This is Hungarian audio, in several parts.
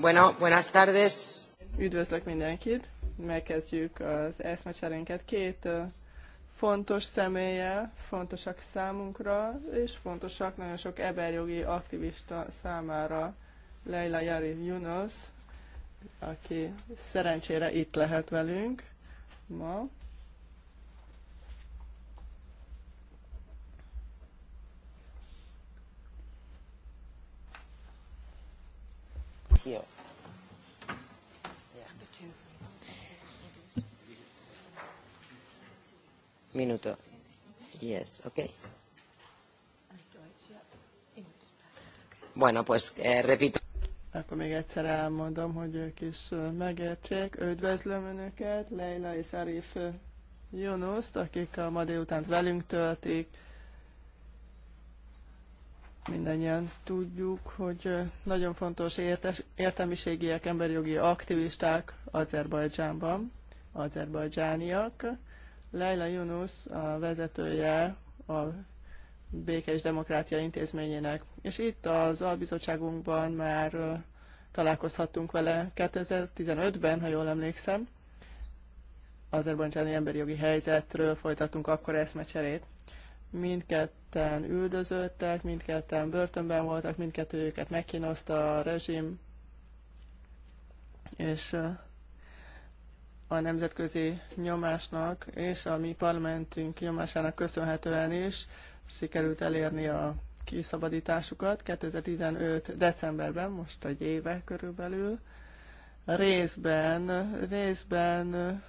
Bueno, buenas tardes. Üdvözlök mindenkit. Megkezdjük az eszmecserénket két fontos személye, fontosak számunkra, és fontosak nagyon sok eberjogi aktivista számára. Leila Jari Yunus, aki szerencsére itt lehet velünk ma. here. Minuto. Yes, okay. Bueno, pues eh, repito. Akkor még egyszer elmondom, hogy ők is megértsék. Üdvözlöm Önöket, Leila és Arif Jonoszt, akik a ma délutánt velünk töltik mindannyian tudjuk, hogy nagyon fontos értes, értelmiségiek, emberjogi aktivisták Azerbajdzsánban, azerbajdzsániak. Leila Yunus a vezetője a Béke és Demokrácia Intézményének. És itt az albizottságunkban már találkozhattunk vele 2015-ben, ha jól emlékszem. Azerbajdzsáni emberi jogi helyzetről folytattunk akkor eszmecserét mindketten üldözöttek, mindketten börtönben voltak, mindkettőjüket megkínoszta a rezsim, és eh, a nemzetközi nyomásnak és a mi parlamentünk nyomásának köszönhetően is sikerült elérni a kiszabadításukat 2015. decemberben, most egy éve körülbelül. Részben, részben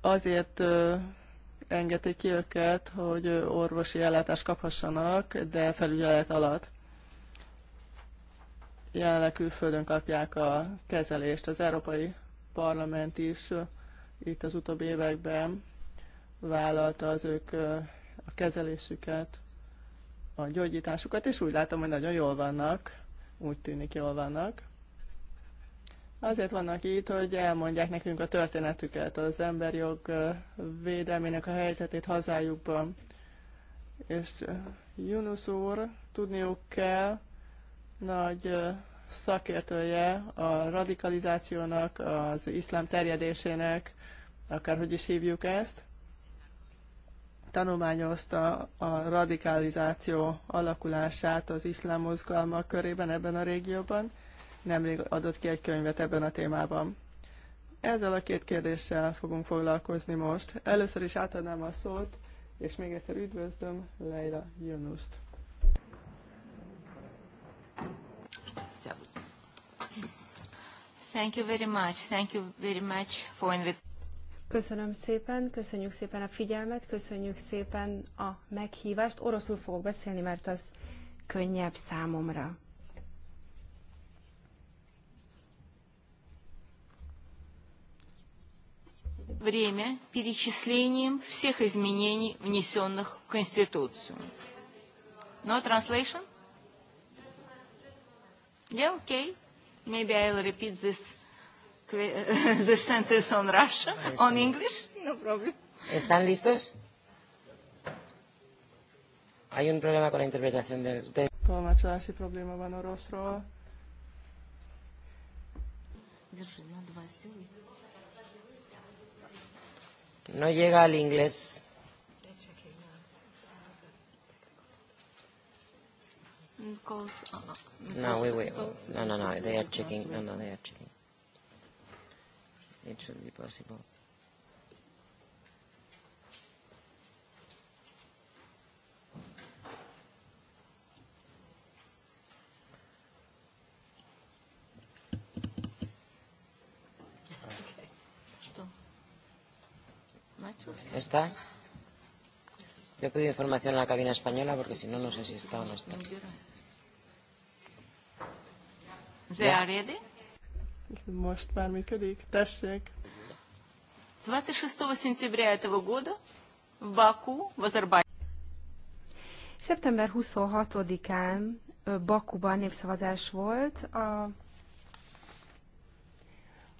azért eh, engedték ki őket, hogy orvosi ellátást kaphassanak, de felügyelet alatt. Jelenleg külföldön kapják a kezelést. Az Európai Parlament is uh, itt az utóbbi években vállalta az ők uh, a kezelésüket, a gyógyításukat, és úgy látom, hogy nagyon jól vannak, úgy tűnik jól vannak. Azért vannak itt, hogy elmondják nekünk a történetüket, az emberjog védelmének a helyzetét hazájukban. És Yunus úr, tudniuk kell, nagy szakértője a radikalizációnak, az iszlám terjedésének, akárhogy is hívjuk ezt, tanulmányozta a radikalizáció alakulását az iszlám mozgalmak körében ebben a régióban, nemrég adott ki egy könyvet ebben a témában. Ezzel a két kérdéssel fogunk foglalkozni most. Először is átadnám a szót, és még egyszer üdvözlöm Leila Jönuszt. Thank you very much. Thank you very much for Köszönöm szépen, köszönjük szépen a figyelmet, köszönjük szépen a meghívást. Oroszul fogok beszélni, mert az könnyebb számomra. время перечислением всех изменений, внесенных в Конституцию. No translation? Yeah, okay. Maybe I'll repeat this, this sentence on Russian, on English. No problem. ¿Están listos? Hay un problema con la interpretación del... De... Tolmácsolási problema, van a rostro. Держи, на два сделай. No llega al inglés. Uh, uh, no, we No, no, no. They are checking. No, no, they are checking. It should be possible. ¿Está? Yo he pedido información en la cabina española porque si no, no sé si está o no está. Most már 26 сентября этого года в Баку, в Азербайджане. Szeptember 26-án э, Bakuban népszavazás volt a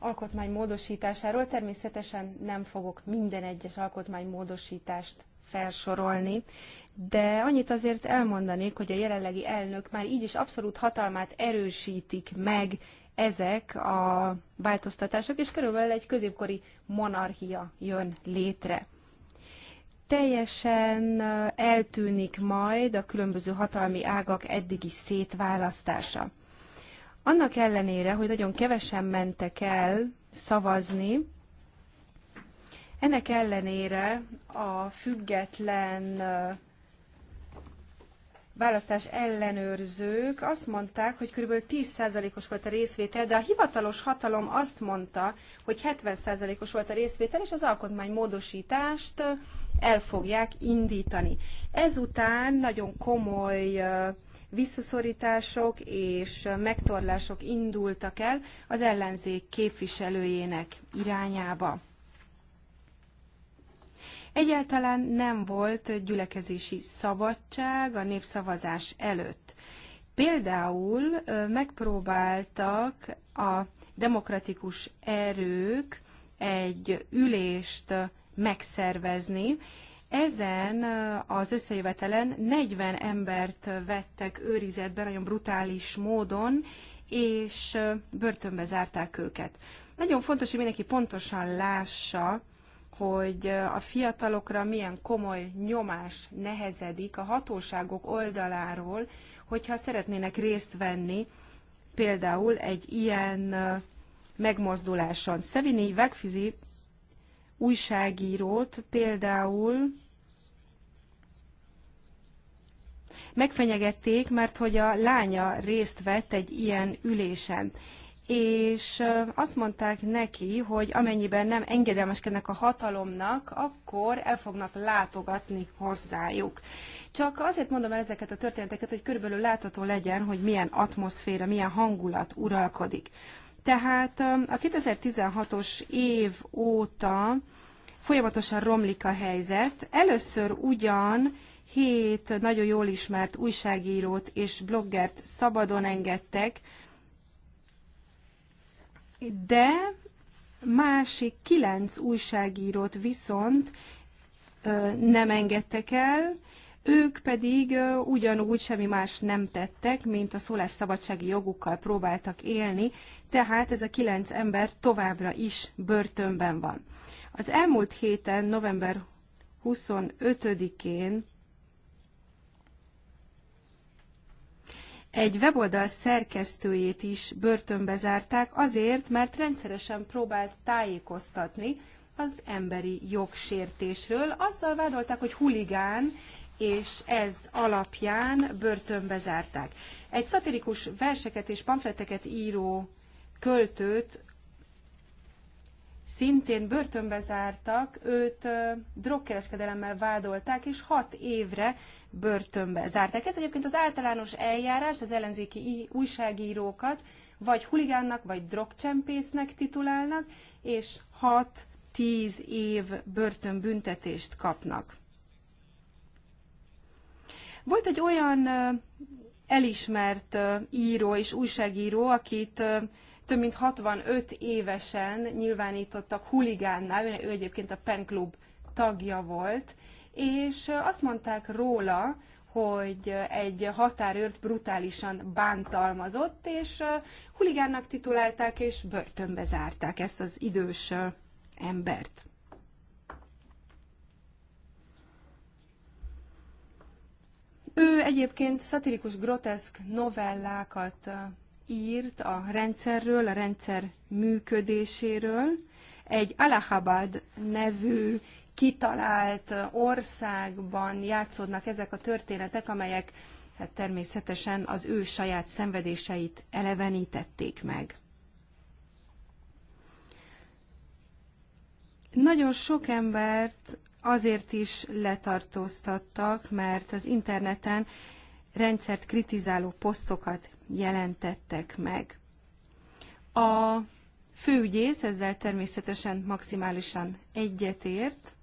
alkotmány módosításáról. Természetesen nem fogok minden egyes alkotmány módosítást felsorolni, de annyit azért elmondanék, hogy a jelenlegi elnök már így is abszolút hatalmát erősítik meg ezek a változtatások, és körülbelül egy középkori monarchia jön létre. Teljesen eltűnik majd a különböző hatalmi ágak eddigi szétválasztása. Annak ellenére, hogy nagyon kevesen mentek el szavazni, ennek ellenére a független választás ellenőrzők azt mondták, hogy kb. 10%-os volt a részvétel, de a hivatalos hatalom azt mondta, hogy 70%-os volt a részvétel, és az alkotmánymódosítást el fogják indítani. Ezután nagyon komoly visszaszorítások és megtorlások indultak el az ellenzék képviselőjének irányába. Egyáltalán nem volt gyülekezési szabadság a népszavazás előtt. Például megpróbáltak a demokratikus erők egy ülést megszervezni, ezen az összejövetelen 40 embert vettek őrizetbe nagyon brutális módon, és börtönbe zárták őket. Nagyon fontos, hogy mindenki pontosan lássa, hogy a fiatalokra milyen komoly nyomás nehezedik a hatóságok oldaláról, hogyha szeretnének részt venni például egy ilyen megmozduláson. Szevini Vegfizi újságírót például Megfenyegették, mert hogy a lánya részt vett egy ilyen ülésen és azt mondták neki, hogy amennyiben nem engedelmeskednek a hatalomnak, akkor el fognak látogatni hozzájuk. Csak azért mondom el ezeket a történeteket, hogy körülbelül látható legyen, hogy milyen atmoszféra, milyen hangulat uralkodik. Tehát a 2016-os év óta folyamatosan romlik a helyzet. Először ugyan hét nagyon jól ismert újságírót és bloggert szabadon engedtek, de másik kilenc újságírót viszont nem engedtek el, ők pedig ugyanúgy semmi más nem tettek, mint a szólásszabadsági jogukkal próbáltak élni, tehát ez a kilenc ember továbbra is börtönben van. Az elmúlt héten, november 25-én Egy weboldal szerkesztőjét is börtönbe zárták azért, mert rendszeresen próbált tájékoztatni az emberi jogsértésről. Azzal vádolták, hogy huligán, és ez alapján börtönbe zárták. Egy szatirikus verseket és pamfleteket író költőt szintén börtönbe zártak, őt drogkereskedelemmel vádolták, és hat évre börtönbe zárták. Ez egyébként az általános eljárás, az ellenzéki újságírókat vagy huligánnak, vagy drogcsempésznek titulálnak, és 6-10 év börtönbüntetést kapnak. Volt egy olyan elismert író és újságíró, akit több mint 65 évesen nyilvánítottak huligánnál, ő egyébként a Pen Club tagja volt, és azt mondták róla, hogy egy határőrt brutálisan bántalmazott, és huligánnak titulálták, és börtönbe zárták ezt az idős embert. Ő egyébként szatirikus, groteszk novellákat írt a rendszerről, a rendszer működéséről. Egy Allahabad nevű kitalált országban játszódnak ezek a történetek, amelyek hát természetesen az ő saját szenvedéseit elevenítették meg. Nagyon sok embert azért is letartóztattak, mert az interneten rendszert kritizáló posztokat jelentettek meg. A főügyész ezzel természetesen maximálisan egyetért,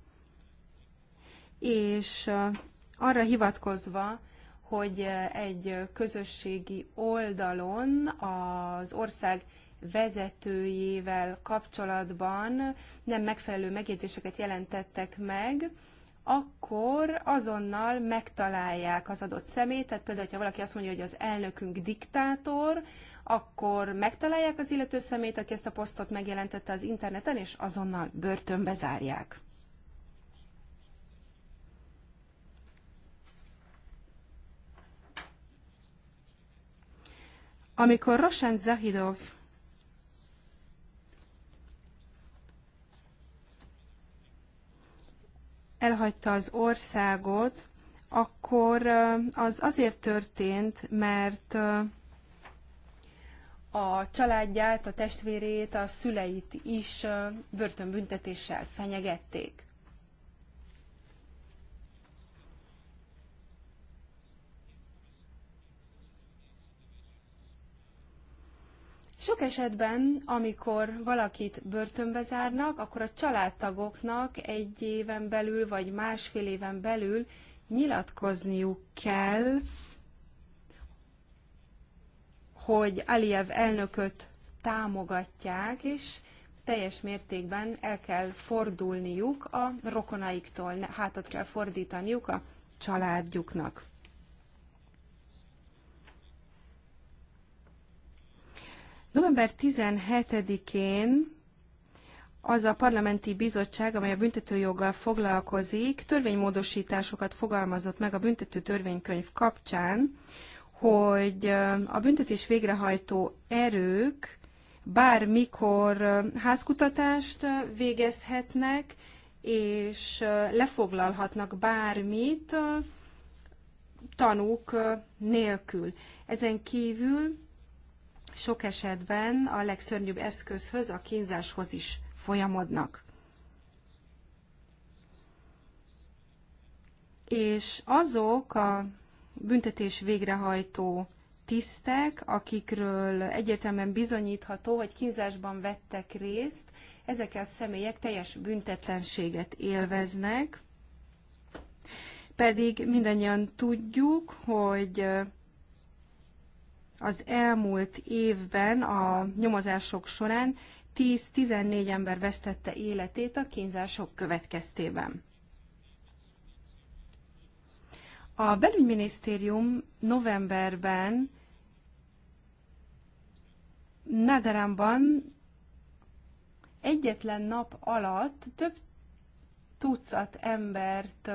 és uh, arra hivatkozva, hogy uh, egy közösségi oldalon az ország vezetőjével kapcsolatban nem megfelelő megjegyzéseket jelentettek meg, akkor azonnal megtalálják az adott szemét. Tehát például, ha valaki azt mondja, hogy az elnökünk diktátor, akkor megtalálják az illető szemét, aki ezt a posztot megjelentette az interneten, és azonnal börtönbe zárják. Amikor Rosen Zahidov elhagyta az országot, akkor az azért történt, mert a családját, a testvérét, a szüleit is börtönbüntetéssel fenyegették. Sok esetben, amikor valakit börtönbe zárnak, akkor a családtagoknak egy éven belül vagy másfél éven belül nyilatkozniuk kell, hogy Aliyev elnököt támogatják, és teljes mértékben el kell fordulniuk a rokonaiktól, hátat kell fordítaniuk a családjuknak. November 17-én az a parlamenti bizottság, amely a büntetőjoggal foglalkozik, törvénymódosításokat fogalmazott meg a büntető törvénykönyv kapcsán, hogy a büntetés végrehajtó erők bármikor házkutatást végezhetnek, és lefoglalhatnak bármit tanúk nélkül. Ezen kívül sok esetben a legszörnyűbb eszközhöz, a kínzáshoz is folyamodnak. És azok a büntetés végrehajtó tisztek, akikről egyértelműen bizonyítható, hogy kínzásban vettek részt, ezek a személyek teljes büntetlenséget élveznek, pedig mindannyian tudjuk, hogy az elmúlt évben a nyomozások során 10-14 ember vesztette életét a kínzások következtében. A belügyminisztérium novemberben Naderamban egyetlen nap alatt több tucat embert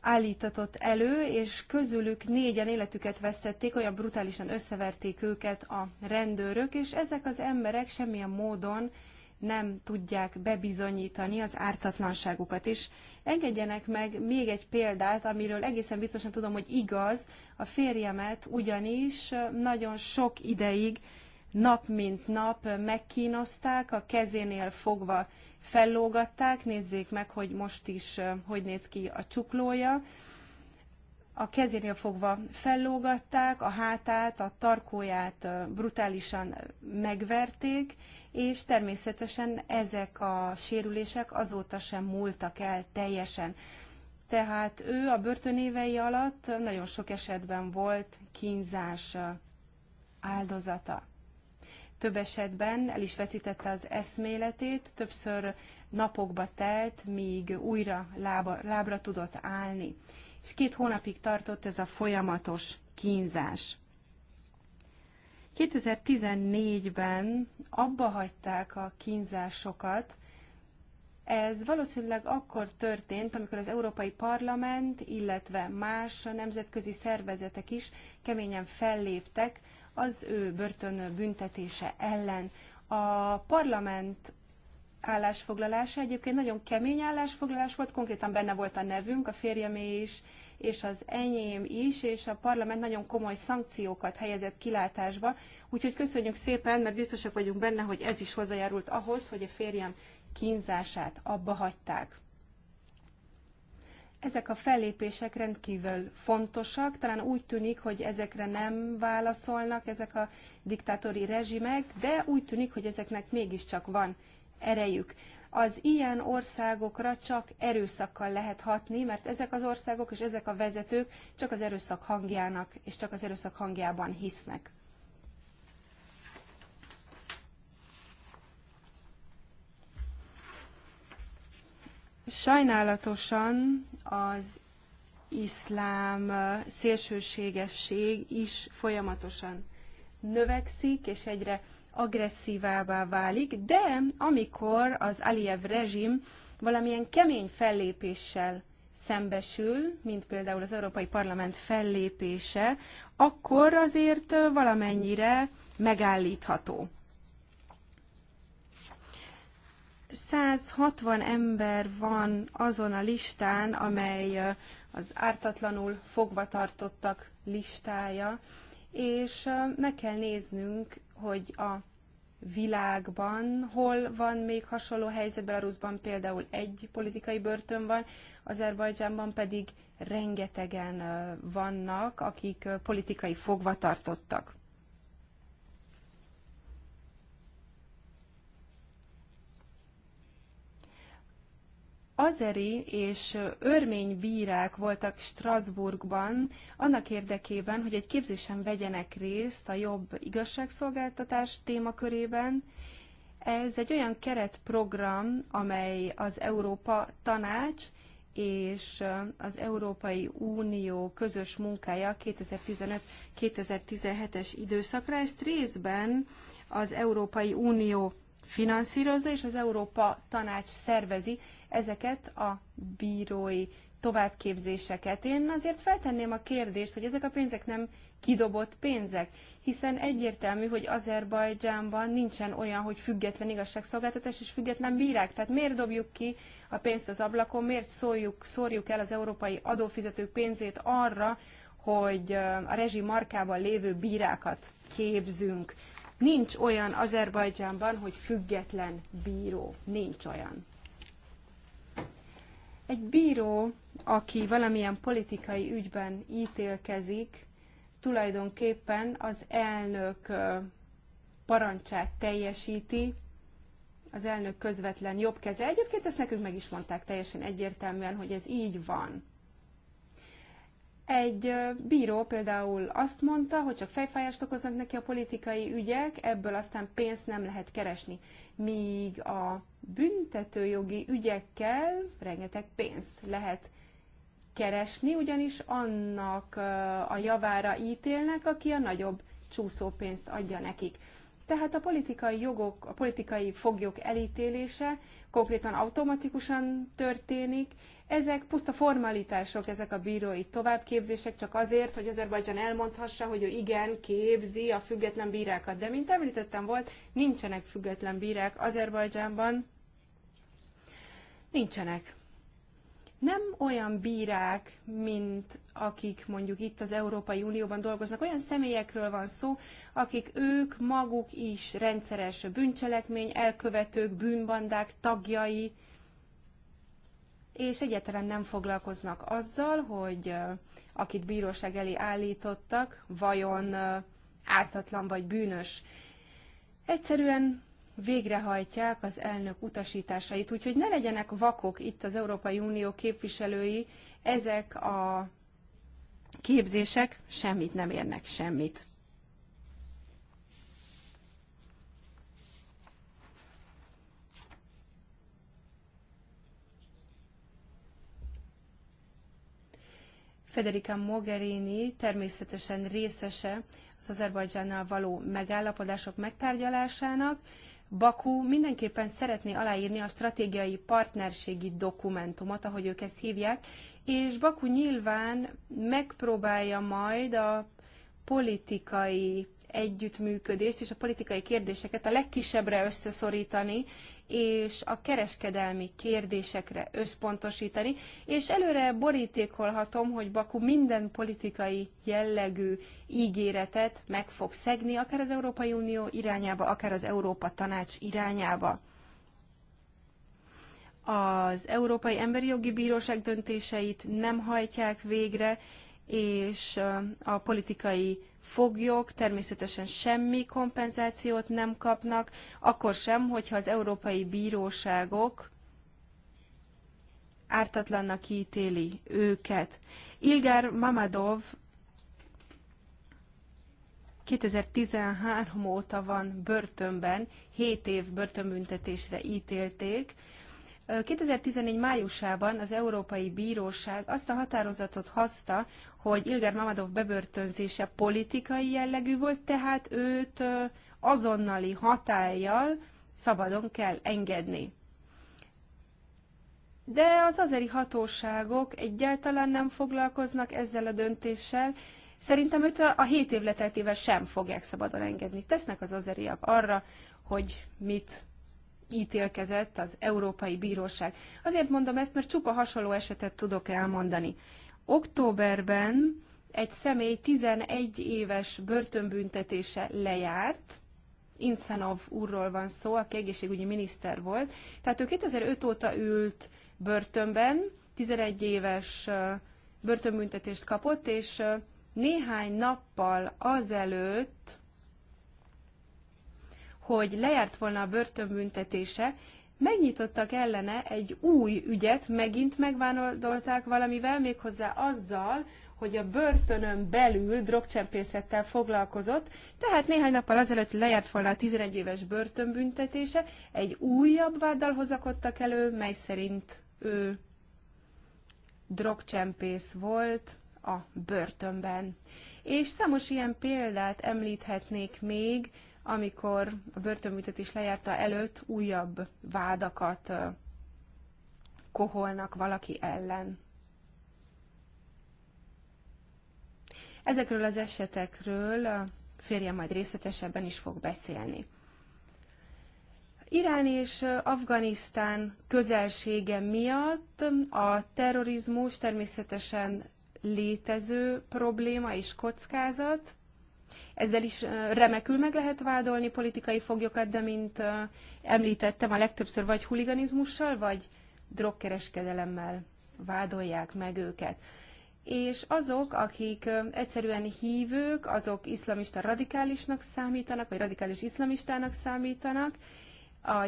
állítatott elő, és közülük négyen életüket vesztették, olyan brutálisan összeverték őket a rendőrök, és ezek az emberek semmilyen módon nem tudják bebizonyítani az ártatlanságukat. És engedjenek meg még egy példát, amiről egészen biztosan tudom, hogy igaz, a férjemet ugyanis nagyon sok ideig nap mint nap megkínozták, a kezénél fogva fellógatták, nézzék meg, hogy most is hogy néz ki a csuklója. A kezénél fogva fellógatták, a hátát, a tarkóját brutálisan megverték, és természetesen ezek a sérülések azóta sem múltak el teljesen. Tehát ő a börtönévei alatt nagyon sok esetben volt kínzás áldozata több esetben el is veszítette az eszméletét, többször napokba telt, míg újra lába, lábra tudott állni. És két hónapig tartott ez a folyamatos kínzás. 2014-ben abba hagyták a kínzásokat, ez valószínűleg akkor történt, amikor az Európai Parlament, illetve más nemzetközi szervezetek is keményen felléptek az ő börtön büntetése ellen. A parlament állásfoglalása egyébként nagyon kemény állásfoglalás volt, konkrétan benne volt a nevünk, a férjemé is, és az enyém is, és a parlament nagyon komoly szankciókat helyezett kilátásba, úgyhogy köszönjük szépen, mert biztosak vagyunk benne, hogy ez is hozzájárult ahhoz, hogy a férjem kínzását abba hagyták. Ezek a fellépések rendkívül fontosak, talán úgy tűnik, hogy ezekre nem válaszolnak ezek a diktátori rezsimek, de úgy tűnik, hogy ezeknek mégiscsak van erejük. Az ilyen országokra csak erőszakkal lehet hatni, mert ezek az országok és ezek a vezetők csak az erőszak hangjának és csak az erőszak hangjában hisznek. Sajnálatosan az iszlám szélsőségesség is folyamatosan növekszik, és egyre agresszívábbá válik, de amikor az Aliyev rezsim valamilyen kemény fellépéssel szembesül, mint például az Európai Parlament fellépése, akkor azért valamennyire megállítható. 160 ember van azon a listán, amely az ártatlanul fogvatartottak listája, és meg kell néznünk, hogy a világban, hol van még hasonló helyzet, Belarusban például egy politikai börtön van, Azerbajdzsánban pedig rengetegen vannak, akik politikai fogvatartottak. azeri és örmény bírák voltak Strasbourgban annak érdekében, hogy egy képzésen vegyenek részt a jobb igazságszolgáltatás témakörében. Ez egy olyan keretprogram, amely az Európa Tanács és az Európai Unió közös munkája 2015-2017-es időszakra. Ezt részben az Európai Unió finanszírozza, és az Európa Tanács szervezi ezeket a bírói továbbképzéseket. Én azért feltenném a kérdést, hogy ezek a pénzek nem kidobott pénzek, hiszen egyértelmű, hogy Azerbajdzsánban nincsen olyan, hogy független igazságszolgáltatás és független bírák. Tehát miért dobjuk ki a pénzt az ablakon, miért szóljuk, szórjuk el az európai adófizetők pénzét arra, hogy a rezsi markában lévő bírákat képzünk. Nincs olyan Azerbajdzsánban, hogy független bíró. Nincs olyan. Egy bíró, aki valamilyen politikai ügyben ítélkezik, tulajdonképpen az elnök parancsát teljesíti, az elnök közvetlen jobb keze. Egyébként ezt nekünk meg is mondták teljesen egyértelműen, hogy ez így van. Egy bíró például azt mondta, hogy csak fejfájást okoznak neki a politikai ügyek, ebből aztán pénzt nem lehet keresni. Míg a büntetőjogi ügyekkel rengeteg pénzt lehet keresni, ugyanis annak a javára ítélnek, aki a nagyobb csúszópénzt adja nekik. Tehát a politikai jogok, a politikai foglyok elítélése konkrétan automatikusan történik, ezek puszta formalitások, ezek a bírói továbbképzések csak azért, hogy Azerbajdzsán elmondhassa, hogy ő igen, képzi a független bírákat. De, mint említettem volt, nincsenek független bírák Azerbajdzsánban. Nincsenek. Nem olyan bírák, mint akik mondjuk itt az Európai Unióban dolgoznak, olyan személyekről van szó, akik ők maguk is rendszeres bűncselekmény, elkövetők, bűnbandák tagjai, és egyáltalán nem foglalkoznak azzal, hogy akit bíróság elé állítottak, vajon ártatlan vagy bűnös. Egyszerűen végrehajtják az elnök utasításait, úgyhogy ne legyenek vakok itt az Európai Unió képviselői, ezek a képzések semmit nem érnek semmit. Federica Mogherini természetesen részese az Azerbajdzsánnal való megállapodások megtárgyalásának. Baku mindenképpen szeretné aláírni a stratégiai partnerségi dokumentumot, ahogy ők ezt hívják, és Baku nyilván megpróbálja majd a politikai együttműködést és a politikai kérdéseket a legkisebbre összeszorítani, és a kereskedelmi kérdésekre összpontosítani, és előre borítékolhatom, hogy Baku minden politikai jellegű ígéretet meg fog szegni, akár az Európai Unió irányába, akár az Európa Tanács irányába az Európai Emberi Jogi Bíróság döntéseit nem hajtják végre, és a politikai foglyok természetesen semmi kompenzációt nem kapnak, akkor sem, hogyha az európai bíróságok ártatlannak ítéli őket. Ilgár Mamadov 2013 óta van börtönben, 7 év börtönbüntetésre ítélték, 2014 májusában az Európai Bíróság azt a határozatot hozta, hogy Ilgar Mamadov bebörtönzése politikai jellegű volt, tehát őt azonnali hatállyal szabadon kell engedni. De az azeri hatóságok egyáltalán nem foglalkoznak ezzel a döntéssel, Szerintem őt a, a 7 év leteltével sem fogják szabadon engedni. Tesznek az azeriak arra, hogy mit ítélkezett az Európai Bíróság. Azért mondom ezt, mert csupa hasonló esetet tudok elmondani. Októberben egy személy 11 éves börtönbüntetése lejárt, Insanov úrról van szó, aki egészségügyi miniszter volt. Tehát ő 2005 óta ült börtönben, 11 éves börtönbüntetést kapott, és néhány nappal azelőtt hogy lejárt volna a börtönbüntetése, megnyitottak ellene egy új ügyet, megint megvánoldolták valamivel, méghozzá azzal, hogy a börtönön belül drogcsempészettel foglalkozott, tehát néhány nappal azelőtt lejárt volna a 11 éves börtönbüntetése, egy újabb váddal hozakodtak elő, mely szerint ő drogcsempész volt a börtönben. És számos ilyen példát említhetnék még, amikor a börtönbüntetés lejárta előtt újabb vádakat koholnak valaki ellen. Ezekről az esetekről a férjem majd részletesebben is fog beszélni. Irán és Afganisztán közelsége miatt a terrorizmus természetesen létező probléma és kockázat, ezzel is remekül meg lehet vádolni politikai foglyokat, de mint említettem, a legtöbbször vagy huliganizmussal, vagy drogkereskedelemmel vádolják meg őket. És azok, akik egyszerűen hívők, azok iszlamista radikálisnak számítanak, vagy radikális iszlamistának számítanak, a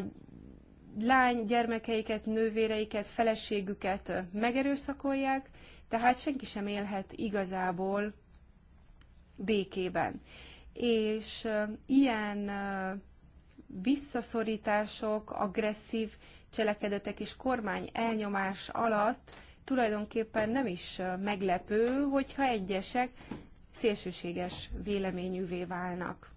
lány gyermekeiket, nővéreiket, feleségüket megerőszakolják, tehát senki sem élhet igazából békében. És ilyen visszaszorítások, agresszív cselekedetek és kormány elnyomás alatt tulajdonképpen nem is meglepő, hogyha egyesek szélsőséges véleményűvé válnak.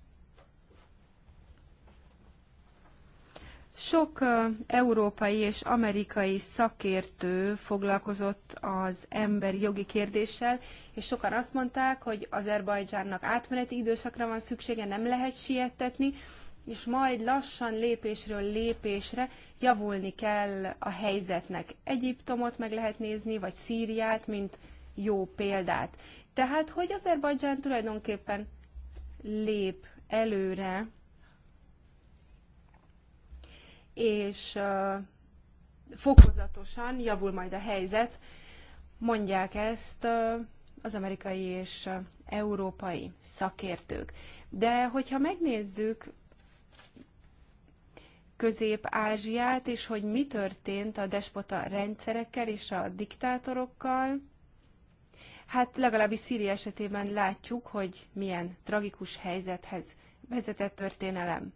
Sok európai és amerikai szakértő foglalkozott az emberi jogi kérdéssel, és sokan azt mondták, hogy Azerbajdzsánnak átmeneti időszakra van szüksége, nem lehet sietetni, és majd lassan lépésről lépésre javulni kell a helyzetnek. Egyiptomot meg lehet nézni, vagy Szíriát, mint jó példát. Tehát, hogy Azerbajdzsán tulajdonképpen lép előre és fokozatosan javul majd a helyzet, mondják ezt az amerikai és európai szakértők. De hogyha megnézzük Közép-Ázsiát, és hogy mi történt a despota rendszerekkel és a diktátorokkal, hát legalábbis Szíria esetében látjuk, hogy milyen tragikus helyzethez vezetett történelem.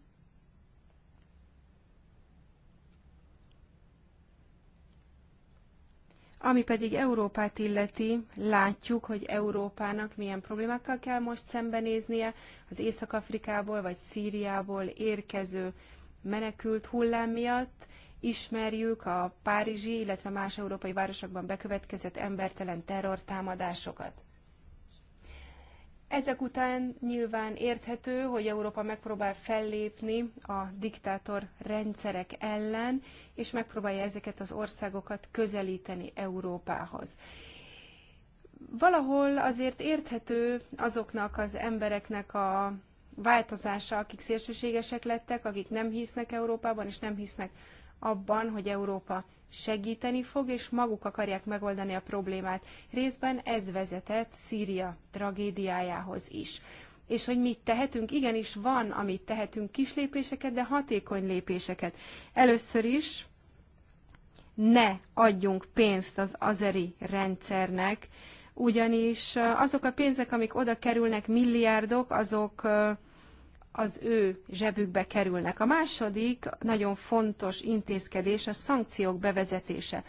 Ami pedig Európát illeti, látjuk, hogy Európának milyen problémákkal kell most szembenéznie az Észak-Afrikából vagy Szíriából érkező menekült hullám miatt. Ismerjük a párizsi, illetve más európai városokban bekövetkezett embertelen terrortámadásokat. Ezek után nyilván érthető, hogy Európa megpróbál fellépni a diktátor rendszerek ellen, és megpróbálja ezeket az országokat közelíteni Európához. Valahol azért érthető azoknak az embereknek a változása, akik szélsőségesek lettek, akik nem hisznek Európában, és nem hisznek abban, hogy Európa segíteni fog, és maguk akarják megoldani a problémát. Részben ez vezetett Szíria tragédiájához is. És hogy mit tehetünk? Igenis van, amit tehetünk, kis lépéseket, de hatékony lépéseket. Először is ne adjunk pénzt az azeri rendszernek, ugyanis azok a pénzek, amik oda kerülnek, milliárdok, azok az ő zsebükbe kerülnek. A második nagyon fontos intézkedés a szankciók bevezetése.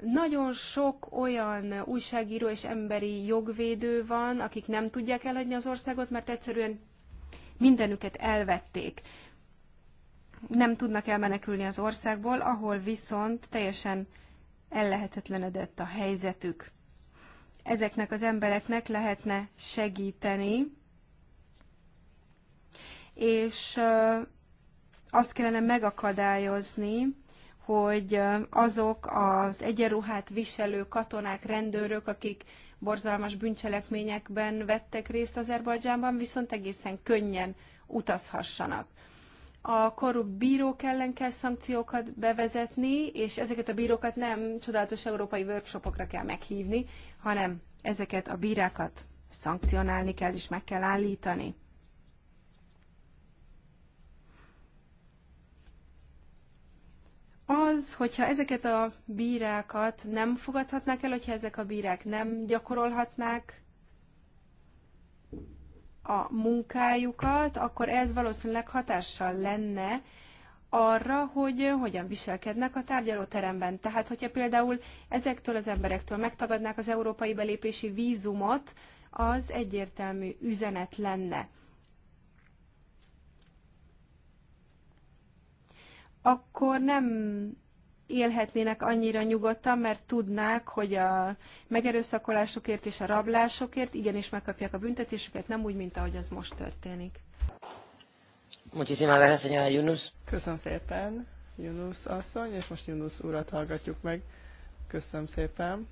Nagyon sok olyan újságíró és emberi jogvédő van, akik nem tudják eladni az országot, mert egyszerűen mindenüket elvették. Nem tudnak elmenekülni az országból, ahol viszont teljesen ellehetetlenedett a helyzetük. Ezeknek az embereknek lehetne segíteni, és azt kellene megakadályozni, hogy azok az egyenruhát viselő katonák, rendőrök, akik borzalmas bűncselekményekben vettek részt Azerbajdzsánban, viszont egészen könnyen utazhassanak. A korrupt bírók ellen kell szankciókat bevezetni, és ezeket a bírókat nem csodálatos európai workshopokra kell meghívni, hanem ezeket a bírákat szankcionálni kell és meg kell állítani. az, hogyha ezeket a bírákat nem fogadhatnák el, hogyha ezek a bírák nem gyakorolhatnák a munkájukat, akkor ez valószínűleg hatással lenne arra, hogy hogyan viselkednek a tárgyalóteremben. Tehát, hogyha például ezektől az emberektől megtagadnák az európai belépési vízumot, az egyértelmű üzenet lenne. akkor nem élhetnének annyira nyugodtan, mert tudnák, hogy a megerőszakolásokért és a rablásokért igenis megkapják a büntetésüket, nem úgy, mint ahogy az most történik. Muchísimas gracias, señora Yunus. Köszönöm szépen, Yunus asszony, és most Yunus urat hallgatjuk meg. Köszönöm szépen.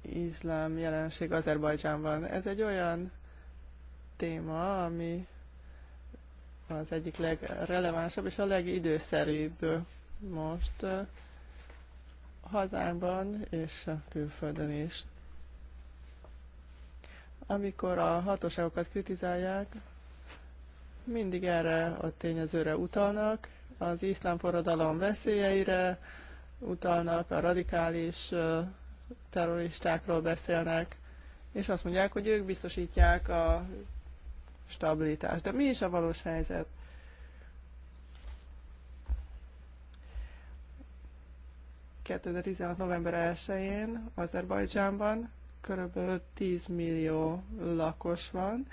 Izlám jelenség Azerbajdzsánban. Ez egy olyan téma, ami az egyik legrelevánsabb és a legidőszerűbb most hazánkban és külföldön is. Amikor a hatóságokat kritizálják, mindig erre a tényezőre utalnak, az iszlám forradalom veszélyeire utalnak, a radikális terroristákról beszélnek, és azt mondják, hogy ők biztosítják a stabilitás. De mi is a valós helyzet? november 1-én Azerbajdzsánban körülbelül 10 millió lakos van,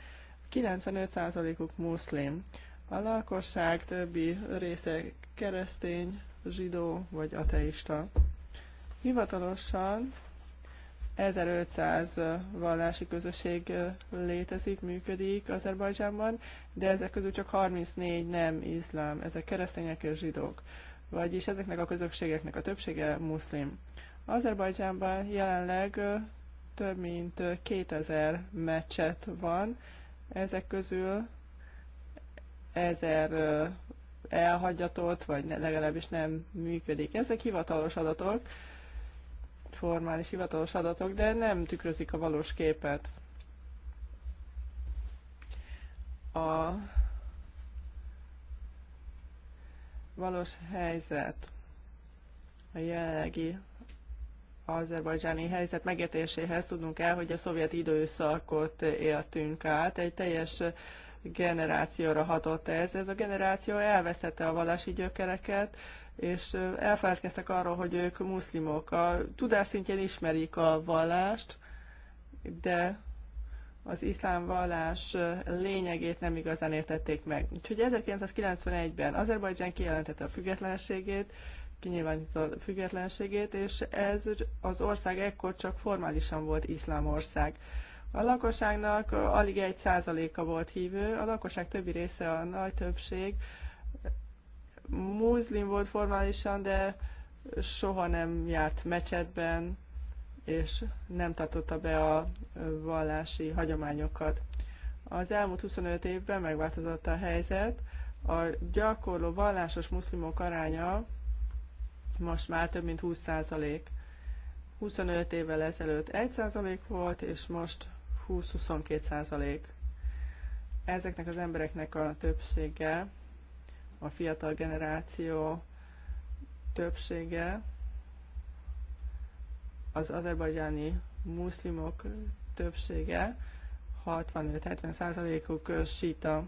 95%-uk muszlim. A lakosság többi része keresztény, zsidó vagy ateista. Hivatalosan 1500 vallási közösség létezik, működik Azerbajdzsánban, de ezek közül csak 34 nem iszlám, ezek keresztények és zsidók. Vagyis ezeknek a közösségeknek a többsége muszlim. Azerbajdzsánban jelenleg több mint 2000 meccset van, ezek közül 1000 elhagyatott, vagy legalábbis nem működik. Ezek hivatalos adatok, formális hivatalos adatok, de nem tükrözik a valós képet. A valós helyzet, a jelenlegi azerbajdzsáni helyzet megértéséhez tudnunk el, hogy a szovjet időszakot éltünk át. Egy teljes generációra hatott ez. Ez a generáció elvesztette a vallási gyökereket, és elfelelkeztek arról, hogy ők muszlimok. A tudás szintjén ismerik a vallást, de az iszlám vallás lényegét nem igazán értették meg. Úgyhogy 1991-ben Azerbajdzsán kijelentette a függetlenségét, kinyilvánította a függetlenségét, és ez az ország ekkor csak formálisan volt iszlám ország. A lakosságnak alig egy százaléka volt hívő, a lakosság többi része, a nagy többség muzlim volt formálisan, de soha nem járt mecsetben, és nem tartotta be a vallási hagyományokat. Az elmúlt 25 évben megváltozott a helyzet, a gyakorló vallásos muszlimok aránya most már több mint 20 százalék. 25 évvel ezelőtt 1 százalék volt, és most 20-22 százalék. Ezeknek az embereknek a többsége a fiatal generáció többsége az azerbajdzsáni muszlimok többsége, 65-70 százalékuk síta.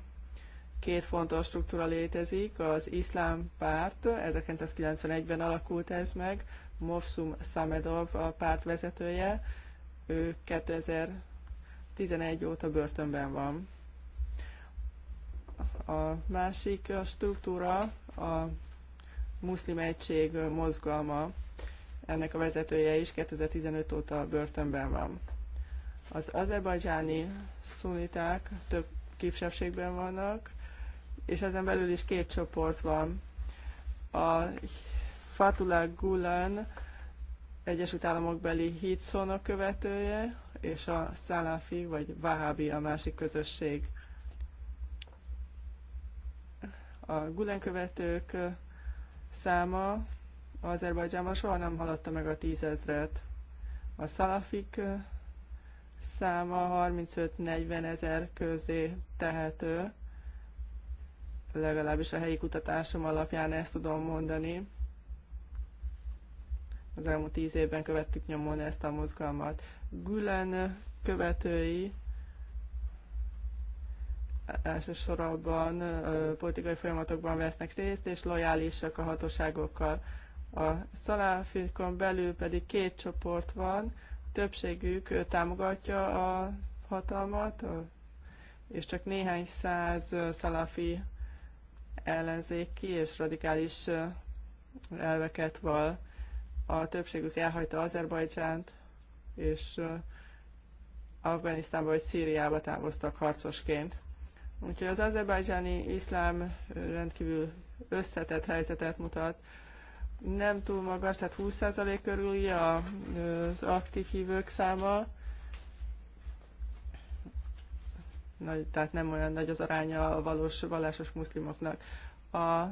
Két fontos struktúra létezik, az iszlám párt, 1991-ben alakult ez meg, Mofsum Samedov a párt vezetője, ő 2011 óta börtönben van. A másik struktúra a muszlim egység mozgalma, ennek a vezetője is 2015 óta börtönben van. Az azerbajdzsáni szuniták több kisebbségben vannak, és ezen belül is két csoport van. A Fatullah Gulen Egyesült Államok beli hitszónok követője, és a Szalafi vagy Vahabi a másik közösség. A gulen követők száma Azerbajdzsánban soha nem haladta meg a tízezret. A szalafik száma 35-40 ezer közé tehető, legalábbis a helyi kutatásom alapján ezt tudom mondani. Az elmúlt tíz évben követtük nyomon ezt a mozgalmat. Gülen követői elsősorban politikai folyamatokban vesznek részt, és lojálisak a hatóságokkal. A szaláfikon belül pedig két csoport van, többségük támogatja a hatalmat, és csak néhány száz szalafi ellenzéki és radikális elveket val. A többségük elhagyta Azerbajdzsánt, és Afganisztánba vagy Szíriába távoztak harcosként. Úgyhogy az azerbajdzsáni iszlám rendkívül összetett helyzetet mutat. Nem túl magas, tehát 20% körül az aktív hívők száma. Nagy, tehát nem olyan nagy az aránya a valós vallásos muszlimoknak. A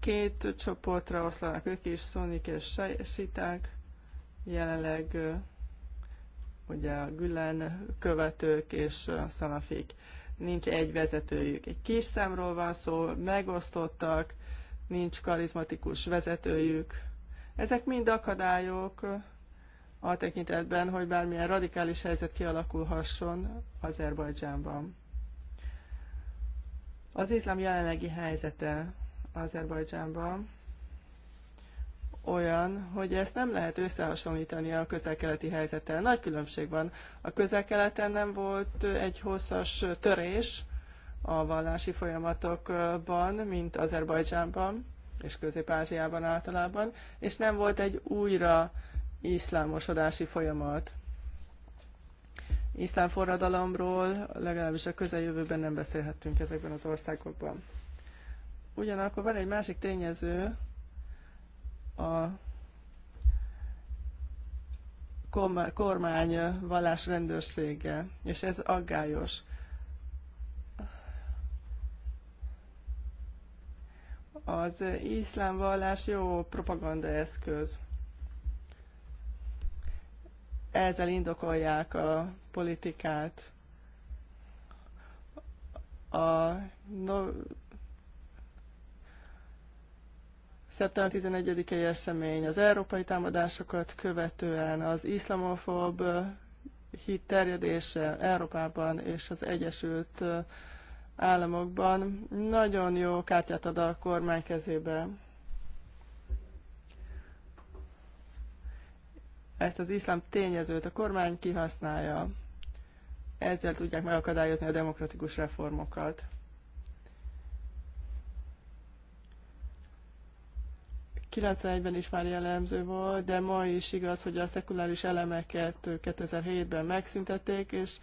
két csoportra oszlanak ők is, szónik és siták. Jelenleg ugye a Gülen követők és a szanafik nincs egy vezetőjük. Egy kis számról van szó, megosztottak, nincs karizmatikus vezetőjük. Ezek mind akadályok a tekintetben, hogy bármilyen radikális helyzet kialakulhasson Azerbajdzsánban. Az iszlám jelenlegi helyzete Azerbajdzsánban olyan, hogy ezt nem lehet összehasonlítani a közelkeleti helyzettel. Nagy különbség van. A közelkeleten nem volt egy hosszas törés a vallási folyamatokban, mint Azerbajdzsánban és Közép-Ázsiában általában, és nem volt egy újra iszlámosodási folyamat. Iszlám forradalomról legalábbis a közeljövőben nem beszélhettünk ezekben az országokban. Ugyanakkor van egy másik tényező, a kormány vallás rendőrsége, és ez aggályos. Az iszlám vallás jó propagandaeszköz. Ezzel indokolják a politikát. A no Szeptember 11-i esemény az európai támadásokat követően az iszlamofób hit terjedése Európában és az Egyesült Államokban nagyon jó kártyát ad a kormány kezébe. Ezt az iszlám tényezőt a kormány kihasználja. Ezzel tudják megakadályozni a demokratikus reformokat. 91-ben is már jellemző volt, de ma is igaz, hogy a szekuláris elemeket 2007-ben megszüntették, és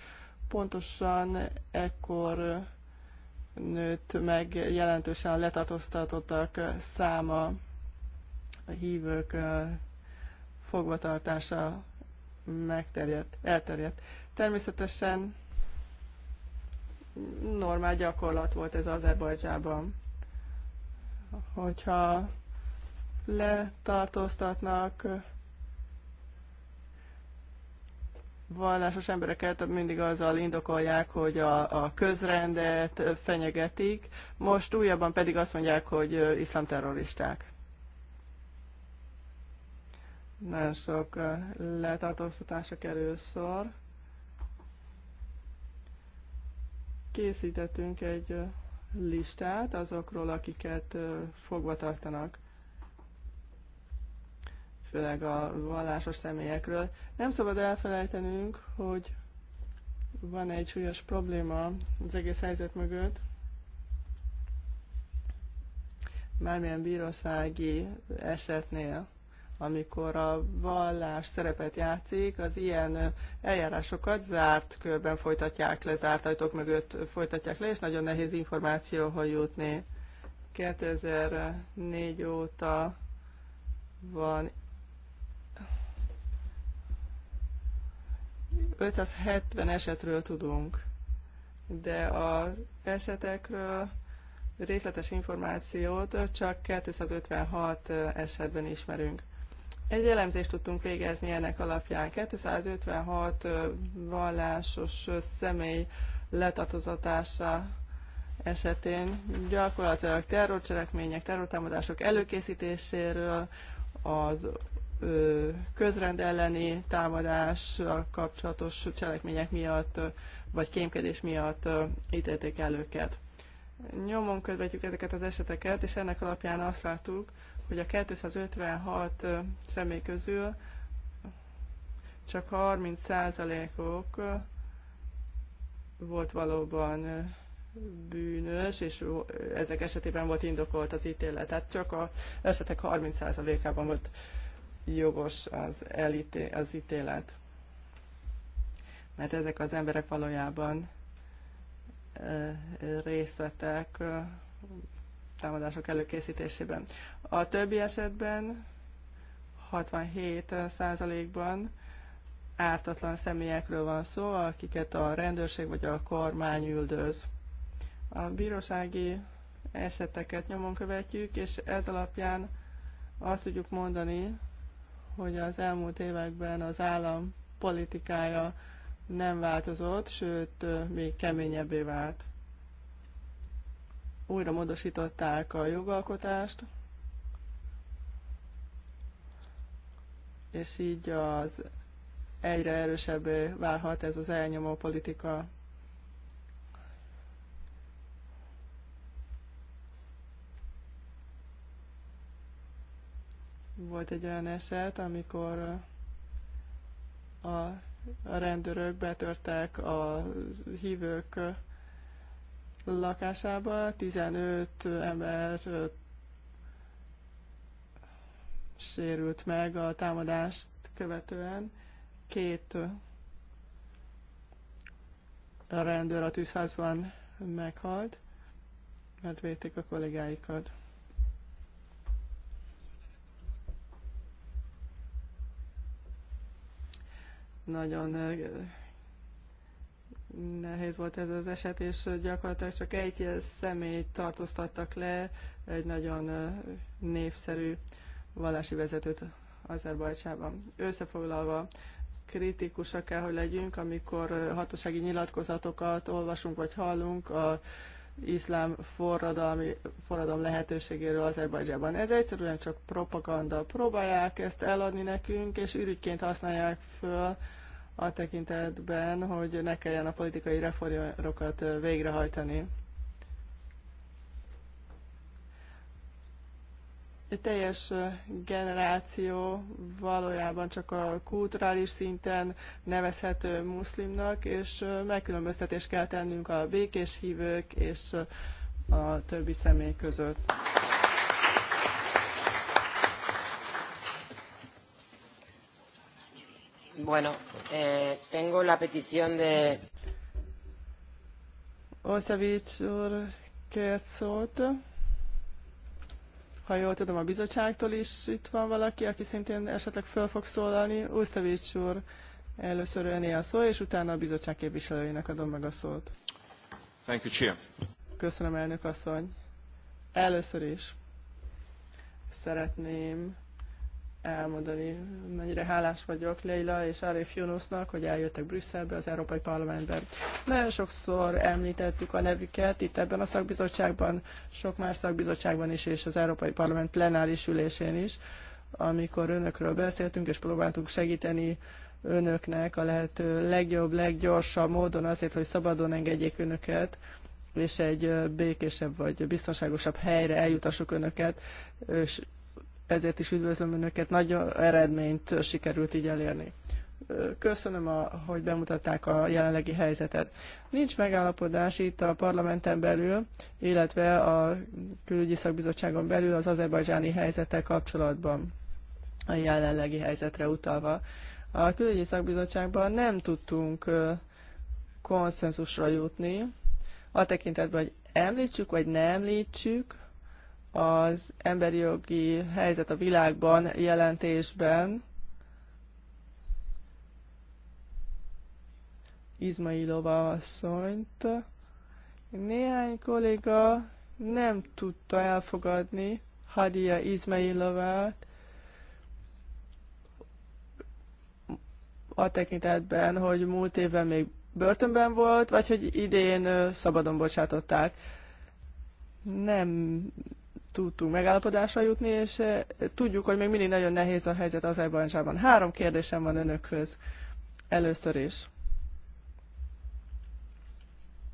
pontosan ekkor nőtt meg jelentősen letartóztatottak száma, a hívők fogvatartása megterjedt, elterjedt. Természetesen normál gyakorlat volt ez Azerbajdzsában. Hogyha letartóztatnak vallásos embereket mindig azzal indokolják, hogy a, a közrendet fenyegetik, most újabban pedig azt mondják, hogy iszlámterroristák. Nagyon sok letartóztatása kerül szor. Készítettünk egy listát azokról, akiket fogva tartanak főleg a vallásos személyekről. Nem szabad elfelejtenünk, hogy van egy súlyos probléma az egész helyzet mögött. Mármilyen bírósági esetnél, amikor a vallás szerepet játszik, az ilyen eljárásokat zárt körben folytatják le, zárt ajtók mögött folytatják le, és nagyon nehéz információhoz jutni. 2004 óta van 570 esetről tudunk, de az esetekről részletes információt csak 256 esetben ismerünk. Egy elemzést tudtunk végezni ennek alapján. 256 vallásos személy letartozatása esetén gyakorlatilag terrorcselekmények, terrortámadások előkészítéséről, az közrend elleni támadással kapcsolatos cselekmények miatt, vagy kémkedés miatt ítélték el őket. Nyomon követjük ezeket az eseteket, és ennek alapján azt láttuk, hogy a 256 személy közül csak 30 százalékok volt valóban bűnös, és ezek esetében volt indokolt az ítélet. Tehát csak az esetek 30%-ában volt jogos az, elíté, az ítélet. Mert ezek az emberek valójában részletek támadások előkészítésében. A többi esetben 67%-ban ártatlan személyekről van szó, akiket a rendőrség vagy a kormány üldöz. A bírósági eseteket nyomon követjük, és ez alapján azt tudjuk mondani, hogy az elmúlt években az állam politikája nem változott, sőt, még keményebbé vált. Újra módosították a jogalkotást, és így az egyre erősebbé válhat ez az elnyomó politika. Volt egy olyan eset, amikor a, a rendőrök betörtek a hívők lakásába, 15 ember sérült meg a támadást követően. Két rendőr a tűzházban meghalt, mert védték a kollégáikat. Nagyon nehéz volt ez az eset, és gyakorlatilag csak egy személyt tartóztattak le, egy nagyon népszerű vallási vezetőt Azerbajcsában. Összefoglalva, kritikusak kell, hogy legyünk, amikor hatósági nyilatkozatokat olvasunk vagy hallunk a iszlám forradalmi, forradalom lehetőségéről Azerbajdzsában. Ez egyszerűen csak propaganda. Próbálják ezt eladni nekünk, és ürügyként használják föl a tekintetben, hogy ne kelljen a politikai reformokat végrehajtani. teljes generáció valójában csak a kulturális szinten nevezhető muszlimnak, és megkülönböztetést kell tennünk a békés hívők és a többi személy között. Bueno, eh, tengo la petición de... Oszavics úr kért szót. Ha jól tudom, a bizottságtól is itt van valaki, aki szintén esetleg föl fog szólalni. Úsztevics úr, először öné a szó, és utána a bizottság képviselőinek adom meg a szót. Thank you, Chair. Köszönöm, elnök asszony. Először is szeretném elmondani, mennyire hálás vagyok Leila és Arif Yunusnak, hogy eljöttek Brüsszelbe, az Európai Parlamentben. Nagyon sokszor említettük a nevüket itt ebben a szakbizottságban, sok más szakbizottságban is, és az Európai Parlament plenáris ülésén is, amikor önökről beszéltünk, és próbáltunk segíteni önöknek a lehető legjobb, leggyorsabb módon azért, hogy szabadon engedjék önöket, és egy békésebb vagy biztonságosabb helyre eljutassuk önöket, és ezért is üdvözlöm Önöket, nagy eredményt sikerült így elérni. Köszönöm, a, hogy bemutatták a jelenlegi helyzetet. Nincs megállapodás itt a parlamenten belül, illetve a külügyi szakbizottságon belül az azerbajdzsáni helyzettel kapcsolatban a jelenlegi helyzetre utalva. A külügyi szakbizottságban nem tudtunk konszenzusra jutni, a tekintetben, hogy említsük vagy nem említsük az emberi jogi helyzet a világban jelentésben Izmailova asszonyt. Néhány kolléga nem tudta elfogadni Hadia Izmailovát a tekintetben, hogy múlt évben még börtönben volt, vagy hogy idén szabadon bocsátották. Nem tudtunk megállapodásra jutni, és eh, tudjuk, hogy még mindig nagyon nehéz a helyzet az Azerbajdzsában. Három kérdésem van önökhöz. Először is.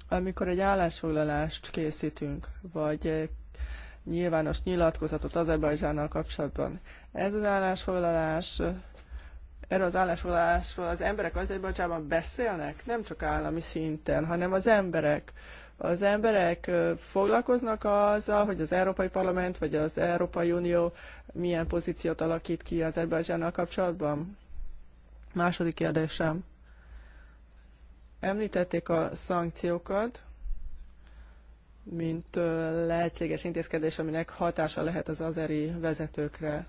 Amikor egy állásfoglalást készítünk, vagy nyilvános nyilatkozatot Azerbajdzsánnal kapcsolatban, ez az állásfoglalás erről az állásfoglalásról az emberek Azerbajdzsában beszélnek, nem csak állami szinten, hanem az emberek. Az emberek foglalkoznak azzal, hogy az Európai Parlament vagy az Európai Unió milyen pozíciót alakít ki az Erbázsánnal kapcsolatban? Második kérdésem. Említették a szankciókat, mint lehetséges intézkedés, aminek hatása lehet az azeri vezetőkre.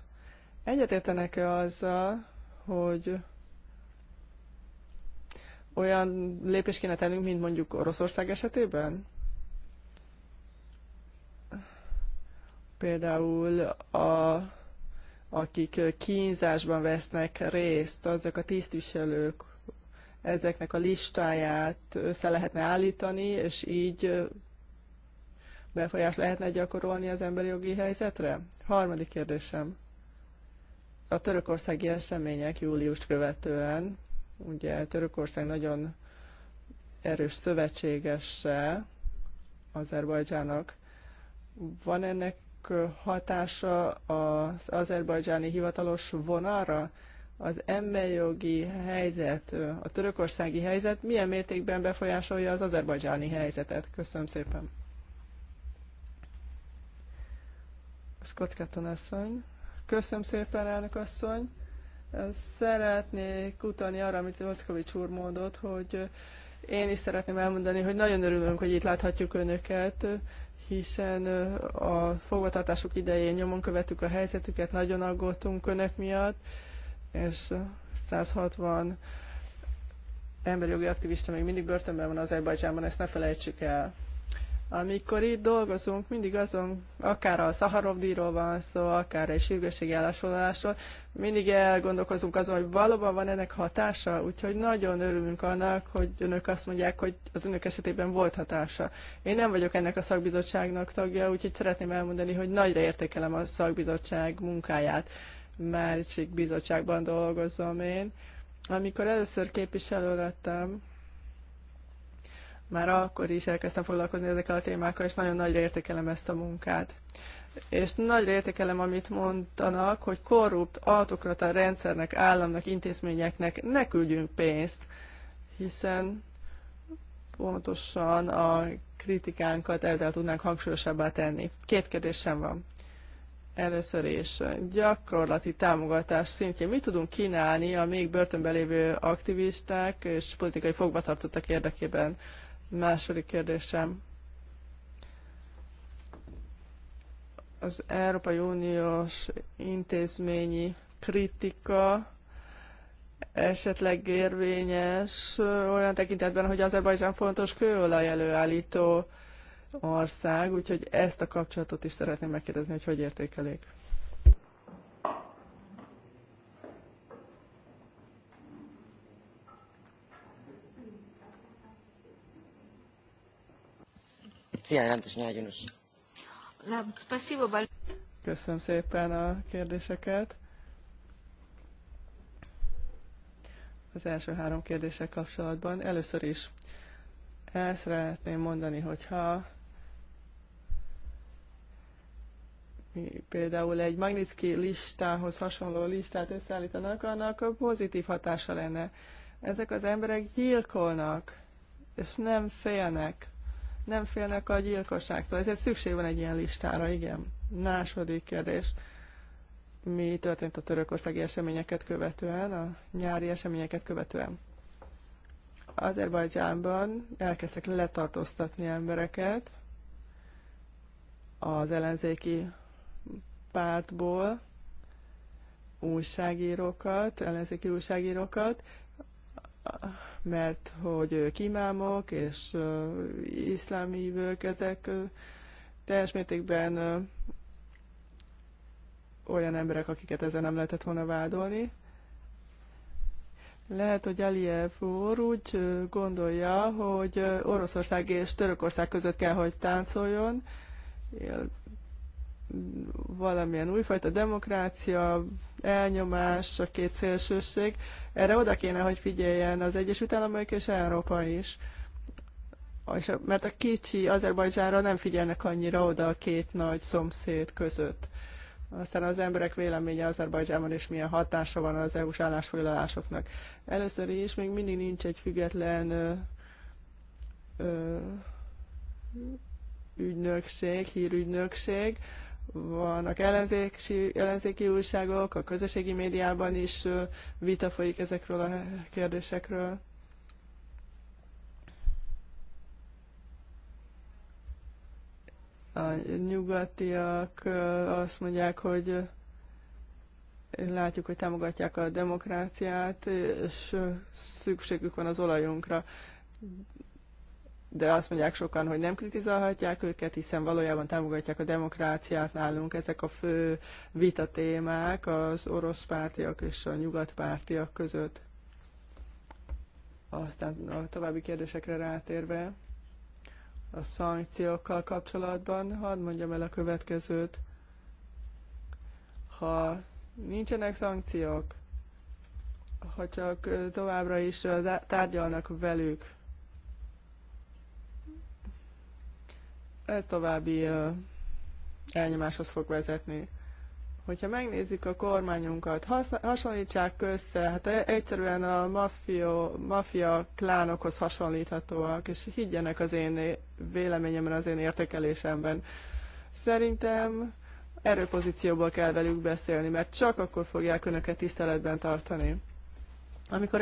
Egyetértenek-e azzal, hogy olyan lépést kéne tennünk, mint mondjuk Oroszország esetében? Például a, akik kínzásban vesznek részt, azok a tisztviselők, ezeknek a listáját össze lehetne állítani, és így befolyást lehetne gyakorolni az emberi jogi helyzetre? Harmadik kérdésem. A törökországi események júliust követően Ugye Törökország nagyon erős szövetségese Azerbajdzsának. Van ennek hatása az azerbajdzsáni hivatalos vonalra? Az emberjogi helyzet, a törökországi helyzet milyen mértékben befolyásolja az azerbajdzsáni helyzetet? Köszönöm szépen. Szkotkaton asszony. Köszönöm szépen, elnök asszony. Szeretnék utalni arra, amit Moszkovics úr mondott, hogy én is szeretném elmondani, hogy nagyon örülünk, hogy itt láthatjuk önöket, hiszen a fogvatartásuk idején nyomon követtük a helyzetüket, nagyon aggódtunk önök miatt, és 160 emberi jogi aktivista még mindig börtönben van az Azerbajdzsánban, ezt ne felejtsük el. Amikor itt dolgozunk, mindig azon, akár a Szaharov díjról van szó, akár egy sürgősségi állásolásról, mindig elgondolkozunk azon, hogy valóban van ennek hatása, úgyhogy nagyon örülünk annak, hogy önök azt mondják, hogy az önök esetében volt hatása. Én nem vagyok ennek a szakbizottságnak tagja, úgyhogy szeretném elmondani, hogy nagyra értékelem a szakbizottság munkáját. Már bizottságban dolgozom én. Amikor először képviselő lettem, már akkor is elkezdtem foglalkozni ezekkel a témákkal, és nagyon nagyra értékelem ezt a munkát. És nagyra értékelem, amit mondanak, hogy korrupt, autokrata rendszernek, államnak, intézményeknek ne küldjünk pénzt, hiszen pontosan a kritikánkat ezzel tudnánk hangsúlyosabbá tenni. Két kérdésem van. Először is gyakorlati támogatás szintjén mit tudunk kínálni a még börtönben lévő aktivisták és politikai fogvatartottak érdekében? Második kérdésem. Az Európai Uniós intézményi kritika esetleg érvényes olyan tekintetben, hogy Azerbajdzsán fontos kőolaj előállító ország, úgyhogy ezt a kapcsolatot is szeretném megkérdezni, hogy hogy értékelik. Sí, adelante, señora Yunus. Köszönöm szépen a kérdéseket. Az első három kérdések kapcsolatban. Először is el szeretném mondani, hogyha mi például egy Magnitsky listához hasonló listát összeállítanak, annak pozitív hatása lenne. Ezek az emberek gyilkolnak, és nem félnek nem félnek a gyilkosságtól. Ezért szükség van egy ilyen listára, igen. Második kérdés. Mi történt a törökországi eseményeket követően, a nyári eseményeket követően? Azerbajdzsánban elkezdtek letartóztatni embereket az ellenzéki pártból, újságírókat, ellenzéki újságírókat, mert hogy kimámok és hívők, ezek teljes mértékben olyan emberek, akiket ezzel nem lehetett volna vádolni. Lehet, hogy Aliyev úr úgy gondolja, hogy Oroszország és Törökország között kell, hogy táncoljon, valamilyen újfajta demokrácia, elnyomás, a két szélsőség. Erre oda kéne, hogy figyeljen az Egyesült Államok és Európa is. mert a kicsi Azerbajdzsánra nem figyelnek annyira oda a két nagy szomszéd között. Aztán az emberek véleménye Azerbajdzsánban és milyen hatása van az EU-s állásfoglalásoknak. Először is még mindig nincs egy független ö, ö, ügynökség, hírügynökség. Ö, vannak ellenzéki, ellenzéki újságok, a közösségi médiában is vita folyik ezekről a kérdésekről. A nyugatiak azt mondják, hogy látjuk, hogy támogatják a demokráciát, és szükségük van az olajunkra de azt mondják sokan, hogy nem kritizálhatják őket, hiszen valójában támogatják a demokráciát nálunk. Ezek a fő témák az orosz pártiak és a nyugat pártiak között. Aztán a további kérdésekre rátérve a szankciókkal kapcsolatban, hadd mondjam el a következőt. Ha nincsenek szankciók, ha csak továbbra is tárgyalnak velük, ez további elnyomáshoz fog vezetni. Hogyha megnézzük a kormányunkat, hasonlítsák össze, hát e-, egyszerűen a maffió, maffia klánokhoz hasonlíthatóak, és higgyenek az én véleményemben, az én értékelésemben. Szerintem erőpozícióból kell velük beszélni, mert csak akkor fogják önöket tiszteletben tartani. Amikor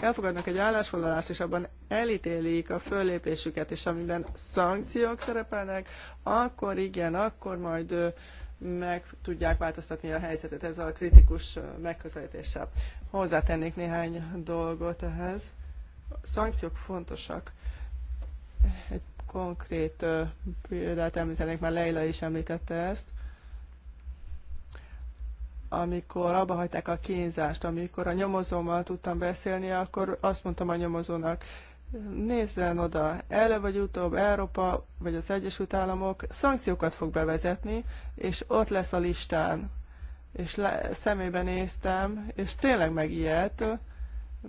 elfogadnak egy állásfoglalást, és abban elítélik a föllépésüket, és amiben szankciók szerepelnek, akkor igen, akkor majd meg tudják változtatni a helyzetet ezzel a kritikus megközelítéssel. Hozzátennék néhány dolgot ehhez. A szankciók fontosak. Egy konkrét példát említenék, már Leila is említette ezt amikor abba hagyták a kínzást, amikor a nyomozómmal tudtam beszélni, akkor azt mondtam a nyomozónak, nézzen oda, ele vagy utóbb Európa, vagy az Egyesült Államok szankciókat fog bevezetni, és ott lesz a listán. És le, szemébe néztem, és tényleg megijedt,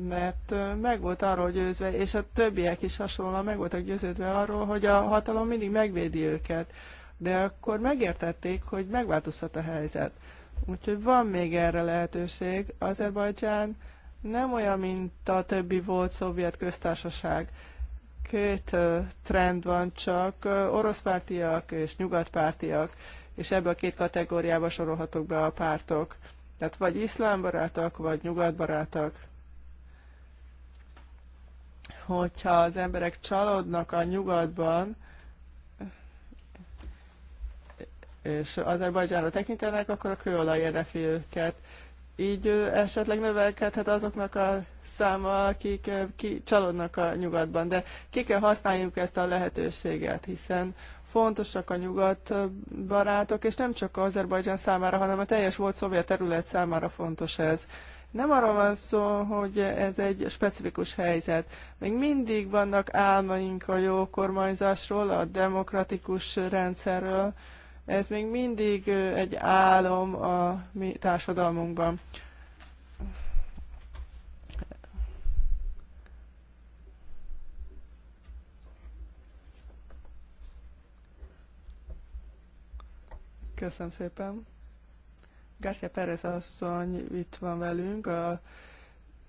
mert meg volt arról győzve, és a többiek is hasonlóan meg voltak győződve arról, hogy a hatalom mindig megvédi őket. De akkor megértették, hogy megváltozhat a helyzet. Úgyhogy van még erre lehetőség. Azerbajdzsán nem olyan, mint a többi volt szovjet köztársaság. Két trend van csak, oroszpártiak és nyugatpártiak, és ebbe a két kategóriába sorolhatók be a pártok. Tehát vagy iszlámbarátok, vagy nyugatbarátok. Hogyha az emberek csalódnak a nyugatban, és Azerbajdzsánra tekintenek, akkor a kőolaj érdekli őket. Így esetleg növelkedhet azoknak a száma, akik ki, csalódnak a nyugatban, de ki kell használniuk ezt a lehetőséget, hiszen fontosak a nyugat barátok, és nem csak Azerbajdzsán számára, hanem a teljes volt szovjet terület számára fontos ez. Nem arról van szó, hogy ez egy specifikus helyzet. Még mindig vannak álmaink a jó kormányzásról, a demokratikus rendszerről, ez még mindig egy álom a mi társadalmunkban. Köszönöm szépen. Garcia Perez asszony itt van velünk, a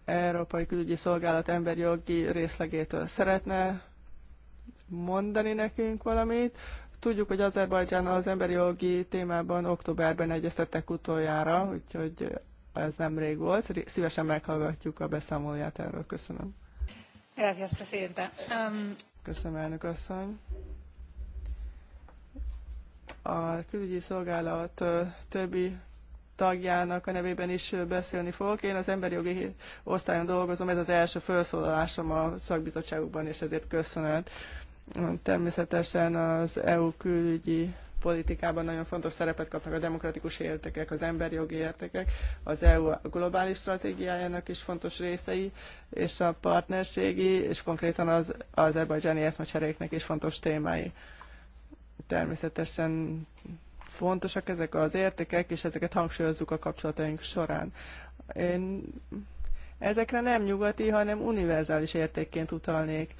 Európai Külügyi Szolgálat emberi jogi részlegétől szeretne mondani nekünk valamit. Tudjuk, hogy Azerbajdzsán az emberi jogi témában októberben egyeztettek utoljára, úgyhogy ez nem rég volt. Szívesen meghallgatjuk a beszámolóját erről. Köszönöm. Gracias, Presidente. Um... Köszönöm, elnök asszony. A külügyi szolgálat többi tagjának a nevében is beszélni fogok. Én az emberi jogi osztályon dolgozom, ez az első felszólalásom a szakbizottságukban, és ezért köszönöm. Természetesen az EU külügyi politikában nagyon fontos szerepet kapnak a demokratikus értékek, az emberi jogi értékek, az EU globális stratégiájának is fontos részei, és a partnerségi, és konkrétan az azerbajdzsáni eszmecseréknek is fontos témái. Természetesen fontosak ezek az értékek, és ezeket hangsúlyozzuk a kapcsolataink során. Én ezekre nem nyugati, hanem univerzális értékként utalnék.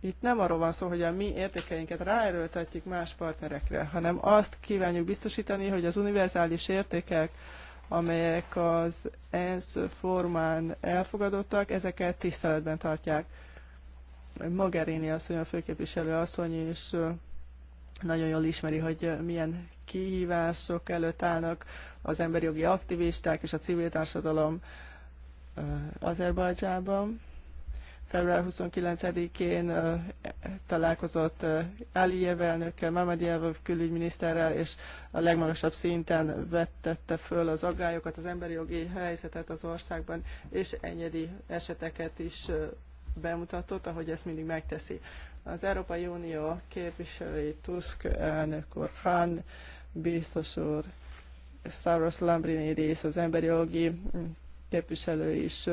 Itt nem arról van szó, hogy a mi értékeinket ráerőltetjük más partnerekre, hanem azt kívánjuk biztosítani, hogy az univerzális értékek, amelyek az ENSZ formán elfogadottak, ezeket tiszteletben tartják. Magaréni asszony, a főképviselő asszony is nagyon jól ismeri, hogy milyen kihívások előtt állnak az emberi jogi aktivisták és a civil társadalom Azerbajdzsában február 29-én találkozott Aliyev elnökkel, Mamadiyev külügyminiszterrel, és a legmagasabb szinten vettette föl az aggályokat, az emberi jogi helyzetet az országban, és enyedi eseteket is bemutatott, ahogy ezt mindig megteszi. Az Európai Unió képviselői Tusk elnök úr, Han biztos úr, Stavros Lambrinidis, az emberi jogi mm, képviselő is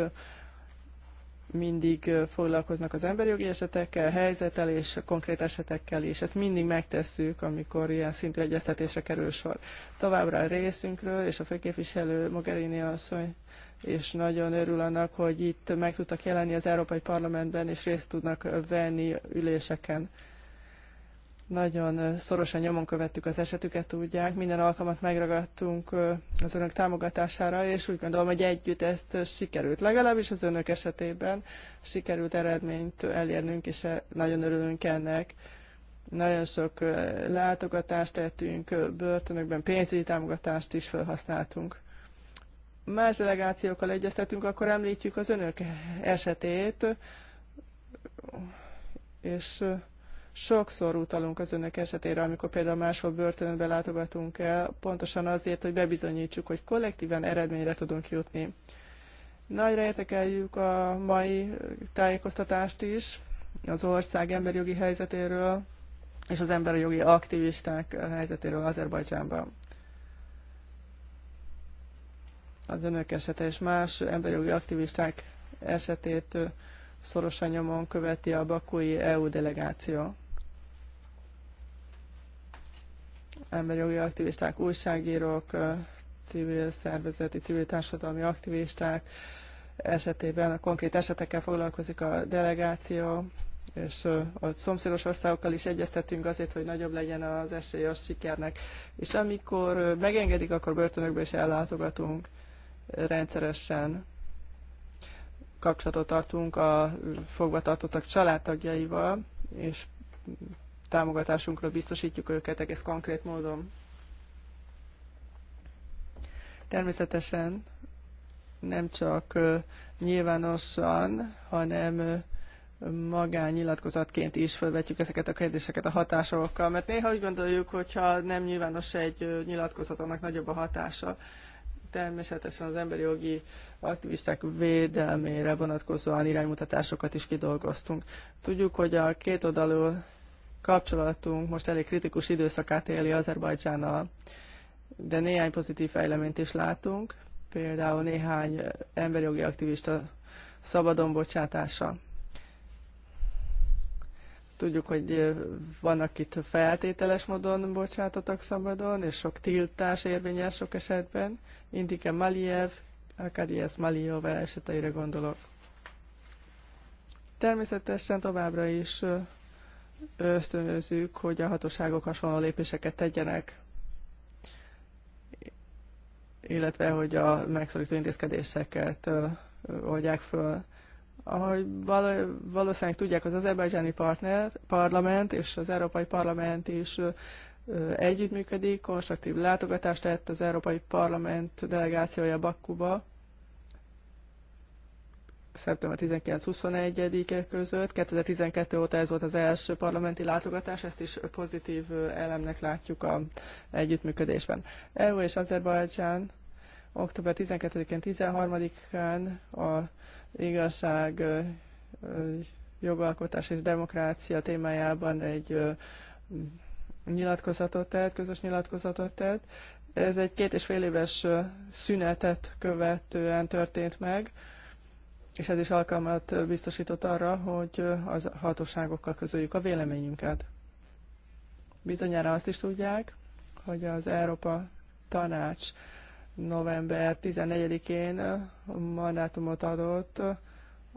mindig foglalkoznak az emberjogi esetekkel, helyzetel és konkrét esetekkel is. Ezt mindig megtesszük, amikor ilyen szintű egyeztetésre kerül sor. Továbbra a részünkről, és a főképviselő Mogherini asszony és nagyon örül annak, hogy itt meg tudtak jelenni az Európai Parlamentben, és részt tudnak venni üléseken. Nagyon szorosan nyomon követtük az esetüket, tudják, minden alkalmat megragadtunk az önök támogatására, és úgy gondolom, hogy együtt ezt sikerült, legalábbis az önök esetében sikerült eredményt elérnünk, és e, nagyon örülünk ennek nagyon sok látogatást tettünk börtönökben, pénzügyi támogatást is felhasználtunk. Más delegációkkal egyeztetünk, akkor említjük az önök esetét, és Sokszor utalunk az önök esetére, amikor például máshol börtönbe látogatunk el, pontosan azért, hogy bebizonyítsuk, hogy kollektíven eredményre tudunk jutni. Nagyra értekeljük a mai tájékoztatást is az ország emberi jogi helyzetéről és az emberi jogi aktivisták helyzetéről Azerbajdzsánban. Az önök esete és más emberi jogi aktivisták esetét szorosan nyomon követi a bakói EU delegáció. emberi jogi aktivisták, újságírók, civil szervezeti, civil társadalmi aktivisták esetében, a konkrét esetekkel foglalkozik a delegáció, és a szomszédos országokkal is egyeztetünk azért, hogy nagyobb legyen az esély a sikernek. És amikor megengedik, akkor börtönökbe is ellátogatunk rendszeresen. Kapcsolatot tartunk a fogvatartottak családtagjaival, és támogatásunkra biztosítjuk őket egész konkrét módon. Természetesen nem csak nyilvánosan, hanem magánnyilatkozatként is felvetjük ezeket a kérdéseket a hatásokkal, mert néha úgy gondoljuk, hogyha nem nyilvános egy nyilatkozat, annak nagyobb a hatása. Természetesen az emberi jogi aktivisták védelmére vonatkozóan iránymutatásokat is kidolgoztunk. Tudjuk, hogy a két oldalú kapcsolatunk most elég kritikus időszakát éli Azerbajdzsánnal, de néhány pozitív fejleményt is látunk, például néhány eh, emberjogi aktivista szabadon bocsátása. Tudjuk, hogy eh, vannak itt feltételes módon bocsátottak szabadon, és sok tiltás érvényes sok esetben. Indike Maliev, Akadies Maliova eseteire gondolok. Természetesen továbbra is eh, ösztönözzük, hogy a hatóságok hasonló lépéseket tegyenek, illetve hogy a megszorító intézkedéseket oldják föl. Ahogy valószínűleg tudják, az azerbajdzsáni partner, parlament és az Európai Parlament is együttműködik, konstruktív látogatást tett az Európai Parlament delegációja Bakkuba, szeptember 19-21-e között. 2012 óta ez volt az első parlamenti látogatás, ezt is pozitív elemnek látjuk a együttműködésben. EU és Azerbajdzsán október 12-én, 13-án a igazság, jogalkotás és demokrácia témájában egy nyilatkozatot tett, közös nyilatkozatot tett. Ez egy két és fél éves szünetet követően történt meg és ez is alkalmat biztosított arra, hogy az hatóságokkal közöljük a véleményünket. Bizonyára azt is tudják, hogy az Európa Tanács november 14-én mandátumot adott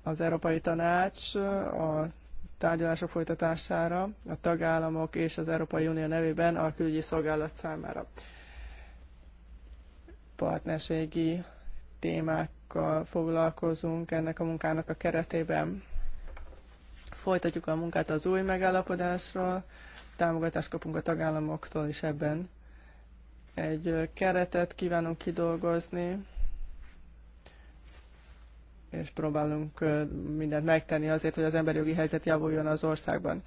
az Európai Tanács a tárgyalások folytatására a tagállamok és az Európai Unió nevében a külügyi szolgálat számára. Partnerségi témákkal foglalkozunk ennek a munkának a keretében. Folytatjuk a munkát az új megállapodásról, támogatást kapunk a tagállamoktól is ebben. Egy keretet kívánunk kidolgozni, és próbálunk mindent megtenni azért, hogy az emberi jogi helyzet javuljon az országban.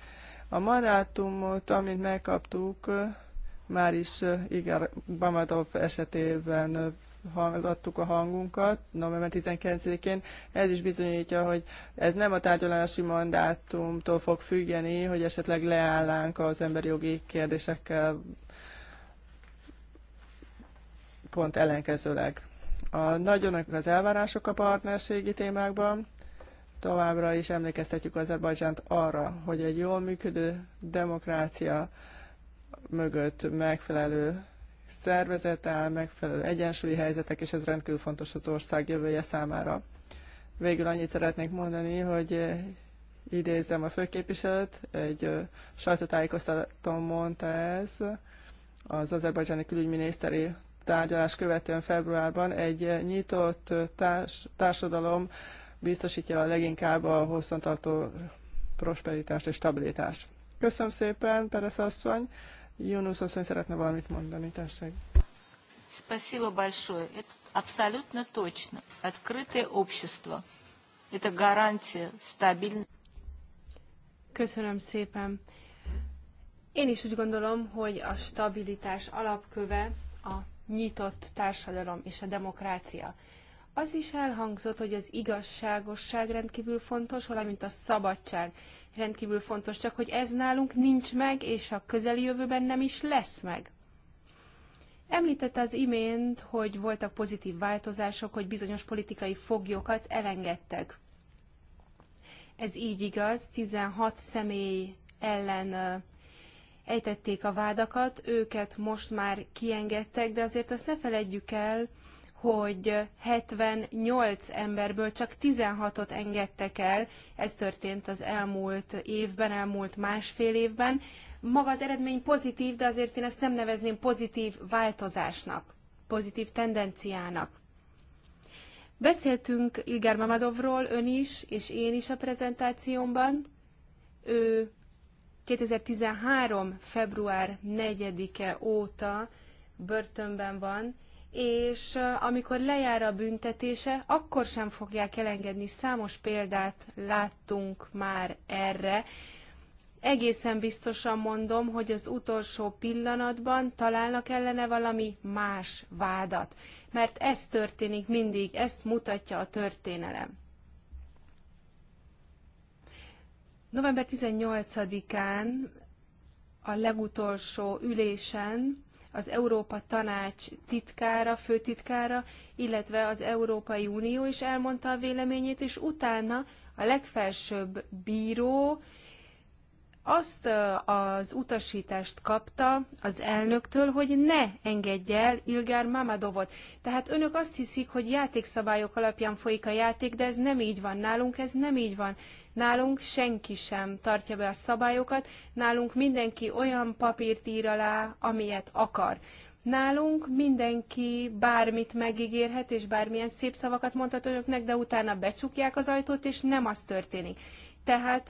A mandátumot, amit megkaptuk, már is igen, Bamadov esetében hallgattuk a hangunkat november 19-én. Ez is bizonyítja, hogy ez nem a tárgyalási mandátumtól fog függeni, hogy esetleg leállnánk az emberi jogi kérdésekkel pont ellenkezőleg. A nagyon az elvárások a partnerségi témákban. Továbbra is emlékeztetjük Azerbajdzsánt arra, hogy egy jól működő demokrácia mögött megfelelő szervezet áll, megfelelő egyensúlyi helyzetek, és ez rendkívül fontos az ország jövője számára. Végül annyit szeretnék mondani, hogy eh, idézem a főképviselőt, egy eh, sajtótájékoztatón mondta ez, az azerbajdzsáni külügyminiszteri tárgyalás követően februárban egy eh, nyitott társ, társadalom biztosítja a leginkább a hosszantartó prosperitást és stabilitást. Köszönöm szépen, Peres asszony! Jónusz asszony szeretne valamit mondani, tessék. Спасибо большое. Это абсолютно точно. Открытое общество – это гарантия стабильности. Köszönöm szépen. Én is úgy gondolom, hogy a stabilitás alapköve a nyitott társadalom és a demokrácia. Az is elhangzott, hogy az igazságosság rendkívül fontos, valamint a szabadság rendkívül fontos, csak hogy ez nálunk nincs meg, és a közeli jövőben nem is lesz meg. Említette az imént, hogy voltak pozitív változások, hogy bizonyos politikai foglyokat elengedtek. Ez így igaz, 16 személy ellen ejtették a vádakat, őket most már kiengedtek, de azért azt ne feledjük el, hogy 78 emberből csak 16-ot engedtek el, ez történt az elmúlt évben, elmúlt másfél évben. Maga az eredmény pozitív, de azért én ezt nem nevezném pozitív változásnak, pozitív tendenciának. Beszéltünk Ilgár Mamadovról ön is, és én is a prezentációmban. Ő 2013. február 4-e óta börtönben van, és amikor lejár a büntetése, akkor sem fogják elengedni. Számos példát láttunk már erre. Egészen biztosan mondom, hogy az utolsó pillanatban találnak ellene valami más vádat. Mert ez történik mindig, ezt mutatja a történelem. November 18-án a legutolsó ülésen az Európa Tanács titkára, főtitkára, illetve az Európai Unió is elmondta a véleményét, és utána a legfelsőbb bíró azt az utasítást kapta az elnöktől, hogy ne engedje el Ilgár Mamadovot. Tehát önök azt hiszik, hogy játékszabályok alapján folyik a játék, de ez nem így van nálunk, ez nem így van. Nálunk senki sem tartja be a szabályokat, nálunk mindenki olyan papírt ír alá, amilyet akar. Nálunk mindenki bármit megígérhet, és bármilyen szép szavakat mondhat önöknek, de utána becsukják az ajtót, és nem az történik. Tehát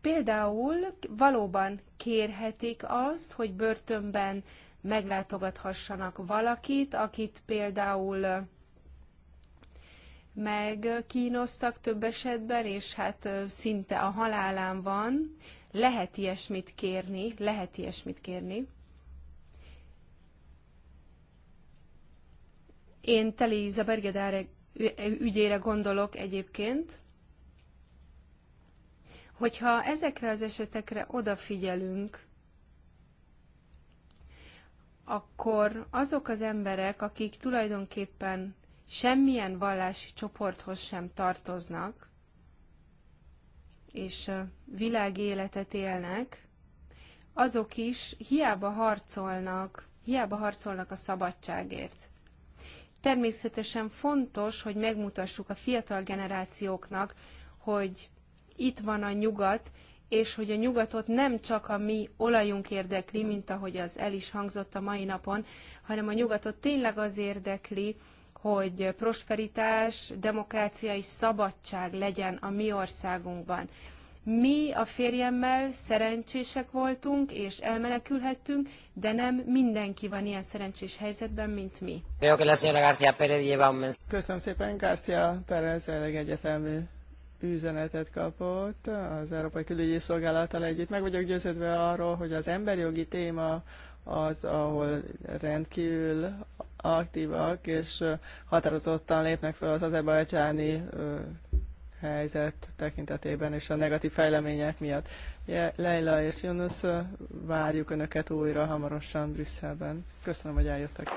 például valóban kérhetik azt, hogy börtönben meglátogathassanak valakit, akit például megkínoztak több esetben, és hát szinte a halálán van. Lehet ilyesmit kérni, lehet ilyesmit kérni. Én Teli Zabergedáre ügyére gondolok egyébként, hogyha ezekre az esetekre odafigyelünk, akkor azok az emberek, akik tulajdonképpen semmilyen vallási csoporthoz sem tartoznak, és világéletet élnek, azok is hiába harcolnak, hiába harcolnak a szabadságért. Természetesen fontos, hogy megmutassuk a fiatal generációknak, hogy itt van a nyugat, és hogy a nyugatot nem csak a mi olajunk érdekli, mint ahogy az el is hangzott a mai napon, hanem a nyugatot tényleg az érdekli, hogy prosperitás, demokrácia és szabadság legyen a mi országunkban. Mi a férjemmel szerencsések voltunk, és elmenekülhettünk, de nem mindenki van ilyen szerencsés helyzetben, mint mi. Köszönöm szépen, García Pérez elég egyetemű üzenetet kapott az Európai Külügyi Szolgálattal együtt. Meg vagyok győződve arról, hogy az emberi jogi téma az, ahol rendkívül aktívak, és határozottan lépnek fel az azerbajcsáni helyzet tekintetében és a negatív fejlemények miatt. Leila és Jonas, várjuk Önöket újra hamarosan Brüsszelben. Köszönöm, hogy eljöttek.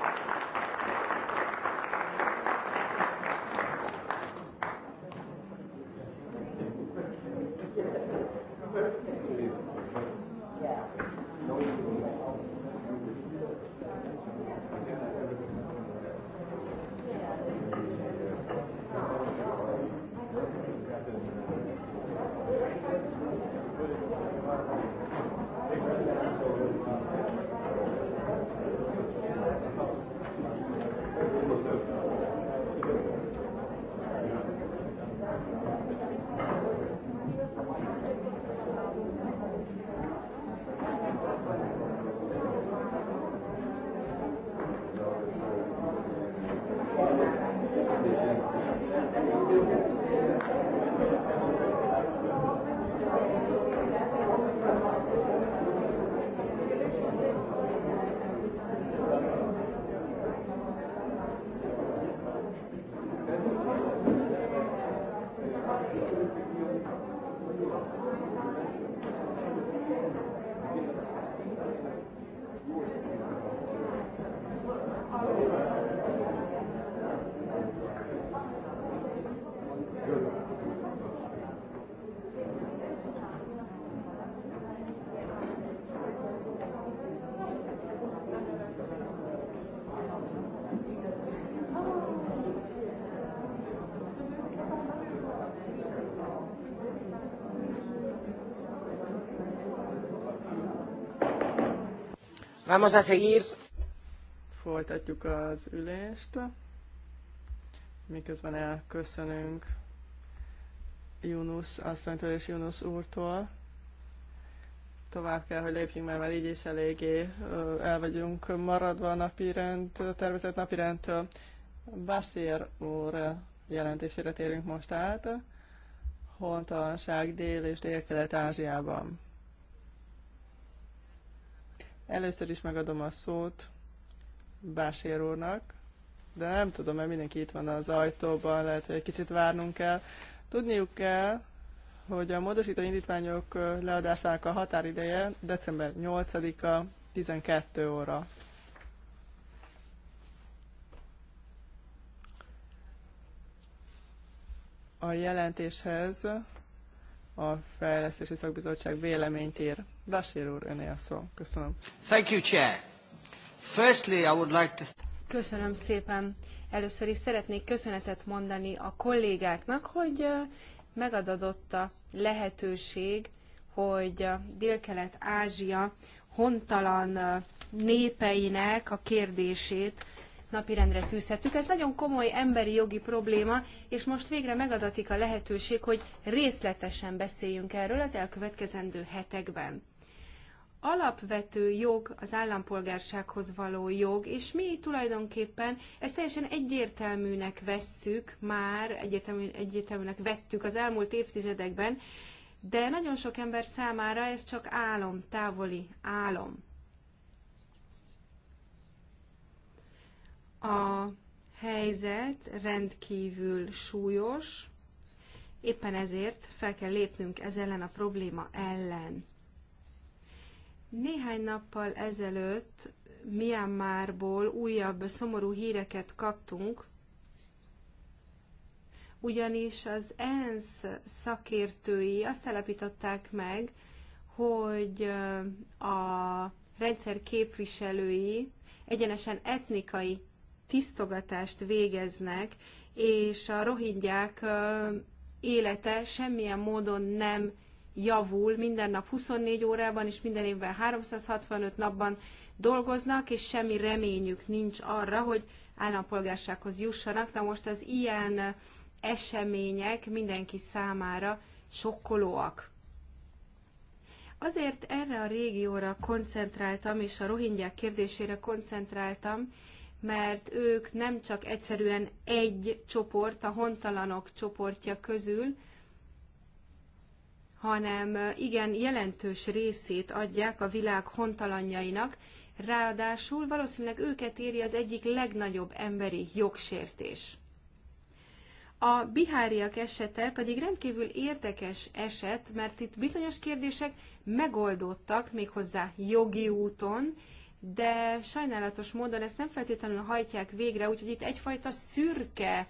Vamos a seguir. Folytatjuk az ülést. Miközben elköszönünk Yunus asszonytól és Yunus úrtól. Tovább kell, hogy lépjünk, mert már így is eléggé el vagyunk maradva a napirend, tervezett rendtől. Basir úr jelentésére térünk most át. Hontalanság Dél- és Dél-Kelet-Ázsiában. Először is megadom a szót Básér úrnak, de nem tudom, mert mindenki itt van az ajtóban, lehet, hogy egy kicsit várnunk kell. Tudniuk kell, hogy a módosító indítványok leadásának a határideje december 8-a 12 óra. A jelentéshez a Fejlesztési Szakbizottság véleményt ír úr, öné a szó. Köszönöm. Thank you, Chair. Firstly, I would like to... Köszönöm szépen. Először is szeretnék köszönetet mondani a kollégáknak, hogy megadadott a lehetőség, hogy Dél-Kelet-Ázsia hontalan népeinek a kérdését napirendre tűzhetük. Ez nagyon komoly emberi jogi probléma, és most végre megadatik a lehetőség, hogy részletesen beszéljünk erről az elkövetkezendő hetekben alapvető jog az állampolgársághoz való jog, és mi tulajdonképpen ezt teljesen egyértelműnek vesszük, már egyértelmű, egyértelműnek vettük az elmúlt évtizedekben, de nagyon sok ember számára ez csak álom, távoli álom. A helyzet rendkívül súlyos, éppen ezért fel kell lépnünk ez ellen a probléma ellen néhány nappal ezelőtt Myanmarból újabb szomorú híreket kaptunk, ugyanis az ENSZ szakértői azt állapították meg, hogy a rendszer képviselői egyenesen etnikai tisztogatást végeznek, és a rohingyák élete semmilyen módon nem javul, minden nap 24 órában és minden évben 365 napban dolgoznak, és semmi reményük nincs arra, hogy állampolgársághoz jussanak. Na most az ilyen események mindenki számára sokkolóak. Azért erre a régióra koncentráltam, és a rohingyák kérdésére koncentráltam, mert ők nem csak egyszerűen egy csoport, a hontalanok csoportja közül, hanem igen jelentős részét adják a világ hontalanjainak, ráadásul valószínűleg őket éri az egyik legnagyobb emberi jogsértés. A biháriak esete pedig rendkívül érdekes eset, mert itt bizonyos kérdések megoldódtak méghozzá jogi úton, de sajnálatos módon ezt nem feltétlenül hajtják végre, úgyhogy itt egyfajta szürke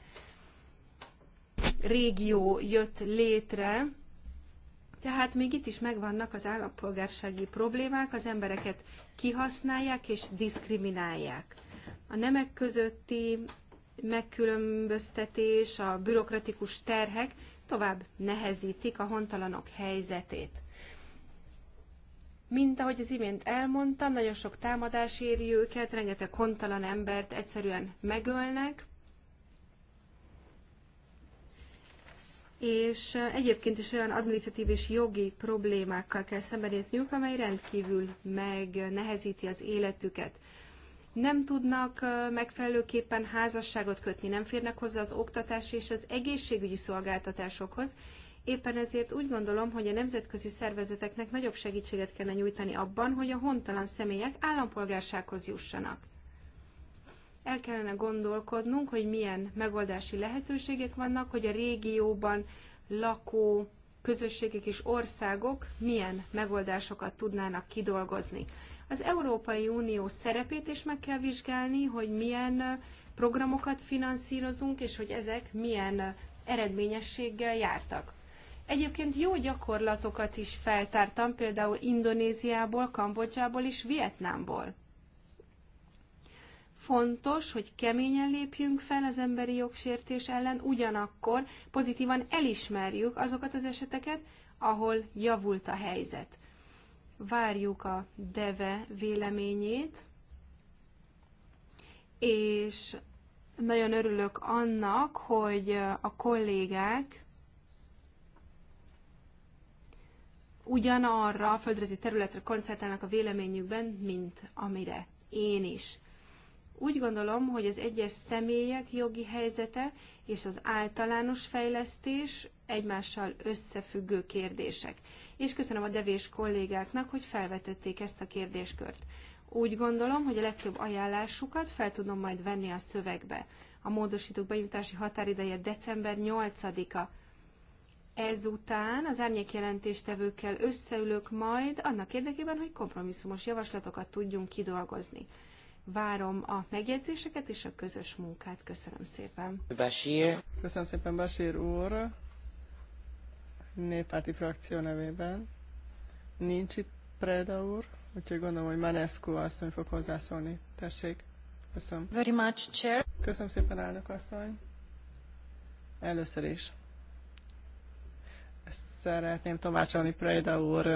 régió jött létre, tehát még itt is megvannak az állampolgársági problémák, az embereket kihasználják és diszkriminálják. A nemek közötti megkülönböztetés, a bürokratikus terhek tovább nehezítik a hontalanok helyzetét. Mint ahogy az imént elmondtam, nagyon sok támadás éri őket, rengeteg hontalan embert egyszerűen megölnek, és egyébként is olyan adminisztratív és jogi problémákkal kell szembenézniük, amely rendkívül megnehezíti az életüket. Nem tudnak megfelelőképpen házasságot kötni, nem férnek hozzá az oktatás és az egészségügyi szolgáltatásokhoz, Éppen ezért úgy gondolom, hogy a nemzetközi szervezeteknek nagyobb segítséget kellene nyújtani abban, hogy a hontalan személyek állampolgársághoz jussanak. El kellene gondolkodnunk, hogy milyen megoldási lehetőségek vannak, hogy a régióban lakó közösségek és országok milyen megoldásokat tudnának kidolgozni. Az Európai Unió szerepét is meg kell vizsgálni, hogy milyen programokat finanszírozunk, és hogy ezek milyen eredményességgel jártak. Egyébként jó gyakorlatokat is feltártam, például Indonéziából, Kambodzsából és Vietnámból. Fontos, hogy keményen lépjünk fel az emberi jogsértés ellen, ugyanakkor pozitívan elismerjük azokat az eseteket, ahol javult a helyzet. Várjuk a DEVE véleményét, és nagyon örülök annak, hogy a kollégák ugyanarra a földrezi területre koncentrálnak a véleményükben, mint amire én is. Úgy gondolom, hogy az egyes személyek jogi helyzete és az általános fejlesztés egymással összefüggő kérdések. És köszönöm a devés kollégáknak, hogy felvetették ezt a kérdéskört. Úgy gondolom, hogy a legjobb ajánlásukat fel tudom majd venni a szövegbe. A módosítók bejutási határideje december 8-a. Ezután az árnyékjelentéstevőkkel összeülök majd annak érdekében, hogy kompromisszumos javaslatokat tudjunk kidolgozni. Várom a megjegyzéseket és a közös munkát. Köszönöm szépen. Basír. Köszönöm szépen Basír úr, néppárti frakció nevében. Nincs itt Preda úr, úgyhogy gondolom, hogy Manescu asszony fog hozzászólni. Tessék. Köszönöm. Very much, chair. Köszönöm szépen, elnök asszony. Először is szeretném tomácsolni Preda úr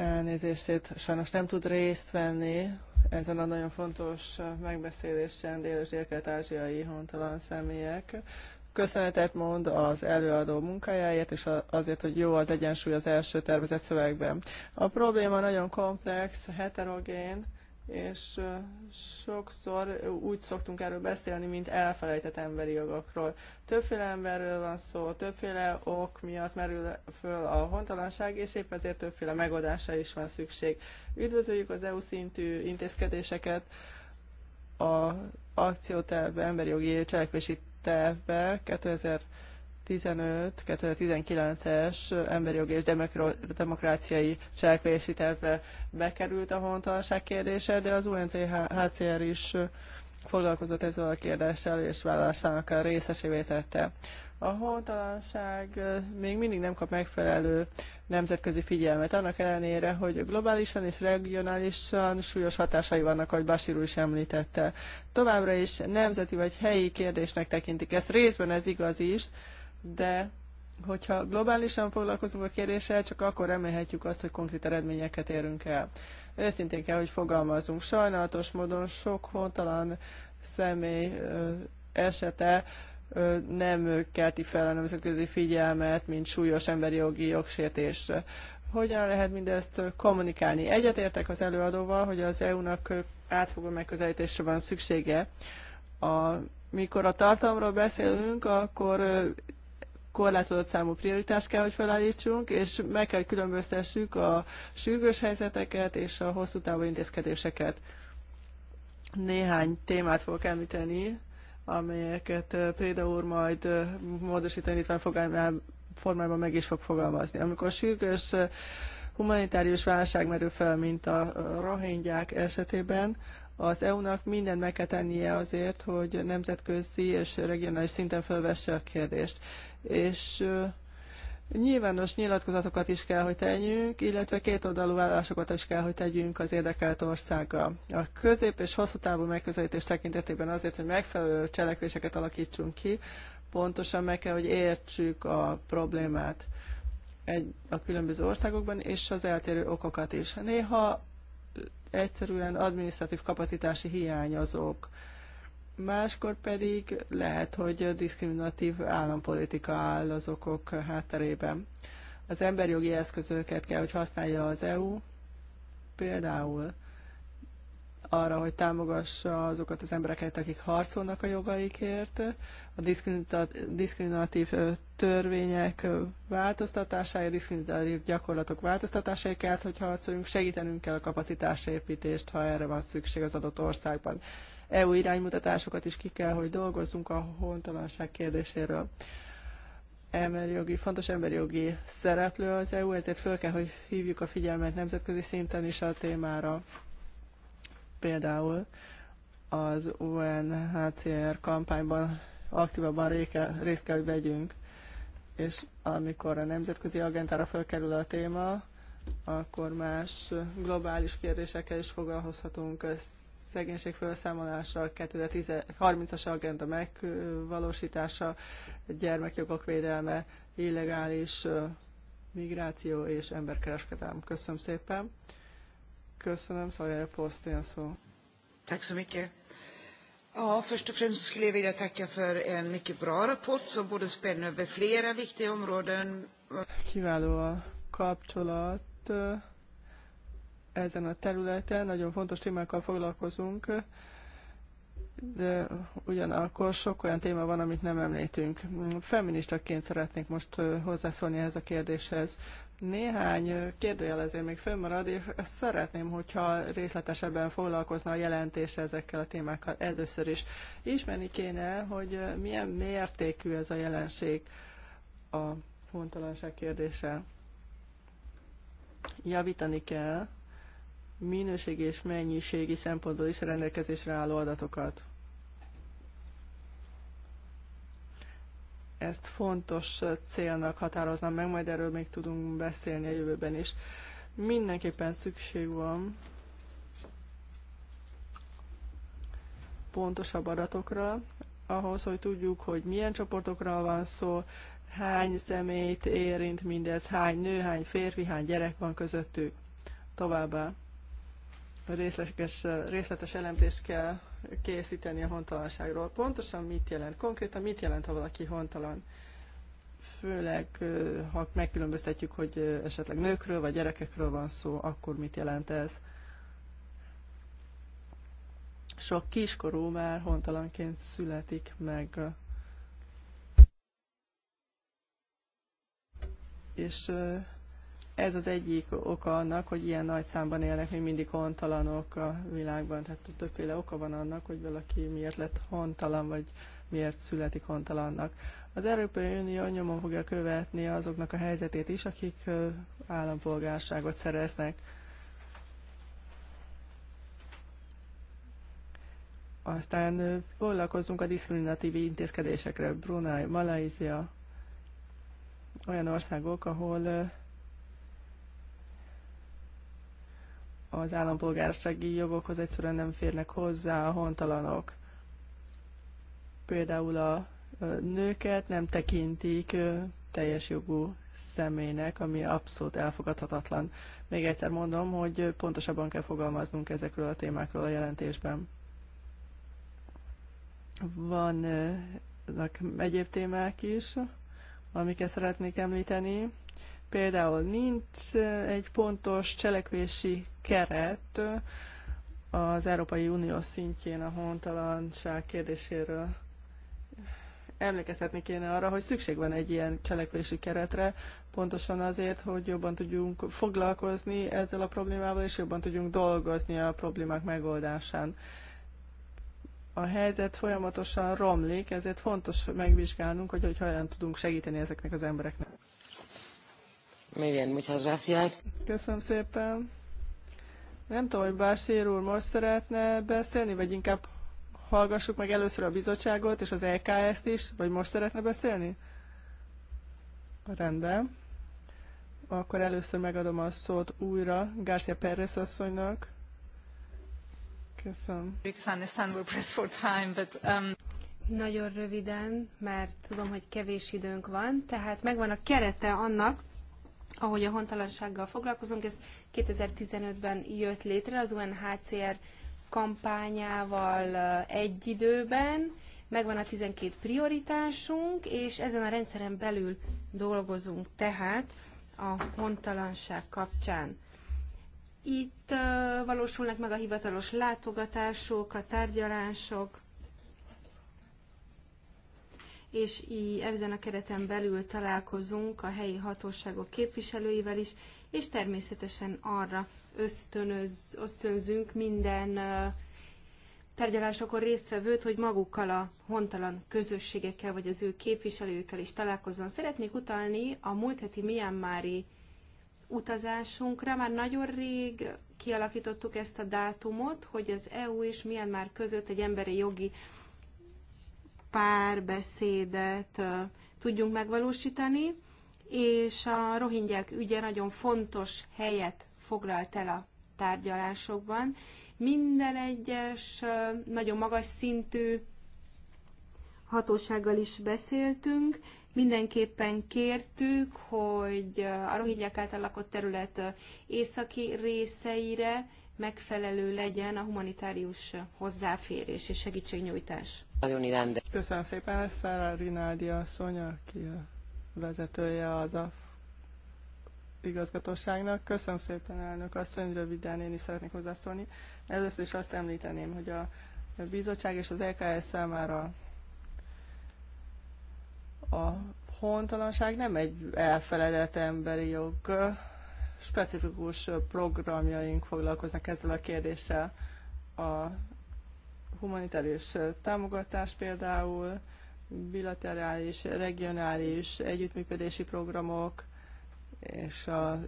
elnézését sajnos nem tud részt venni ezen a nagyon fontos megbeszélésen dél- és ázsiai hontalan személyek. Köszönetet mond az előadó munkájáért, és azért, hogy jó az egyensúly az első tervezett szövegben. A probléma nagyon komplex, heterogén, és sokszor úgy szoktunk erről beszélni, mint elfelejtett emberi jogokról. Többféle emberről van szó, többféle ok miatt merül föl a hontalanság, és épp ezért többféle megoldásra is van szükség. Üdvözöljük az EU szintű intézkedéseket a akciótervbe, emberi jogi cselekvési tervbe 2000 15, 2019-es emberi jogi és demokráciai cselekvési tervbe bekerült a hontalanság kérdése, de az UNCHCR is foglalkozott ezzel a kérdéssel, és vállalásának a részesévé tette. A hontalanság még mindig nem kap megfelelő nemzetközi figyelmet, annak ellenére, hogy globálisan és regionálisan súlyos hatásai vannak, ahogy Basirú is említette. Továbbra is nemzeti vagy helyi kérdésnek tekintik ezt. Részben ez igaz is, de hogyha globálisan foglalkozunk a kérdéssel, csak akkor remélhetjük azt, hogy konkrét eredményeket érünk el. Őszintén kell, hogy fogalmazunk. Sajnálatos módon sok hontalan személy esete nem kelti fel a nemzetközi figyelmet, mint súlyos emberi jogi jogsértésre. Hogyan lehet mindezt kommunikálni? Egyetértek az előadóval, hogy az EU-nak átfogó megközelítésre van szüksége. A mikor a tartalomról beszélünk, akkor korlátozott számú prioritást kell, hogy felállítsunk, és meg kell, hogy különböztessük a sürgős helyzeteket és a hosszú távú intézkedéseket. Néhány témát fogok említeni, amelyeket Préda úr majd módosítani fogalmában formában meg is fog fogalmazni. Amikor sürgős humanitárius válság merül fel, mint a rohingyák esetében, az EU-nak mindent meg kell tennie azért, hogy nemzetközi és regionális szinten felvesse a kérdést. És nyilvános nyilatkozatokat is kell, hogy tegyünk, illetve kétoldalú vállásokat is kell, hogy tegyünk az érdekelt országgal. A közép és hosszú távú megközelítés tekintetében azért, hogy megfelelő cselekvéseket alakítsunk ki, pontosan meg kell, hogy értsük a problémát egy, a különböző országokban, és az eltérő okokat is. Néha egyszerűen adminisztratív kapacitási hiány azok. Máskor pedig lehet, hogy diszkriminatív állampolitika áll az okok hátterében. Az emberjogi eszközöket kell, hogy használja az EU, például arra, hogy támogassa azokat az embereket, akik harcolnak a jogaikért, a diszkriminatív törvények változtatásáért, diszkriminatív gyakorlatok változtatásáért kell, hogyha harcoljunk, segítenünk kell a kapacitásépítést, ha erre van szükség az adott országban. EU iránymutatásokat is ki kell, hogy dolgozzunk a hontalanság kérdéséről. Emberi jogi, fontos emberi jogi szereplő az EU, ezért föl kell, hogy hívjuk a figyelmet nemzetközi szinten is a témára. Például az UNHCR kampányban aktívabban részt kell, hogy vegyünk. És amikor a nemzetközi agentára felkerül a téma, akkor más globális kérdésekkel is foglalkozhatunk. Szegénység felszámolása, 2030-as agenda megvalósítása, gyermekjogok védelme, illegális migráció és emberkereskedelem. Köszönöm szépen. Köszönöm, Szajer Posztén szó. Tack Ja, först och främst skulle jag vilja tacka för en mycket bra rapport som både spänner över flera viktiga områden. Kiváló a kapcsolat eh, ezen a területen, nagyon fontos témákkal foglalkozunk, de ugyanakkor sok olyan téma van, amit nem említünk. Feministaként szeretnék most eh, hozzászólni ehhez a kérdéshez. Néhány kérdőjel azért még fönnmarad, és azt szeretném, hogyha részletesebben foglalkozna a jelentés ezekkel a témákkal először is. Ismerni kéne, hogy milyen mértékű ez a jelenség a hontalanság kérdése. Javítani kell minőségi és mennyiségi szempontból is rendelkezésre álló adatokat. ezt fontos célnak határoznám meg, majd erről még tudunk beszélni a jövőben is. Mindenképpen szükség van pontosabb adatokra, ahhoz, hogy tudjuk, hogy milyen csoportokra van szó, hány személyt érint mindez, hány nő, hány férfi, hány gyerek van közöttük. Továbbá részletes, részletes elemzést kell készíteni a hontalanságról. Pontosan mit jelent? Konkrétan mit jelent, ha valaki hontalan? Főleg, ha megkülönböztetjük, hogy esetleg nőkről vagy gyerekekről van szó, akkor mit jelent ez? Sok kiskorú már hontalanként születik meg. És ez az egyik oka annak, hogy ilyen nagy számban élnek még mindig hontalanok a világban. Tehát többféle oka van annak, hogy valaki miért lett hontalan, vagy miért születik hontalannak. Az Európai Unió nyomon fogja követni azoknak a helyzetét is, akik állampolgárságot szereznek. Aztán foglalkozunk a diszkriminatív intézkedésekre. Brunei, Malajzia, olyan országok, ahol az állampolgársági jogokhoz egyszerűen nem férnek hozzá a hontalanok. Például a nőket nem tekintik teljes jogú személynek, ami abszolút elfogadhatatlan. Még egyszer mondom, hogy pontosabban kell fogalmaznunk ezekről a témákról a jelentésben. Vannak egyéb témák is, amiket szeretnék említeni. Például nincs egy pontos cselekvési keret az Európai Unió szintjén a hontalanság kérdéséről. Emlékeztetni kéne arra, hogy szükség van egy ilyen cselekvési keretre, pontosan azért, hogy jobban tudjunk foglalkozni ezzel a problémával, és jobban tudjunk dolgozni a problémák megoldásán a helyzet folyamatosan romlik, ezért fontos megvizsgálnunk, hogy hogyan tudunk segíteni ezeknek az embereknek. Muy bien, muchas gracias. Köszönöm szépen. Nem tudom, hogy Bársér úr most szeretne beszélni, vagy inkább hallgassuk meg először a bizottságot és az LKS-t e is, vagy most szeretne beszélni? Rendben. Akkor először megadom a szót újra Garcia Perez asszonynak. Köszönöm. Um, Nagyon röviden, mert tudom, hogy kevés időnk van, tehát megvan a kerete annak, ahogy a hontalansággal foglalkozunk, ez 2015-ben jött létre az UNHCR kampányával egy időben, megvan a 12 prioritásunk, és ezen a rendszeren belül dolgozunk tehát a hontalanság kapcsán. Itt valósulnak meg a hivatalos látogatások, a tárgyalások, és így ezen a kereten belül találkozunk a helyi hatóságok képviselőivel is, és természetesen arra ösztönöz, ösztönzünk minden tárgyalásokon résztvevőt, hogy magukkal a hontalan közösségekkel, vagy az ő képviselőkkel is találkozzon. Szeretnék utalni a múlt heti Myanmári utazásunkra. Már nagyon rég kialakítottuk ezt a dátumot, hogy az EU és Myanmar között egy emberi jogi párbeszédet tudjunk megvalósítani, és a rohingyák ügye nagyon fontos helyet foglalt el a tárgyalásokban. Minden egyes nagyon magas szintű hatósággal is beszéltünk, mindenképpen kértük, hogy a rohingyák által lakott terület északi részeire megfelelő legyen a humanitárius hozzáférés és segítségnyújtás. Köszönöm szépen, Szára Rinaldi asszony, aki a vezetője az a igazgatóságnak. Köszönöm szépen, elnök asszony, röviden én is szeretnék hozzászólni. Először is azt említeném, hogy a bizottság és az LKS e számára a hontalanság nem egy elfeledett emberi jog. Specifikus programjaink foglalkoznak ezzel a kérdéssel. A humanitárius támogatás például, bilaterális, regionális együttműködési programok, és a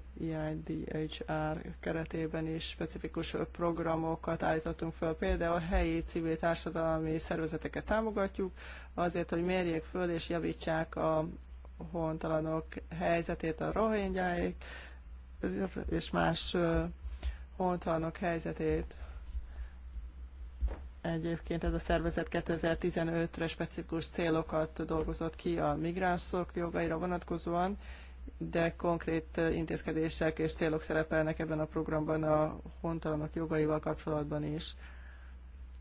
EIDHR keretében is specifikus programokat állítottunk fel Például a helyi civil társadalmi szervezeteket támogatjuk, azért, hogy mérjék föl és javítsák a hontalanok helyzetét, a rohingyáik és más hontalanok helyzetét. Egyébként ez a szervezet 2015-re specifikus célokat dolgozott ki a migránsok jogaira vonatkozóan, de konkrét intézkedések és célok szerepelnek ebben a programban a hontalanok jogaival kapcsolatban is.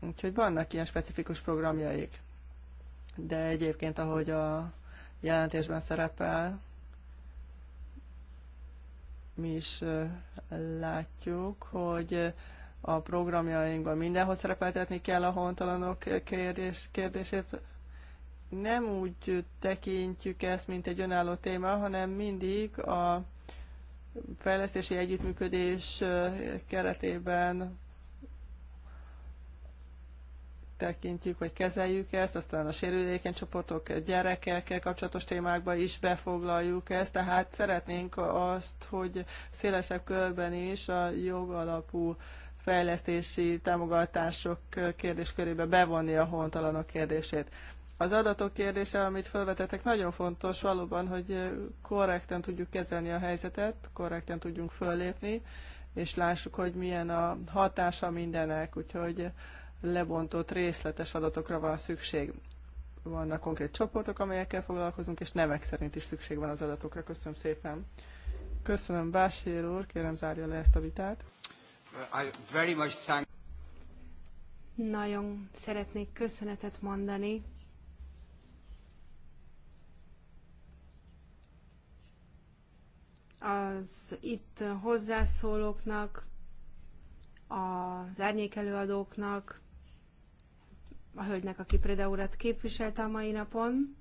Úgyhogy vannak ilyen specifikus programjaik. De egyébként, ahogy a jelentésben szerepel, mi is látjuk, hogy a programjainkban mindenhol szerepeltetni kell a hontalanok kérdés, kérdését. Nem úgy tekintjük ezt, mint egy önálló téma, hanem mindig a fejlesztési együttműködés keretében tekintjük, vagy kezeljük ezt, aztán a sérülékeny csoportok gyerekekkel kapcsolatos témákba is befoglaljuk ezt, tehát szeretnénk azt, hogy szélesebb körben is a jogalapú fejlesztési támogatások kérdéskörébe bevonni a hontalanok kérdését. Az adatok kérdése, amit felvetettek, nagyon fontos valóban, hogy korrekten tudjuk kezelni a helyzetet, korrekten tudjunk föllépni, és lássuk, hogy milyen a hatása mindenek, úgyhogy lebontott részletes adatokra van szükség. Vannak konkrét csoportok, amelyekkel foglalkozunk, és nemek szerint is szükség van az adatokra. Köszönöm szépen. Köszönöm, Básér úr, kérem zárja le ezt a vitát. Uh, Nagyon szeretnék köszönetet mondani az itt hozzászólóknak, az árnyékelőadóknak, a hölgynek, aki Preda urat képviselte a mai napon,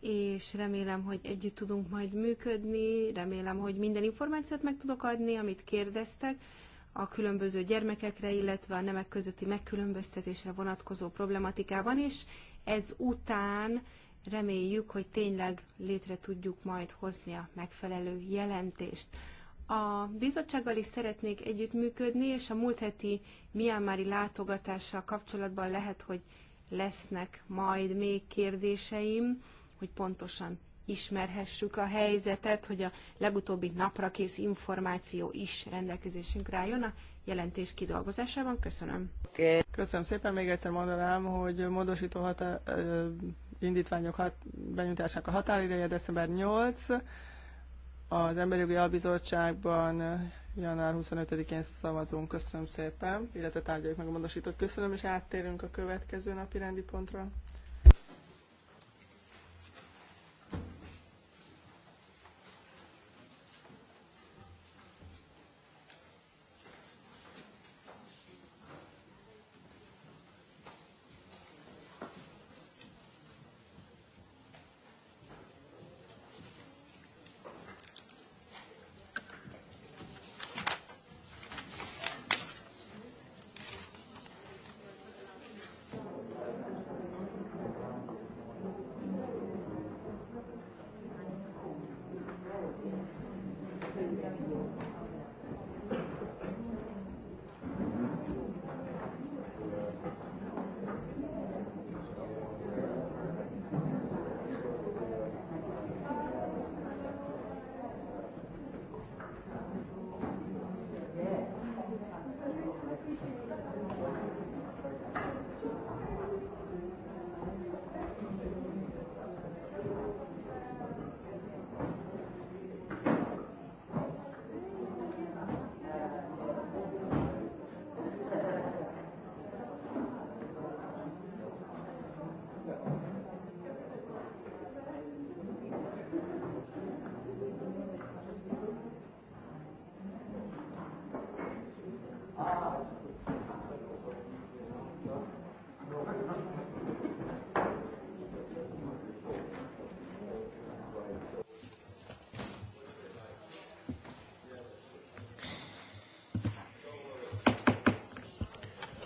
és remélem, hogy együtt tudunk majd működni, remélem, hogy minden információt meg tudok adni, amit kérdeztek, a különböző gyermekekre, illetve a nemek közötti megkülönböztetésre vonatkozó problematikában, is. ez után reméljük, hogy tényleg létre tudjuk majd hozni a megfelelő jelentést. A bizottsággal is szeretnék együttműködni, és a múlt heti Miámári látogatással kapcsolatban lehet, hogy lesznek majd még kérdéseim, hogy pontosan ismerhessük a helyzetet, hogy a legutóbbi napra kész információ is rendelkezésünkre álljon a jelentés kidolgozásában. Köszönöm. Okay. Köszönöm szépen. Még egyszer mondanám, hogy módosító hatá- indítványok hat- benyújtásának a határideje december 8. Az Emberi Jogi Albizottságban január 25-én szavazunk. Köszönöm szépen, illetve tárgyaljuk meg a módosítót. Köszönöm, és áttérünk a következő napi rendi pontra.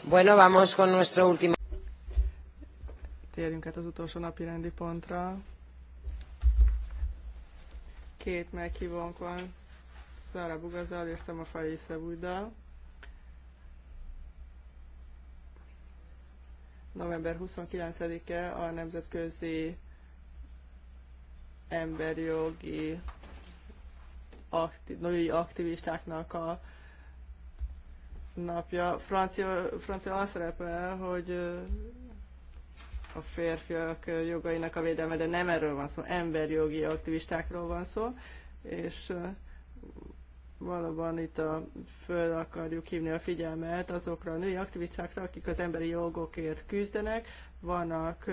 Bueno, vamos con nuestro último. Térjünk át az utolsó napi rendi pontra. Két meghívónk van, Szára Bugazal és Szemafai Szebuddal. November 29-e a Nemzetközi Emberjogi akti- női aktivistáknak a napja. Francia, francia az szerepel, hogy a férfiak jogainak a védelme, de nem erről van szó, emberjogi aktivistákról van szó, és valóban itt a, föl akarjuk hívni a figyelmet azokra a női aktivistákra, akik az emberi jogokért küzdenek, vannak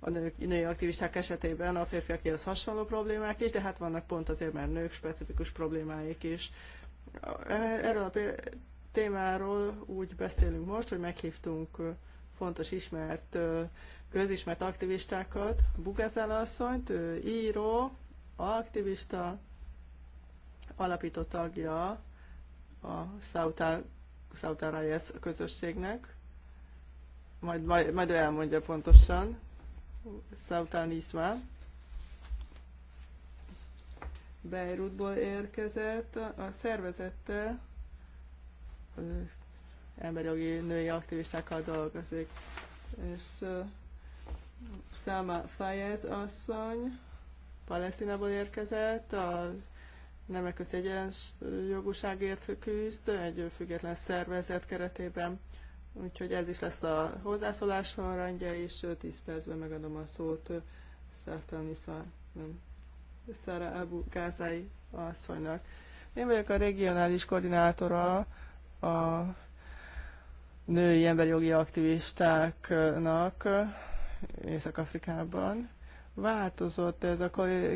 a nők, női aktivisták esetében a férfiakéhez hasonló problémák is, de hát vannak pont azért, mert nők specifikus problémáik is. Erről a témáról úgy beszélünk most, hogy meghívtunk fontos ismert, közismert aktivistákat, Bugazán asszonyt, ő író, aktivista, alapító tagja a Sautarayes közösségnek, majd, majd, majd ő elmondja pontosan, Sautanisma. Beirutból érkezett a szervezette jogi női aktivistákkal dolgozik. És Száma Fayez asszony Palesztinából érkezett, a nemek köz egyenjogúságért küzd, egy független szervezet keretében. Úgyhogy ez is lesz a hozzászólás sorrendje, és 10 percben megadom a szót Szartani nem, Szára Abu Gázai asszonynak. Én vagyok a regionális koordinátora a női emberi jogi aktivistáknak Észak-Afrikában. Változott ez a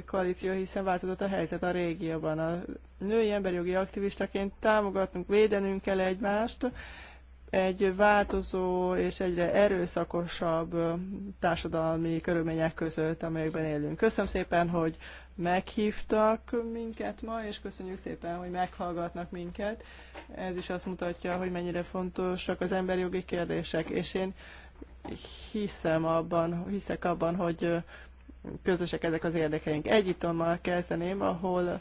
koalíció, hiszen változott a helyzet a régióban. A női emberi jogi aktivistaként támogatnunk, védenünk kell egymást, egy változó és egyre erőszakosabb társadalmi körülmények között, amelyekben élünk. Köszönöm szépen, hogy meghívtak minket ma, és köszönjük szépen, hogy meghallgatnak minket. Ez is azt mutatja, hogy mennyire fontosak az emberi jogi kérdések, és én hiszem abban, hiszek abban, hogy közösek ezek az érdekeink. Egyiptommal kezdeném, ahol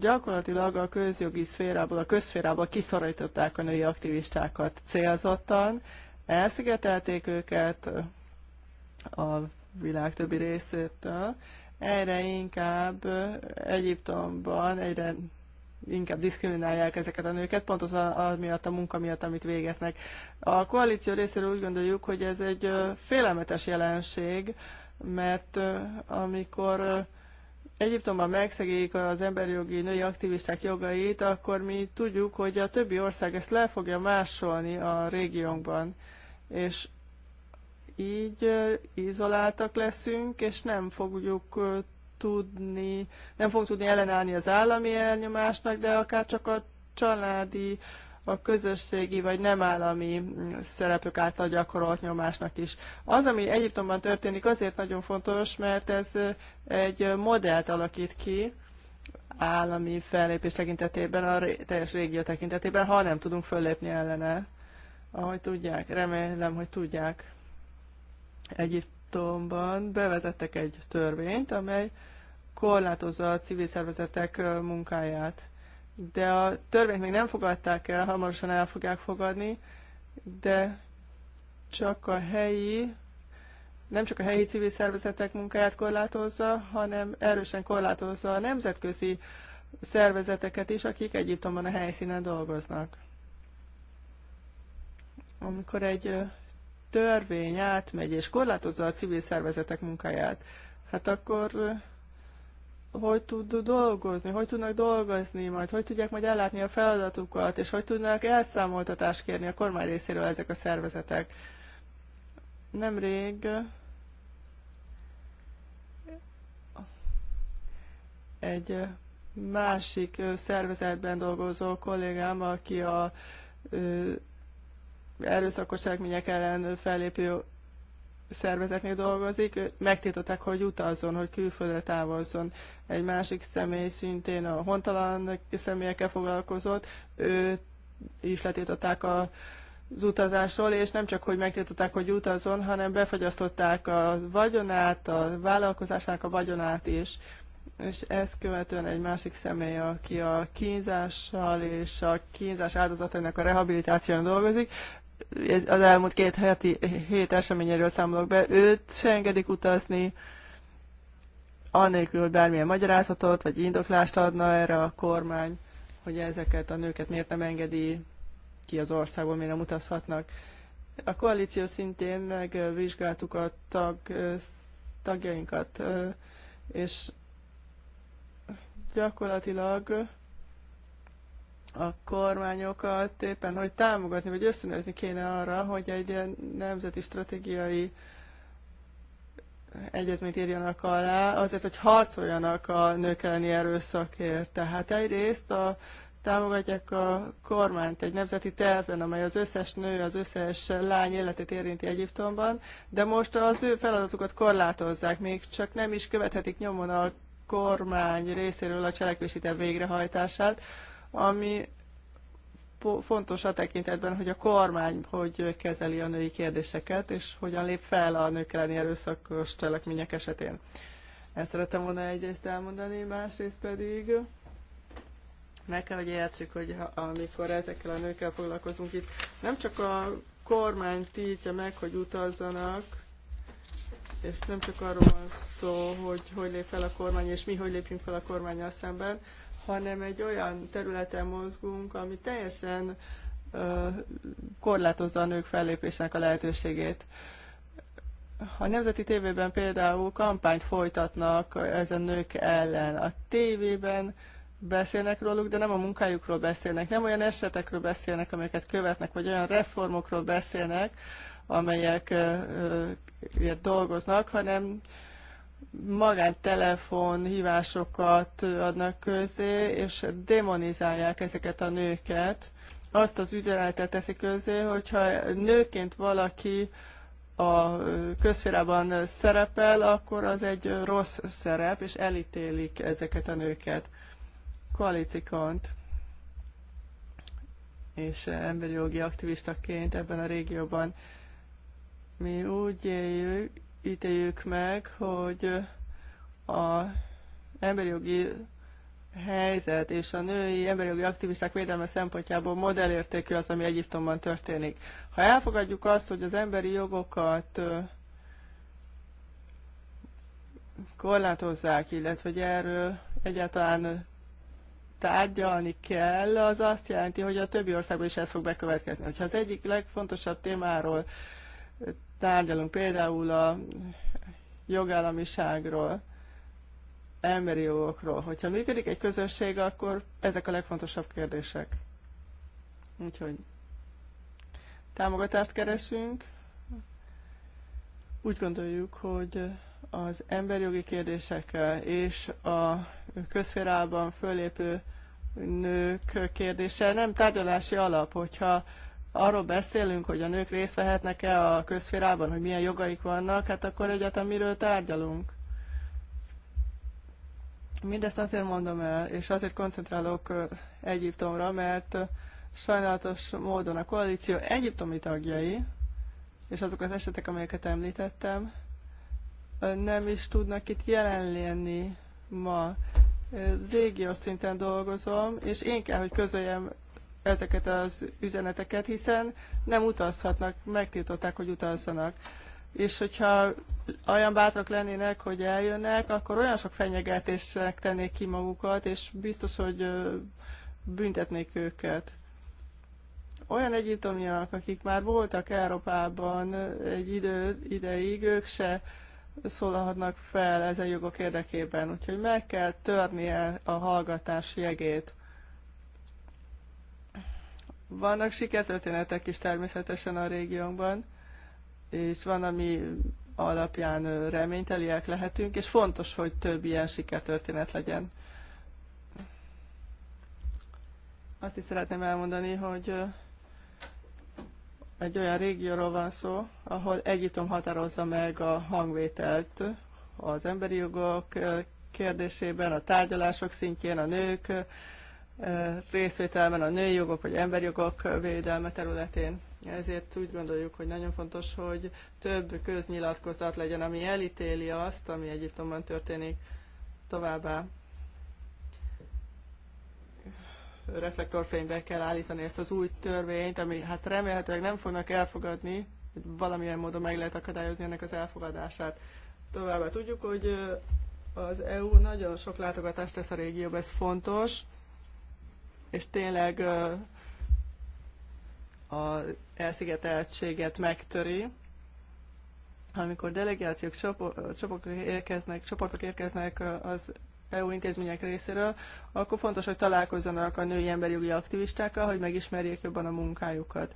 gyakorlatilag a közjogi szférából, a közszférából kiszorították a női aktivistákat célzottan, elszigetelték őket a világ többi részétől, erre inkább Egyiptomban egyre inkább diszkriminálják ezeket a nőket, pont az a, miatt a munka miatt, amit végeznek. A koalíció részéről úgy gondoljuk, hogy ez egy félelmetes jelenség, mert amikor Egyiptomban megszegélyik az emberjogi női aktivisták jogait, akkor mi tudjuk, hogy a többi ország ezt le fogja másolni a régiónkban. És így izoláltak leszünk, és nem fogjuk tudni, nem fog tudni ellenállni az állami elnyomásnak, de akár csak a családi, a közösségi vagy nem állami mm, szereplők által gyakorolt nyomásnak is. Az, ami Egyiptomban történik, azért nagyon fontos, mert ez egy modellt alakít ki, állami fellépés tekintetében, a teljes régió tekintetében, ha nem tudunk föllépni ellene. Ahogy tudják, remélem, hogy tudják. Egyiptomban bevezettek egy törvényt, amely korlátozza a civil szervezetek munkáját. De a törvényt még nem fogadták el, hamarosan el fogják fogadni, de csak a helyi, nem csak a helyi civil szervezetek munkáját korlátozza, hanem erősen korlátozza a nemzetközi szervezeteket is, akik Egyiptomban a helyszínen dolgoznak. Amikor egy törvény átmegy és korlátozza a civil szervezetek munkáját, hát akkor eh, hogy tud dolgozni, hogy tudnak dolgozni majd, hogy tudják majd ellátni a feladatukat, és hogy tudnak elszámoltatást kérni a kormány részéről ezek a szervezetek. Nemrég eh, egy eh, másik szervezetben dolgozó kollégám, aki a erőszakos cselekmények ellen fellépő szervezetnél dolgozik, megtiltották, hogy utazzon, hogy külföldre távozzon. Egy másik személy szintén a hontalan személyekkel foglalkozott, ő is letiltották a az utazásról, és nem csak, hogy megtiltották, hogy utazon, hanem befagyasztották a vagyonát, a vállalkozásnak a vagyonát is. És ezt követően egy másik személy, aki a kínzással és a kínzás áldozatainak a rehabilitáción dolgozik, az elmúlt két heti, hét eseményéről számolok be, őt se engedik utazni, annélkül, hogy bármilyen magyarázatot vagy indoklást adna erre a kormány, hogy ezeket a nőket miért nem engedi ki az országból, miért nem utazhatnak. A koalíció szintén megvizsgáltuk a tag, tagjainkat, és gyakorlatilag a kormányokat éppen, hogy támogatni, vagy ösztönözni kéne arra, hogy egy nemzeti stratégiai egyezményt írjanak alá, azért, hogy harcoljanak a nők elleni erőszakért. Tehát egyrészt a, támogatják a kormányt egy nemzeti tervben, amely az összes nő, az összes lány életét érinti Egyiptomban, de most az ő feladatukat korlátozzák, még csak nem is követhetik nyomon a kormány részéről a cselekvési terv végrehajtását, ami fontos a tekintetben, hogy a kormány hogy kezeli a női kérdéseket, és hogyan lép fel a nők elleni erőszakos cselekmények esetén. Ezt szeretem volna egyrészt elmondani, másrészt pedig meg kell, hogy értsük, hogy amikor ezekkel a nőkkel foglalkozunk itt, nem csak a kormány tiltja meg, hogy utazzanak, és nem csak arról van szó, hogy hogy lép fel a kormány, és mi hogy lépjünk fel a kormányjal szemben, hanem egy olyan területen mozgunk, ami teljesen korlátozza a nők fellépésnek a lehetőségét. A Nemzeti TV-ben például kampányt folytatnak ezen nők ellen. A tévében beszélnek róluk, de nem a munkájukról beszélnek, nem olyan esetekről beszélnek, amelyeket követnek, vagy olyan reformokról beszélnek, amelyekért dolgoznak, hanem magántelefon hívásokat adnak közé, és demonizálják ezeket a nőket. Azt az üzenetet teszi közé, hogyha nőként valaki a közférában szerepel, akkor az egy rossz szerep, és elítélik ezeket a nőket. Koalicikont és emberi jogi aktivistaként ebben a régióban mi úgy éljük, ítéljük meg, hogy a emberi jogi helyzet és a női emberi jogi aktivisták védelme szempontjából modellértékű az, ami Egyiptomban történik. Ha elfogadjuk azt, hogy az emberi jogokat korlátozzák, illetve hogy erről egyáltalán tárgyalni kell, az azt jelenti, hogy a többi országban is ez fog bekövetkezni. Hogyha az egyik legfontosabb témáról tárgyalunk például a jogállamiságról, emberi jogokról. Hogyha működik egy közösség, akkor ezek a legfontosabb kérdések. Úgyhogy támogatást keresünk. Úgy gondoljuk, hogy az emberi jogi kérdések és a közférában fölépő nők kérdése nem tárgyalási alap, hogyha arról beszélünk, hogy a nők részt vehetnek-e a közférában, hogy milyen jogaik vannak, hát akkor egyáltalán miről tárgyalunk? Mindezt azért mondom el, és azért koncentrálok Egyiptomra, mert sajnálatos módon a koalíció egyiptomi tagjai, és azok az esetek, amelyeket említettem, nem is tudnak itt jelen lenni ma. Régiós szinten dolgozom, és én kell, hogy közöljem ezeket az üzeneteket, hiszen nem utazhatnak, megtiltották, hogy utazzanak. És hogyha olyan bátrak lennének, hogy eljönnek, akkor olyan sok fenyegetésnek tennék ki magukat, és biztos, hogy büntetnék őket olyan egyiptomiak, akik már voltak Európában egy idő, ideig, ők se szólalhatnak fel ezen jogok érdekében. Úgyhogy meg kell törnie a hallgatás jegét. Vannak sikertörténetek is természetesen a régiónkban, és van, ami alapján reményteliek lehetünk, és fontos, hogy több ilyen sikertörténet legyen. Azt is szeretném elmondani, hogy egy olyan régióról van szó, ahol Egyiptom határozza meg a hangvételt az emberi jogok kérdésében, a tárgyalások szintjén, a nők részvételben a női jogok vagy emberi jogok védelme területén. Ezért úgy gondoljuk, hogy nagyon fontos, hogy több köznyilatkozat legyen, ami elítéli azt, ami Egyiptomban történik továbbá. Reflektorfénybe kell állítani ezt az új törvényt, ami hát remélhetőleg nem fognak elfogadni, hogy valamilyen módon meg lehet akadályozni ennek az elfogadását. Továbbá tudjuk, hogy az EU nagyon sok látogatást tesz a régióba, ez fontos és tényleg a elszigeteltséget megtöri. Amikor delegációk, csoportok érkeznek, csoportok érkeznek az EU intézmények részéről, akkor fontos, hogy találkozzanak a női emberi jogi aktivistákkal, hogy megismerjék jobban a munkájukat.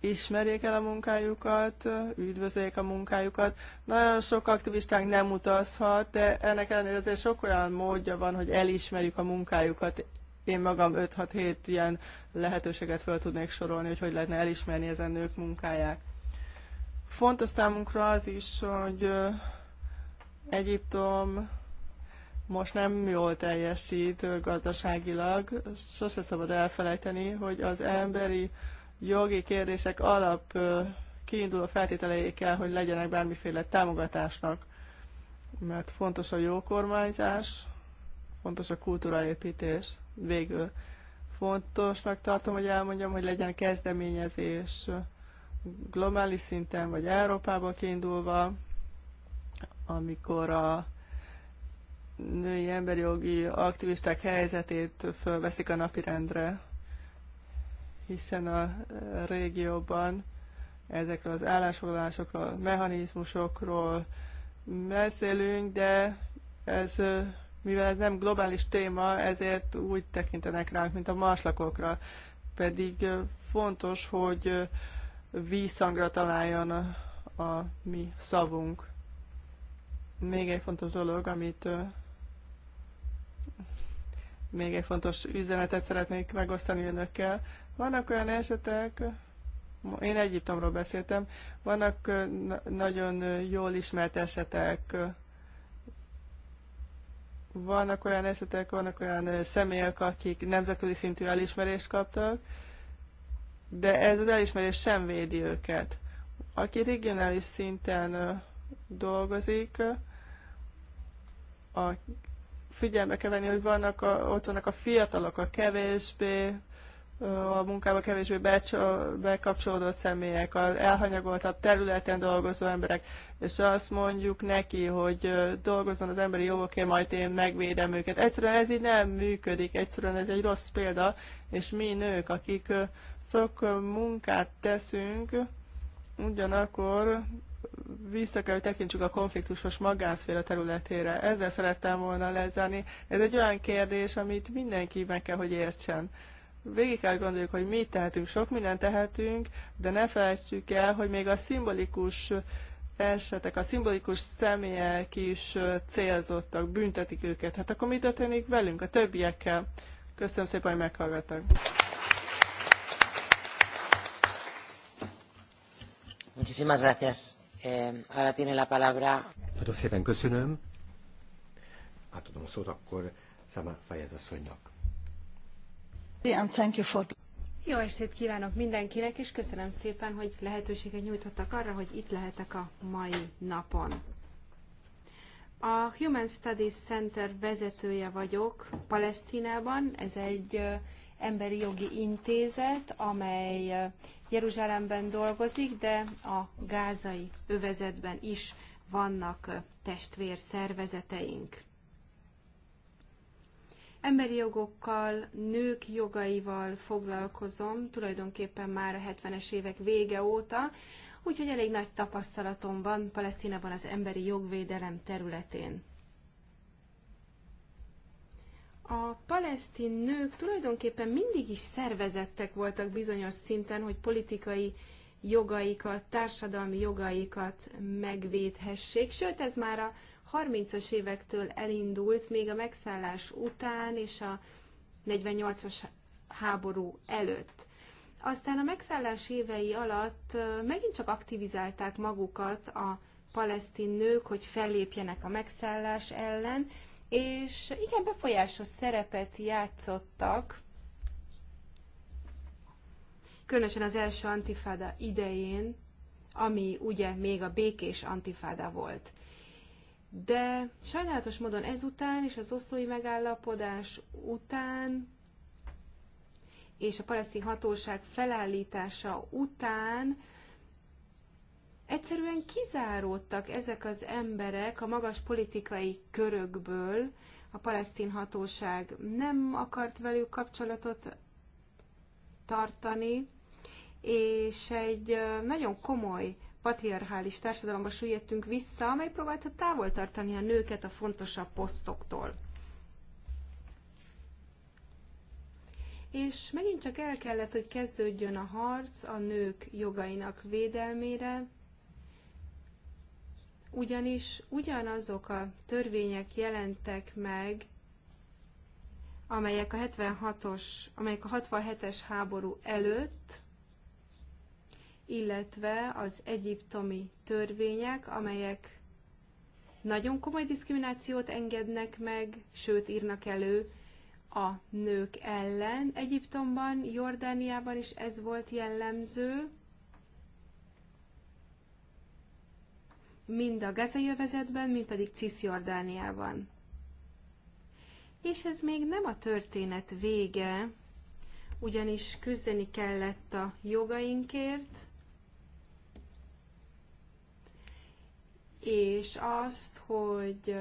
Ismerjék el a munkájukat, üdvözöljék a munkájukat. Nagyon sok aktivistánk nem utazhat, de ennek ellenére azért sok olyan módja van, hogy elismerjük a munkájukat, én magam 5-6-7 ilyen lehetőséget fel tudnék sorolni, hogy hogy lehetne elismerni ezen nők munkáját. Fontos számunkra az is, hogy Egyiptom most nem jól teljesít gazdaságilag. Sose szabad elfelejteni, hogy az emberi jogi kérdések alap kiinduló feltételei kell, hogy legyenek bármiféle támogatásnak, mert fontos a jó kormányzás, fontos a kultúraépítés. Végül fontosnak tartom, hogy elmondjam, hogy legyen kezdeményezés globális szinten, vagy Európába kiindulva, amikor a női emberi jogi aktivisták helyzetét fölveszik a napirendre, hiszen a régióban ezekről az állásfoglalásokról, mechanizmusokról beszélünk, de ez mivel ez nem globális téma, ezért úgy tekintenek ránk, mint a marslakokra. Pedig fontos, hogy vízhangra találjon a, a mi szavunk. Még egy fontos dolog, amit még egy fontos üzenetet szeretnék megosztani önökkel. Vannak olyan esetek, én Egyiptomról beszéltem, vannak nagyon jól ismert esetek, vannak olyan esetek, vannak olyan személyek, akik nemzetközi szintű elismerést kaptak, de ez az elismerés sem védi őket. Aki regionális szinten dolgozik, a figyelme kell venni, hogy vannak a, ott vannak a fiatalok, a kevésbé a munkába kevésbé bekapcsolódott személyek, az elhanyagoltabb területen dolgozó emberek, és azt mondjuk neki, hogy dolgozzon az emberi jogokért, majd én megvédem őket. Egyszerűen ez így nem működik, egyszerűen ez egy rossz példa, és mi nők, akik sok munkát teszünk, ugyanakkor vissza kell, hogy tekintsük a konfliktusos magánszféra területére. Ezzel szerettem volna lezárni. Ez egy olyan kérdés, amit mindenki meg kell, hogy értsen végig kell gondoljuk, hogy mit tehetünk, sok mindent tehetünk, de ne felejtsük el, hogy még a szimbolikus esetek, a szimbolikus személyek is célzottak, büntetik őket. Hát akkor mi történik velünk, a többiekkel? Köszönöm szépen, hogy meghallgattak. Muchísimas gracias. Eh, ahora tiene la palabra. Nagyon szépen köszönöm. Átadom a szót akkor Szama Fajez asszonynak. Jó estét kívánok mindenkinek, és köszönöm szépen, hogy lehetőséget nyújtottak arra, hogy itt lehetek a mai napon. A Human Studies Center vezetője vagyok Palesztinában. Ez egy emberi jogi intézet, amely Jeruzsálemben dolgozik, de a gázai övezetben is vannak testvérszervezeteink. Emberi jogokkal, nők jogaival foglalkozom tulajdonképpen már a 70-es évek vége óta, úgyhogy elég nagy tapasztalatom van Palesztinában az emberi jogvédelem területén. A palesztin nők tulajdonképpen mindig is szervezettek voltak bizonyos szinten, hogy politikai jogaikat, társadalmi jogaikat megvédhessék, sőt ez már a 30-as évektől elindult, még a megszállás után és a 48-as háború előtt. Aztán a megszállás évei alatt megint csak aktivizálták magukat a palesztin nők, hogy fellépjenek a megszállás ellen, és igen befolyásos szerepet játszottak, különösen az első antifáda idején, ami ugye még a békés antifáda volt de sajnálatos módon ezután és az oszlói megállapodás után és a palesztin hatóság felállítása után egyszerűen kizáródtak ezek az emberek a magas politikai körökből, a palesztin hatóság nem akart velük kapcsolatot tartani, és egy nagyon komoly patriarchális társadalomba süllyedtünk vissza, amely próbálta távol tartani a nőket a fontosabb posztoktól. És megint csak el kellett, hogy kezdődjön a harc a nők jogainak védelmére, ugyanis ugyanazok a törvények jelentek meg, amelyek a 76-os, amelyek a 67-es háború előtt illetve az egyiptomi törvények, amelyek nagyon komoly diszkriminációt engednek meg, sőt írnak elő a nők ellen. Egyiptomban, Jordániában is ez volt jellemző. mind a gazai övezetben, mind pedig Cisjordániában. És ez még nem a történet vége, ugyanis küzdeni kellett a jogainkért, és azt, hogy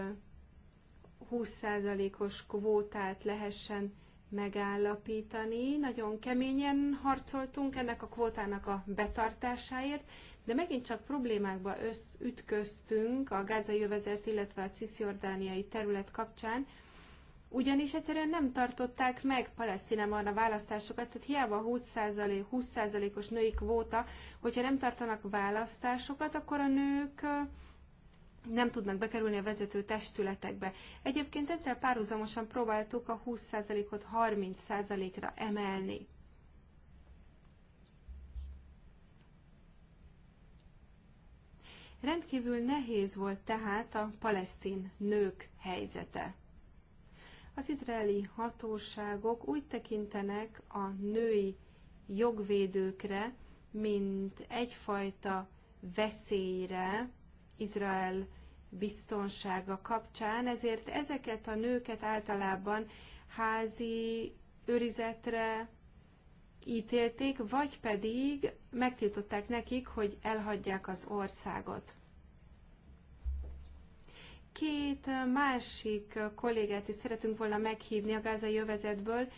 20%-os kvótát lehessen megállapítani. Nagyon keményen harcoltunk ennek a kvótának a betartásáért, de megint csak problémákba ütköztünk a gázai övezet, illetve a cisziordániai terület kapcsán, ugyanis egyszerűen nem tartották meg Palesztinában a választásokat, tehát hiába 20%, 20%-os női kvóta, hogyha nem tartanak választásokat, akkor a nők nem tudnak bekerülni a vezető testületekbe. Egyébként ezzel párhuzamosan próbáltuk a 20%-ot 30%-ra emelni. Rendkívül nehéz volt tehát a palesztin nők helyzete. Az izraeli hatóságok úgy tekintenek a női jogvédőkre, mint egyfajta veszélyre Izrael biztonsága kapcsán, ezért ezeket a nőket általában házi őrizetre ítélték, vagy pedig megtiltották nekik, hogy elhagyják az országot. Két másik kollégát is szeretünk volna meghívni a gázai övezetből,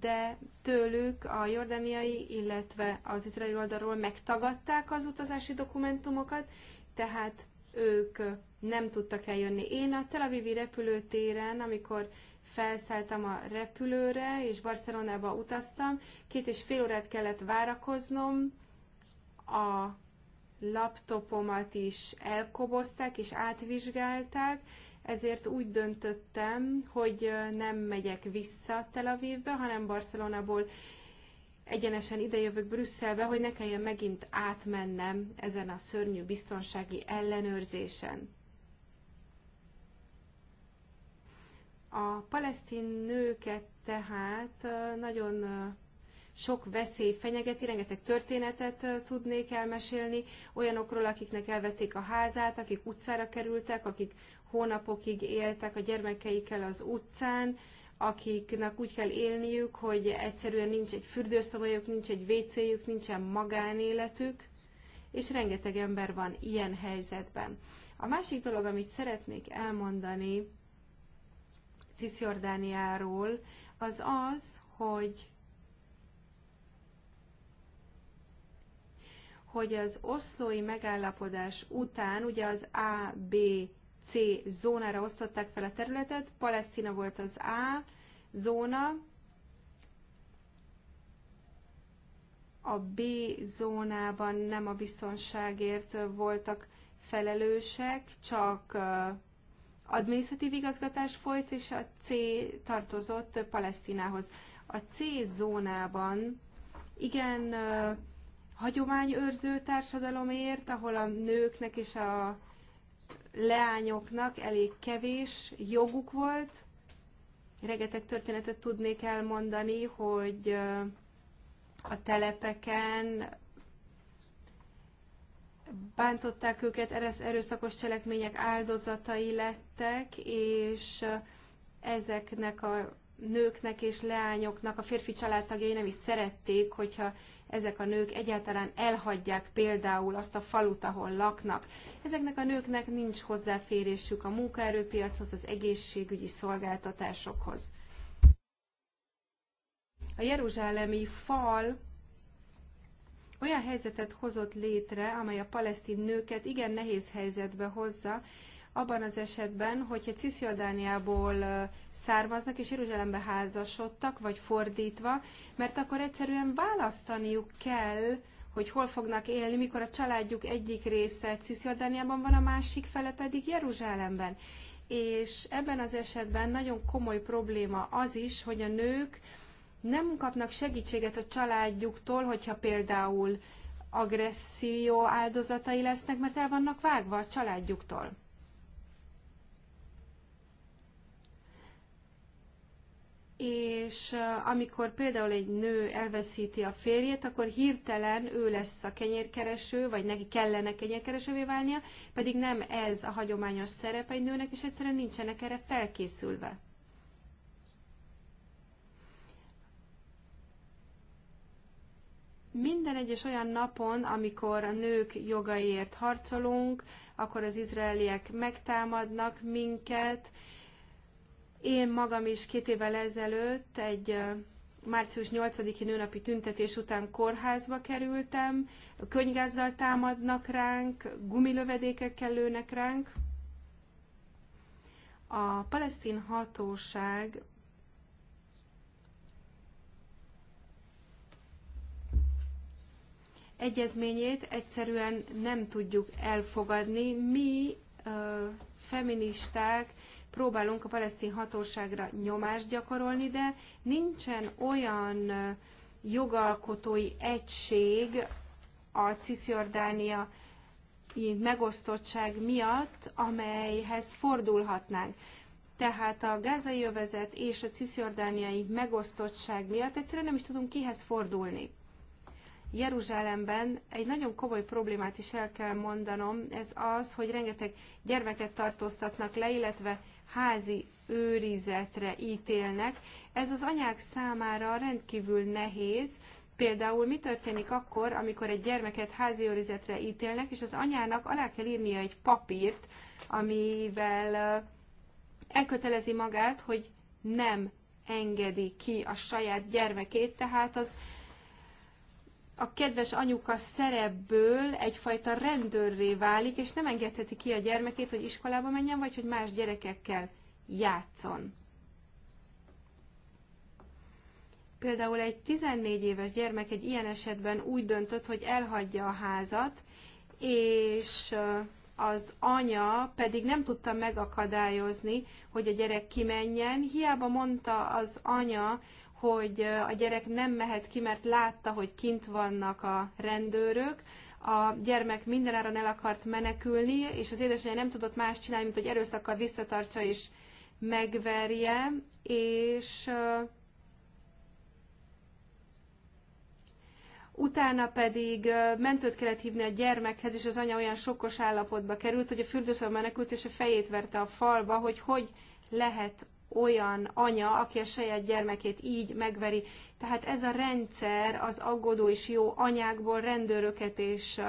de tőlük a jordániai, illetve az izraeli oldalról megtagadták az utazási dokumentumokat, tehát ők nem tudtak eljönni. Én a Tel Avivi repülőtéren, amikor felszálltam a repülőre, és Barcelonába utaztam, két és fél órát kellett várakoznom, a laptopomat is elkobozták és átvizsgálták, ezért úgy döntöttem, hogy nem megyek vissza Tel Avivbe, hanem Barcelonából egyenesen idejövök Brüsszelbe, hogy ne kelljen megint átmennem ezen a szörnyű biztonsági ellenőrzésen. A palesztin nőket tehát nagyon sok veszély fenyegeti, rengeteg történetet tudnék elmesélni olyanokról, akiknek elvették a házát, akik utcára kerültek, akik hónapokig éltek a gyermekeikkel az utcán, akiknek úgy kell élniük, hogy egyszerűen nincs egy fürdőszobajuk, nincs egy WC-jük, nincsen magánéletük, és rengeteg ember van ilyen helyzetben. A másik dolog, amit szeretnék elmondani Cisjordániáról, az az, hogy hogy az oszlói megállapodás után ugye az A, B, C zónára osztották fel a területet, Palesztina volt az A zóna, a B zónában nem a biztonságért voltak felelősek, csak adminisztratív igazgatás folyt, és a C tartozott Palesztinához. A C zónában igen hagyományőrző társadalomért, ahol a nőknek és a leányoknak elég kevés joguk volt. Regeteg történetet tudnék elmondani, hogy a telepeken bántották őket, erőszakos cselekmények áldozatai lettek, és ezeknek a nőknek és leányoknak a férfi családtagjai nem is szerették, hogyha ezek a nők egyáltalán elhagyják például azt a falut, ahol laknak. Ezeknek a nőknek nincs hozzáférésük a munkaerőpiachoz, az egészségügyi szolgáltatásokhoz. A jeruzsálemi fal olyan helyzetet hozott létre, amely a palesztin nőket igen nehéz helyzetbe hozza, abban az esetben, hogyha Cisjordániából származnak és Jeruzsálembe házasodtak, vagy fordítva, mert akkor egyszerűen választaniuk kell, hogy hol fognak élni, mikor a családjuk egyik része Cisjordániában van, a másik fele pedig Jeruzsálemben. És ebben az esetben nagyon komoly probléma az is, hogy a nők nem kapnak segítséget a családjuktól, hogyha például agresszió áldozatai lesznek, mert el vannak vágva a családjuktól. és amikor például egy nő elveszíti a férjét, akkor hirtelen ő lesz a kenyérkereső, vagy neki kellene kenyérkeresővé válnia, pedig nem ez a hagyományos szerep egy nőnek, és egyszerűen nincsenek erre felkészülve. Minden egyes olyan napon, amikor a nők jogaiért harcolunk, akkor az izraeliek megtámadnak minket, én magam is két évvel ezelőtt egy március 8-i nőnapi tüntetés után kórházba kerültem, könygázzal támadnak ránk, gumilövedékekkel lőnek ránk. A palesztin hatóság egyezményét egyszerűen nem tudjuk elfogadni. Mi, feministák, próbálunk a palesztin hatóságra nyomást gyakorolni, de nincsen olyan jogalkotói egység a Cisziordánia megosztottság miatt, amelyhez fordulhatnánk. Tehát a gázai övezet és a cisziordániai megosztottság miatt egyszerűen nem is tudunk kihez fordulni. Jeruzsálemben egy nagyon komoly problémát is el kell mondanom, ez az, hogy rengeteg gyermeket tartóztatnak le, illetve házi őrizetre ítélnek. Ez az anyák számára rendkívül nehéz, Például mi történik akkor, amikor egy gyermeket házi őrizetre ítélnek, és az anyának alá kell írnia egy papírt, amivel elkötelezi magát, hogy nem engedi ki a saját gyermekét, tehát az a kedves anyuka szerepből egyfajta rendőrré válik, és nem engedheti ki a gyermekét, hogy iskolába menjen, vagy hogy más gyerekekkel játszon. Például egy 14 éves gyermek egy ilyen esetben úgy döntött, hogy elhagyja a házat, és az anya pedig nem tudta megakadályozni, hogy a gyerek kimenjen. Hiába mondta az anya, hogy a gyerek nem mehet ki, mert látta, hogy kint vannak a rendőrök, a gyermek mindenáron el akart menekülni, és az édesanyja nem tudott más csinálni, mint hogy erőszakkal visszatartsa és megverje, és utána pedig mentőt kellett hívni a gyermekhez, és az anya olyan sokkos állapotba került, hogy a fürdőszoba menekült, és a fejét verte a falba, hogy hogy lehet olyan anya, aki a saját gyermekét így megveri. Tehát ez a rendszer az aggódó és jó anyákból rendőröket és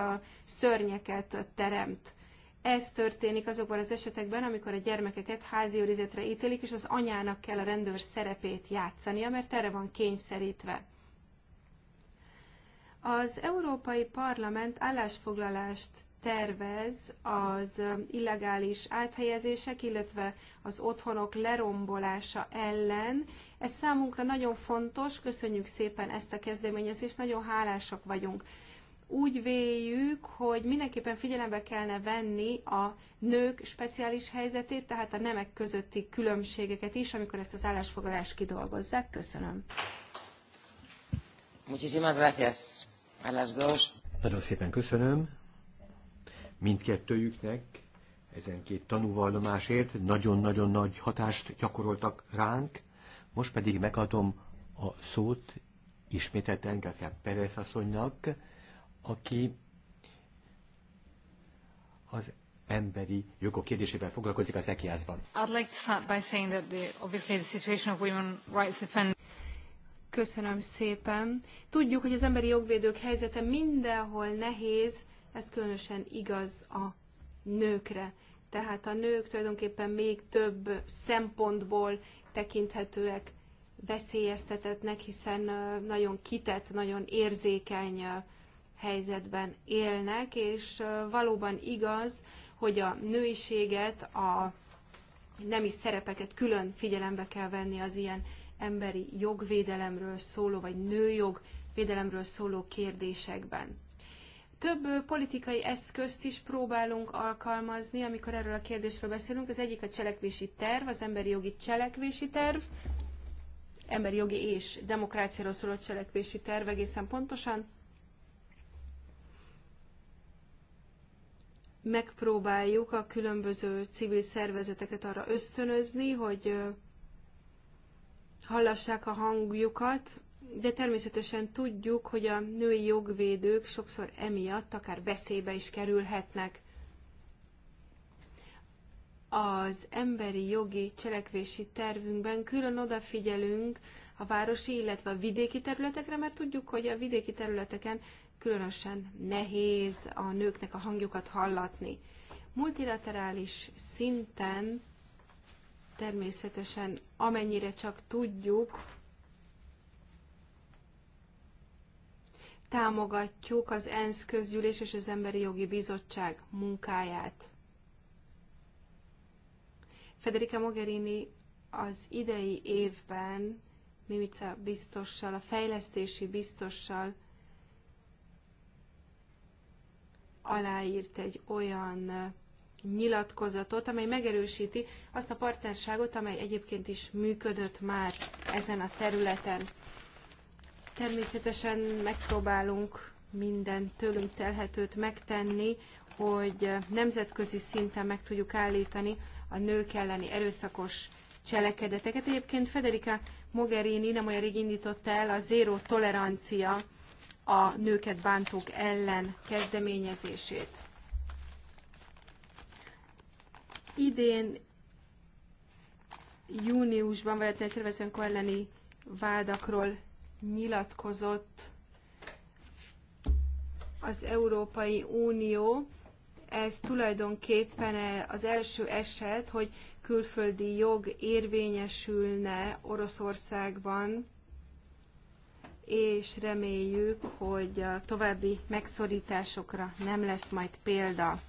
szörnyeket teremt. Ez történik azokban az esetekben, amikor a gyermekeket házi őrizetre ítélik, és az anyának kell a rendőr szerepét játszania, mert erre van kényszerítve. Az Európai Parlament állásfoglalást tervez az illegális áthelyezések, illetve az otthonok lerombolása ellen. Ez számunkra nagyon fontos, köszönjük szépen ezt a kezdeményezést, nagyon hálásak vagyunk. Úgy véljük, hogy mindenképpen figyelembe kellene venni a nők speciális helyzetét, tehát a nemek közötti különbségeket is, amikor ezt az állásfoglalást kidolgozzák. Köszönöm. Muchísimas gracias a las dos. Nagyon szépen köszönöm mindkettőjüknek, ezen két tanúvallomásért nagyon-nagyon nagy hatást gyakoroltak ránk. Most pedig megadom a szót ismételten García Pérez asszonynak, aki az emberi jogok kérdésével foglalkozik az ECIAS-ban. Köszönöm szépen. Tudjuk, hogy az emberi jogvédők helyzete mindenhol nehéz, ez különösen igaz a nőkre. Tehát a nők tulajdonképpen még több szempontból tekinthetőek veszélyeztetetnek, hiszen nagyon kitett, nagyon érzékeny helyzetben élnek, és valóban igaz, hogy a nőiséget, a nemi szerepeket külön figyelembe kell venni az ilyen emberi jogvédelemről szóló, vagy nőjog védelemről szóló kérdésekben. Több politikai eszközt is próbálunk alkalmazni, amikor erről a kérdésről beszélünk. Az egyik a cselekvési terv, az emberi jogi cselekvési terv, emberi jogi és demokráciáról szóló cselekvési terv egészen pontosan. Megpróbáljuk a különböző civil szervezeteket arra ösztönözni, hogy hallassák a hangjukat, de természetesen tudjuk, hogy a női jogvédők sokszor emiatt akár veszélybe is kerülhetnek. Az emberi jogi cselekvési tervünkben külön odafigyelünk a városi, illetve a vidéki területekre, mert tudjuk, hogy a vidéki területeken különösen nehéz a nőknek a hangjukat hallatni. Multilaterális szinten természetesen amennyire csak tudjuk, támogatjuk az ENSZ közgyűlés és az Emberi Jogi Bizottság munkáját. Federica Mogherini az idei évben Mimica biztossal, a fejlesztési biztossal aláírt egy olyan nyilatkozatot, amely megerősíti azt a partnerságot, amely egyébként is működött már ezen a területen. Természetesen megpróbálunk minden tőlünk telhetőt megtenni, hogy nemzetközi szinten meg tudjuk állítani a nők elleni erőszakos cselekedeteket. Egyébként Federica Mogherini nem olyan rég indította el a zéró tolerancia a nőket bántók ellen kezdeményezését. Idén júniusban a szervezőnk elleni vádakról nyilatkozott az Európai Unió. Ez tulajdonképpen az első eset, hogy külföldi jog érvényesülne Oroszországban, és reméljük, hogy a további megszorításokra nem lesz majd példa.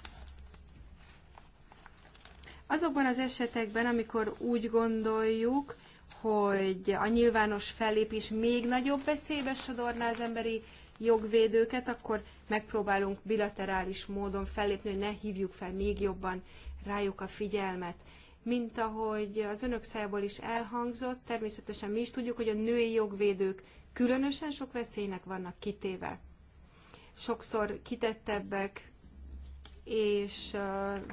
Azokban az esetekben, amikor úgy gondoljuk, hogy a nyilvános fellépés még nagyobb veszélybe sodorná az emberi jogvédőket, akkor megpróbálunk bilaterális módon fellépni, hogy ne hívjuk fel még jobban rájuk a figyelmet. Mint ahogy az önök szájából is elhangzott, természetesen mi is tudjuk, hogy a női jogvédők különösen sok veszélynek vannak kitéve. Sokszor kitettebbek, és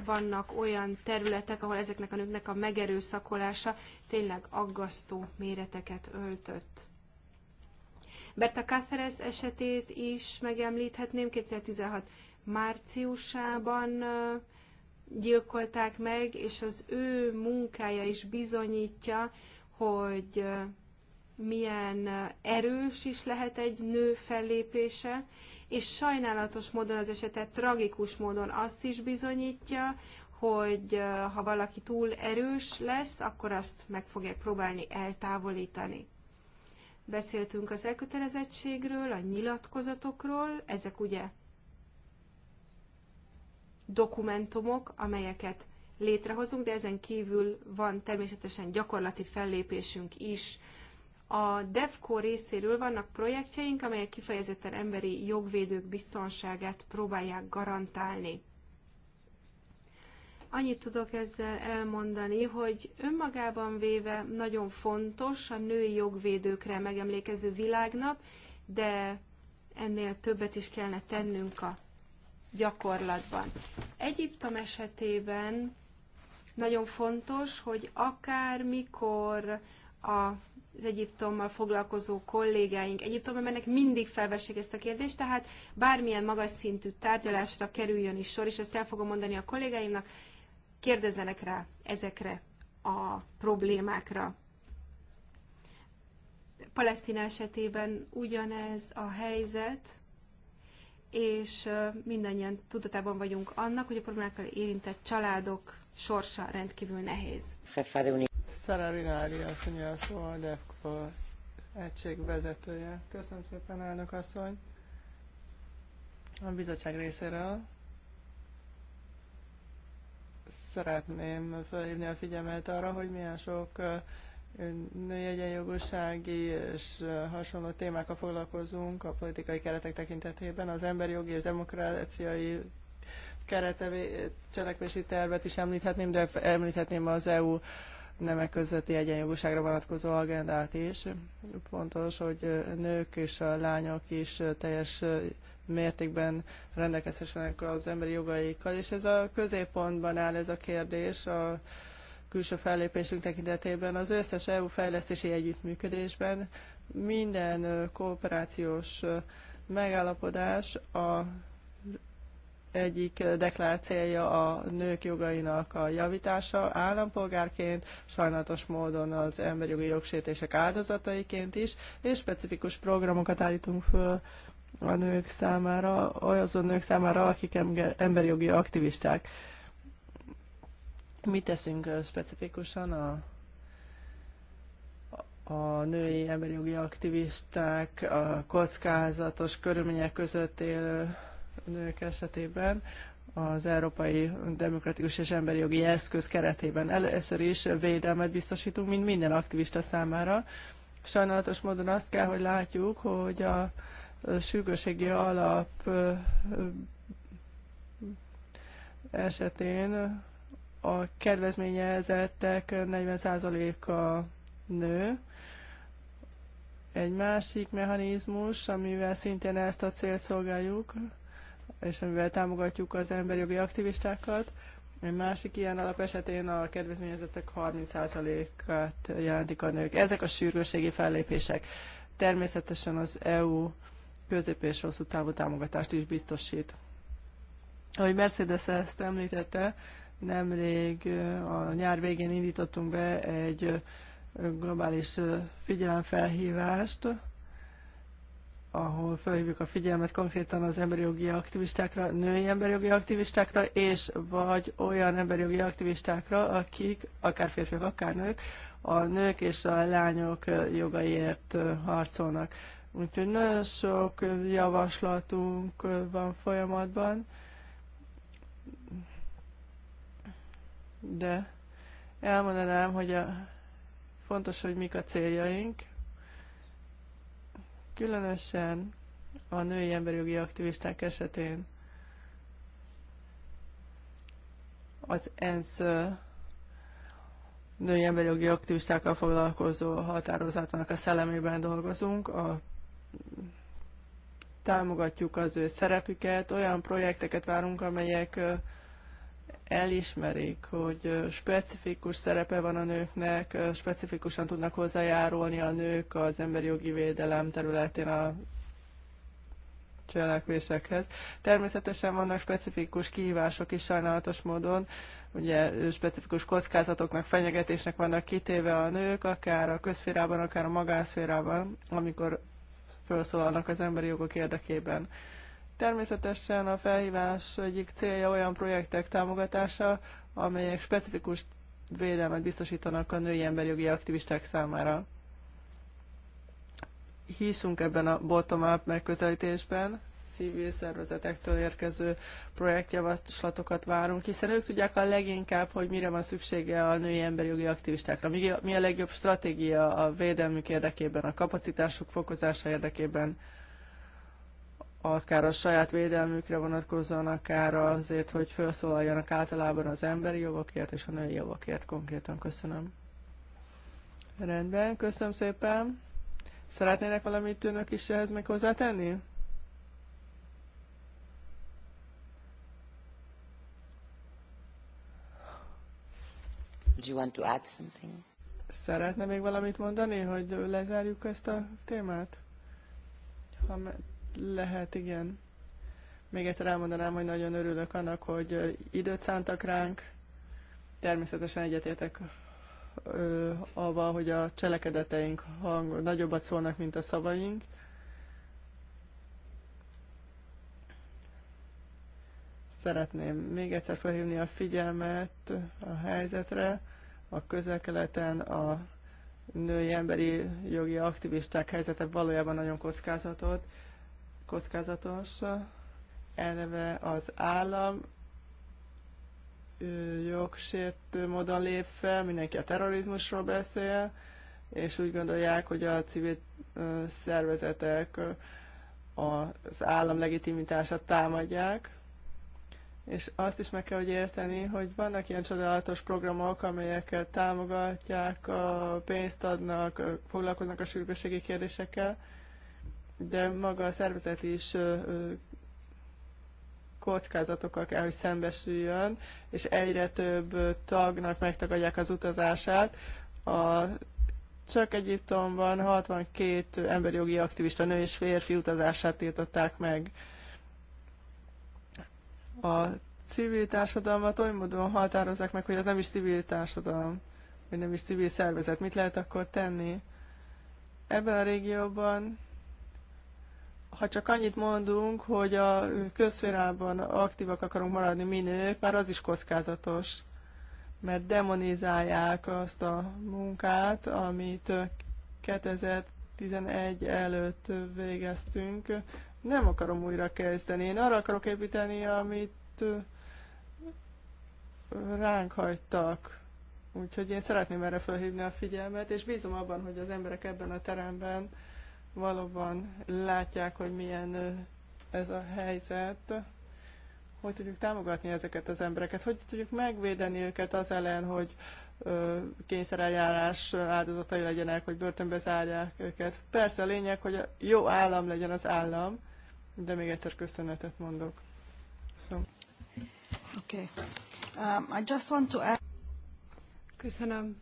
vannak olyan területek, ahol ezeknek a nőknek a megerőszakolása tényleg aggasztó méreteket öltött. Berta Cáceres esetét is megemlíthetném, 2016 márciusában gyilkolták meg, és az ő munkája is bizonyítja, hogy milyen erős is lehet egy nő fellépése, és sajnálatos módon az esetet tragikus módon azt is bizonyítja, hogy ha valaki túl erős lesz, akkor azt meg fogják próbálni eltávolítani. Beszéltünk az elkötelezettségről, a nyilatkozatokról, ezek ugye dokumentumok, amelyeket létrehozunk, de ezen kívül van természetesen gyakorlati fellépésünk is. A DEFCO részéről vannak projektjeink, amelyek kifejezetten emberi jogvédők biztonságát próbálják garantálni. Annyit tudok ezzel elmondani, hogy önmagában véve nagyon fontos a női jogvédőkre megemlékező világnap, de ennél többet is kellene tennünk a gyakorlatban. Egyiptom esetében nagyon fontos, hogy akármikor a az Egyiptommal foglalkozó kollégáink Egyiptomban mennek, mindig felvessék ezt a kérdést, tehát bármilyen magas szintű tárgyalásra kerüljön is sor, és ezt el fogom mondani a kollégáimnak, kérdezzenek rá ezekre a problémákra. Palesztin esetében ugyanez a helyzet, és mindannyian tudatában vagyunk annak, hogy a problémákkal érintett családok sorsa rendkívül nehéz. Szara Rinári a szó, a egység vezetője. Köszönöm szépen, elnök asszony. A bizottság részéről szeretném felhívni a figyelmet arra, hogy milyen sok női egyenjogúsági és hasonló témákkal foglalkozunk a politikai keretek tekintetében. Az emberi jogi és demokráciai keretevé cselekvési tervet is említhetném, de említhetném az EU nemek közötti egyenjogúságra vonatkozó agendát is. Fontos, hogy nők és a lányok is teljes mértékben rendelkezhessenek az emberi jogaikkal, és ez a középpontban áll ez a kérdés a külső fellépésünk tekintetében, az összes EU fejlesztési együttműködésben minden kooperációs megállapodás a egyik deklarációja célja a nők jogainak a javítása állampolgárként, sajnálatos módon az emberi jogi jogsértések áldozataiként is, és specifikus programokat állítunk föl a nők számára, olyan nők számára, akik emberi jogi aktivisták. Mit teszünk specifikusan a a női emberi jogi aktivisták, a kockázatos körülmények között élő nők esetében az Európai Demokratikus és Emberi Jogi Eszköz keretében. Először is védelmet biztosítunk, mint minden aktivista számára. Sajnálatos módon azt kell, hogy látjuk, hogy a sürgőségi alap esetén a kedvezményezettek 40%-a nő. Egy másik mechanizmus, amivel szintén ezt a célt szolgáljuk, és amivel támogatjuk az jogi aktivistákat. Egy másik ilyen alap esetén a kedvezményezettek 30%-át jelentik a nők. Ezek a sürgősségi fellépések. Természetesen az EU közép és hosszú távú támogatást is biztosít. Ahogy Mercedes ezt említette, nemrég a nyár végén indítottunk be egy globális figyelemfelhívást ahol felhívjuk a figyelmet konkrétan az emberi jogi aktivistákra, női emberi jogi aktivistákra, és vagy olyan emberi jogi aktivistákra, akik, akár férfiak, akár nők, a nők és a lányok jogaiért harcolnak. Úgyhogy nagyon sok javaslatunk van folyamatban, de elmondanám, hogy a, fontos, hogy mik a céljaink, Különösen a női emberjogi aktivisták esetén az ENSZ női emberjogi aktivistákkal foglalkozó határozatnak a szellemében dolgozunk, a, támogatjuk az ő szerepüket, olyan projekteket várunk, amelyek elismerik, hogy specifikus szerepe van a nőknek, specifikusan tudnak hozzájárulni a nők az emberi jogi védelem területén a cselekvésekhez. Természetesen vannak specifikus kihívások is sajnálatos módon, ugye specifikus kockázatoknak, fenyegetésnek vannak kitéve a nők, akár a közférában, akár a magánszférában, amikor felszólalnak az emberi jogok érdekében. Természetesen a felhívás egyik célja olyan projektek támogatása, amelyek specifikus védelmet biztosítanak a női emberjogi aktivisták számára. Hízunk ebben a bottom-up megközelítésben, civil szervezetektől érkező projektjavaslatokat várunk, hiszen ők tudják a leginkább, hogy mire van szüksége a női emberi jogi aktivistákra, mi a legjobb stratégia a védelmük érdekében, a kapacitásuk fokozása érdekében akár a saját védelmükre vonatkozóan, akár azért, hogy felszólaljanak általában az emberi jogokért és a női jogokért konkrétan. Köszönöm. Rendben, köszönöm szépen. Szeretnének valamit önök is ehhez még hozzátenni? Do you want to add something? Szeretne még valamit mondani, hogy lezárjuk ezt a témát? Ha me- lehet, igen. Még egyszer elmondanám, hogy nagyon örülök annak, hogy időt szántak ránk. Természetesen egyetértek avval, hogy a cselekedeteink hang, nagyobbat szólnak, mint a szavaink. Szeretném még egyszer felhívni a figyelmet a helyzetre, a közelkeleten a női emberi jogi aktivisták helyzete valójában nagyon kockázatot kockázatos. Eleve az állam jogsértő módon lép fel, mindenki a terrorizmusról beszél, és úgy gondolják, hogy a civil szervezetek az állam legitimitását támadják. És azt is meg kell, hogy érteni, hogy vannak ilyen csodálatos programok, amelyeket támogatják, pénzt adnak, foglalkoznak a sürgősségi kérdésekkel, de maga a szervezet is kockázatokkal kell, hogy szembesüljön, és egyre több tagnak megtagadják az utazását. A, csak Egyiptomban 62 emberi jogi aktivista nő és férfi utazását tiltották meg. A civil társadalmat oly módon határozzák meg, hogy az nem is civil társadalom, vagy nem is civil szervezet. Mit lehet akkor tenni? Ebben a régióban ha csak annyit mondunk, hogy a közférában aktívak akarunk maradni mi nők, már az is kockázatos, mert demonizálják azt a munkát, amit 2011 előtt végeztünk. Nem akarom újra kezdeni. Én arra akarok építeni, amit ránk hagytak. Úgyhogy én szeretném erre felhívni a figyelmet, és bízom abban, hogy az emberek ebben a teremben valóban látják, hogy milyen ez a helyzet, hogy tudjuk támogatni ezeket az embereket, hogy tudjuk megvédeni őket az ellen, hogy kényszereljárás áldozatai legyenek, hogy börtönbe zárják őket. Persze a lényeg, hogy a jó állam legyen az állam, de még egyszer köszönetet mondok. Köszönöm. Okay. Um, I just want to add... Köszönöm.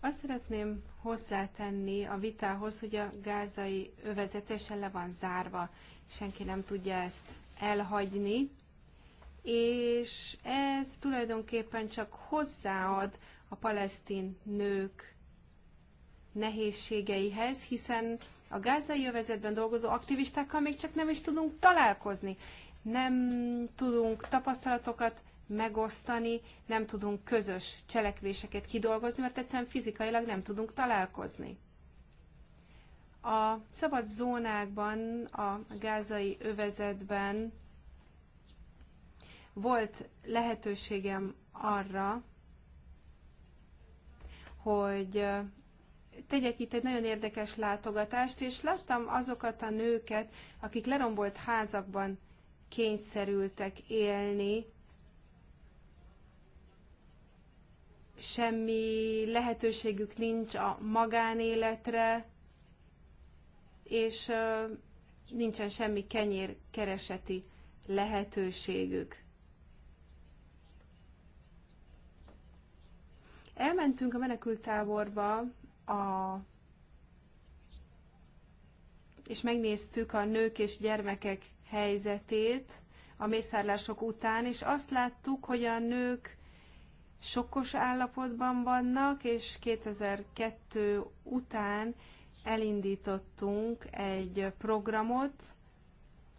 Azt szeretném hozzátenni a vitához, hogy a gázai övezetesen le van zárva, senki nem tudja ezt elhagyni, és ez tulajdonképpen csak hozzáad a palesztin nők nehézségeihez, hiszen a gázai övezetben dolgozó aktivistákkal még csak nem is tudunk találkozni. Nem tudunk tapasztalatokat megosztani, nem tudunk közös cselekvéseket kidolgozni, mert egyszerűen fizikailag nem tudunk találkozni. A szabad zónákban, a gázai övezetben volt lehetőségem arra, hogy tegyek itt egy nagyon érdekes látogatást, és láttam azokat a nőket, akik lerombolt házakban kényszerültek élni, semmi lehetőségük nincs a magánéletre, és nincsen semmi kereseti lehetőségük. Elmentünk a menekültáborba, a, és megnéztük a nők és gyermekek helyzetét a mészárlások után, és azt láttuk, hogy a nők sokkos állapotban vannak, és 2002 után elindítottunk egy programot,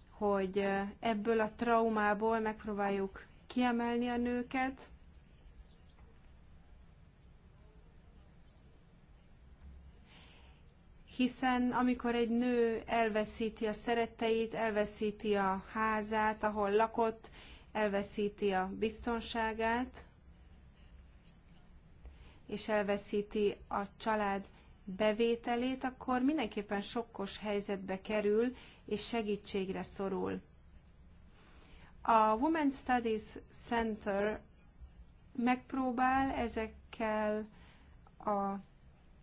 hogy ebből a traumából megpróbáljuk kiemelni a nőket, hiszen amikor egy nő elveszíti a szeretteit, elveszíti a házát, ahol lakott, elveszíti a biztonságát, és elveszíti a család bevételét, akkor mindenképpen sokkos helyzetbe kerül, és segítségre szorul. A Women Studies Center megpróbál ezekkel a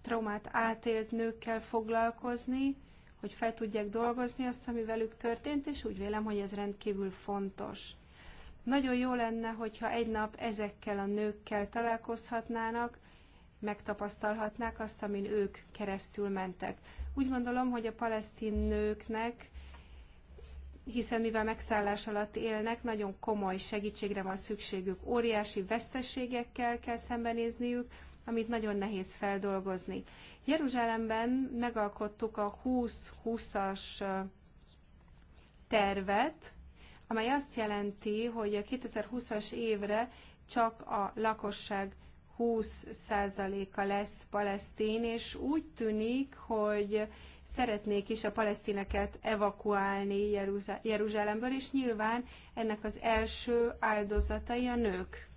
traumát átélt nőkkel foglalkozni, hogy fel tudják dolgozni azt, ami velük történt, és úgy vélem, hogy ez rendkívül fontos. Nagyon jó lenne, hogyha egy nap ezekkel a nőkkel találkozhatnának, megtapasztalhatnák azt, amin ők keresztül mentek. Úgy gondolom, hogy a palesztin nőknek, hiszen mivel megszállás alatt élnek, nagyon komoly segítségre van szükségük. Óriási vesztességekkel kell szembenézniük, amit nagyon nehéz feldolgozni. Jeruzsálemben megalkottuk a 20-20-as tervet, amely azt jelenti, hogy a 2020-as évre csak a lakosság 20%-a lesz palesztin, és úgy tűnik, hogy szeretnék is a palesztineket evakuálni Jeruzsá- Jeruzsálemből, és nyilván ennek az első áldozatai a nők.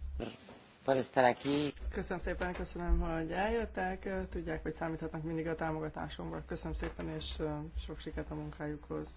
Köszönöm szépen, köszönöm, hogy eljöttek. Tudják, hogy számíthatnak mindig a támogatásomra. Köszönöm szépen, és sok sikert a munkájukhoz.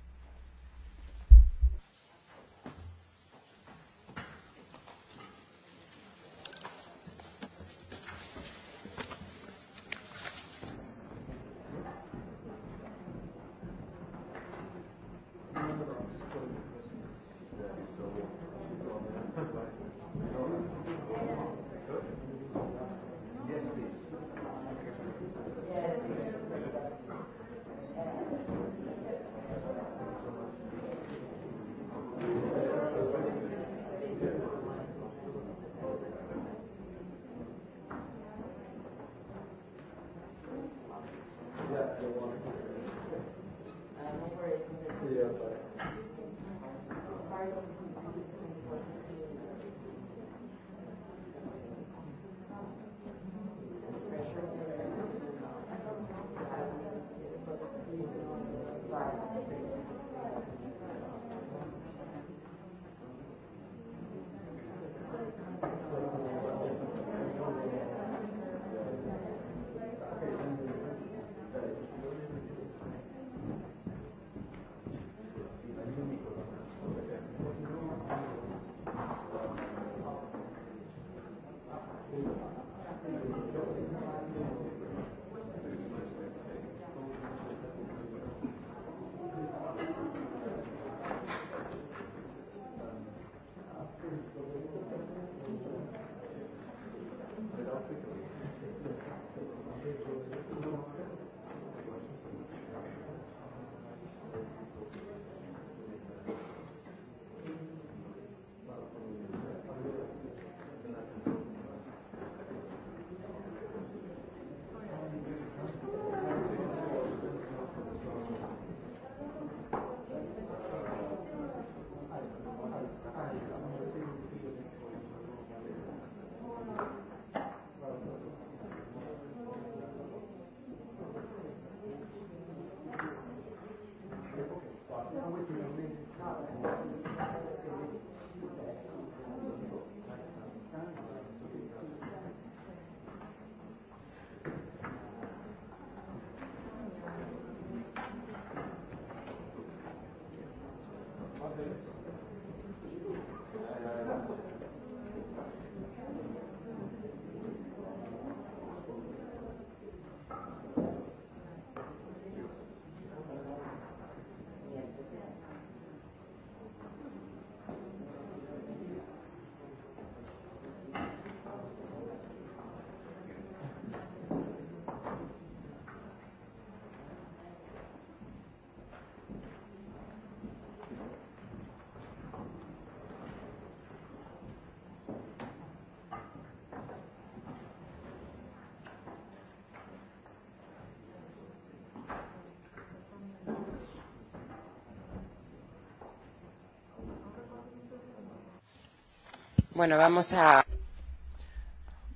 Bueno, vamos a...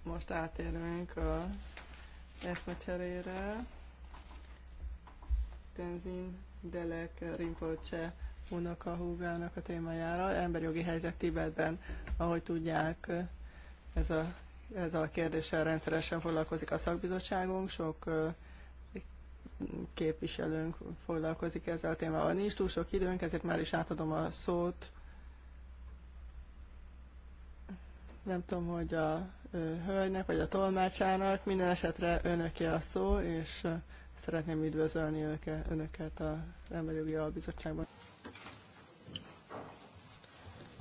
Most átérünk a eszmecserére. Tenzin Delek Rinpoche unokahúgának a témájára, emberjogi helyzet Tibetben, ahogy tudják, ez a, ez a kérdéssel rendszeresen foglalkozik a szakbizottságunk, sok képviselőnk foglalkozik ezzel a témával. Nincs túl sok időnk, ezért már is átadom a szót Nem tudom, hogy a hölgynek vagy a tolmácsának, minden esetre önöki a szó, és szeretném üdvözölni őke, önöket a Emberi Jogi Albizottságban.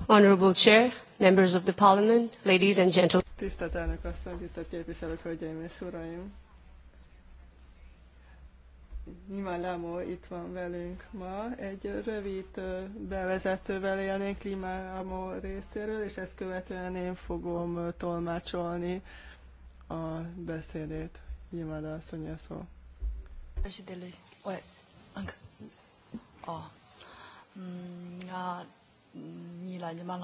Honorable Chair, members of the Parliament, ladies and gentlemen. Tisztelt elnök asszony, tisztelt képviselők, hölgyeim és uraim! Nyilván Lámó itt van velünk ma. Egy rövid bevezetővel élnénk Klimámó részéről, és ezt követően én fogom tolmácsolni a beszédét. Nyilván asszony a szó. Mm, Köszönöm.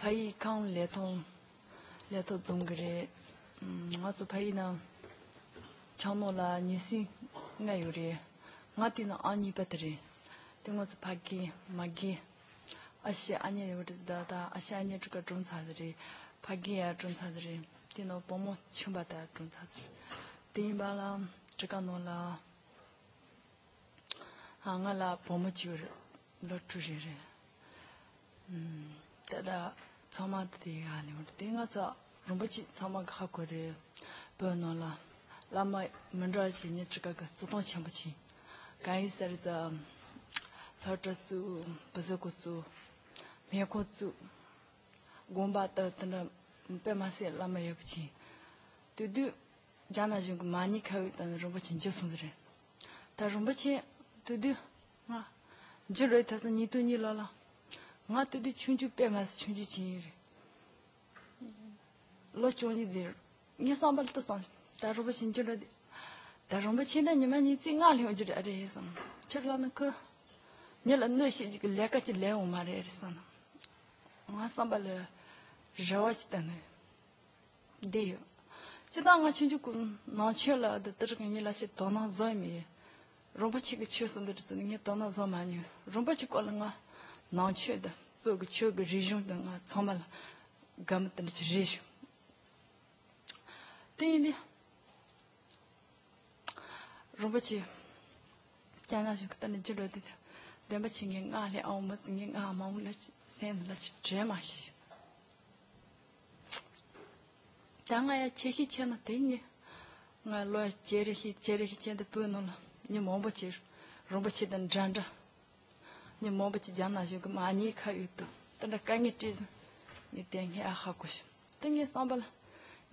陪康联通，联通中国的，嗯，我只陪呢，抢到了你是我有的，我的呢阿尼不得的，对我只怕给没给，而且阿尼有的的的，而且阿尼这个种菜的的，怕给也种菜的的，对呢帮忙全部的种菜的，对吧啦，这个弄了，啊，我啦帮忙就是，老主任的，嗯。tada dā tsāma tī gā lī mūr tī ngā tsā rūmbachi tsāma kā kō rī bō nō lā lā mā mūndrā chī nī chī kā kā tsū tōng chāmbu chī gā yī sā rī sā lā chā tsū bā sā kō tsū mē kō tsū gōmbā tā tā nā pē mā sī lā mā yabu chī tū tū jā nā chī ngū di chunju pemas chunju chir lo chunju zir ni sambal ta san ta roba chinju da ta roba chinda ni ma ni zi nga lyo de are san chirla na ko ni la no shi ji le ka chi le o ma re san nga sambal jawa e, chi ta ne de yo chi da nga chunju ku na che la de ta ni la chi to na zo mi roba chi ki chu san da ni to na zo ma ni roba chi ko la nga nāngshēdā pōg chōg rīzhōng dā ngā tsāmbāla gāma tānda chī rīshō. Tēngi dī, rōmba chī kiānā shō katānda jirō dī dā, dēmba chī ngē ngā lī āo mā sī ngē ngā mā mū lā chī sēn lā chī chē mā xī. Chā ngā yā chē xī chē ngā lō yā chē rī chē rī chē dā nō lā, nī chī chī dā ni mo ba chi jan na ju ma ni kha yu tu ta da ka ni ngi a kha kush ta ngi sa bal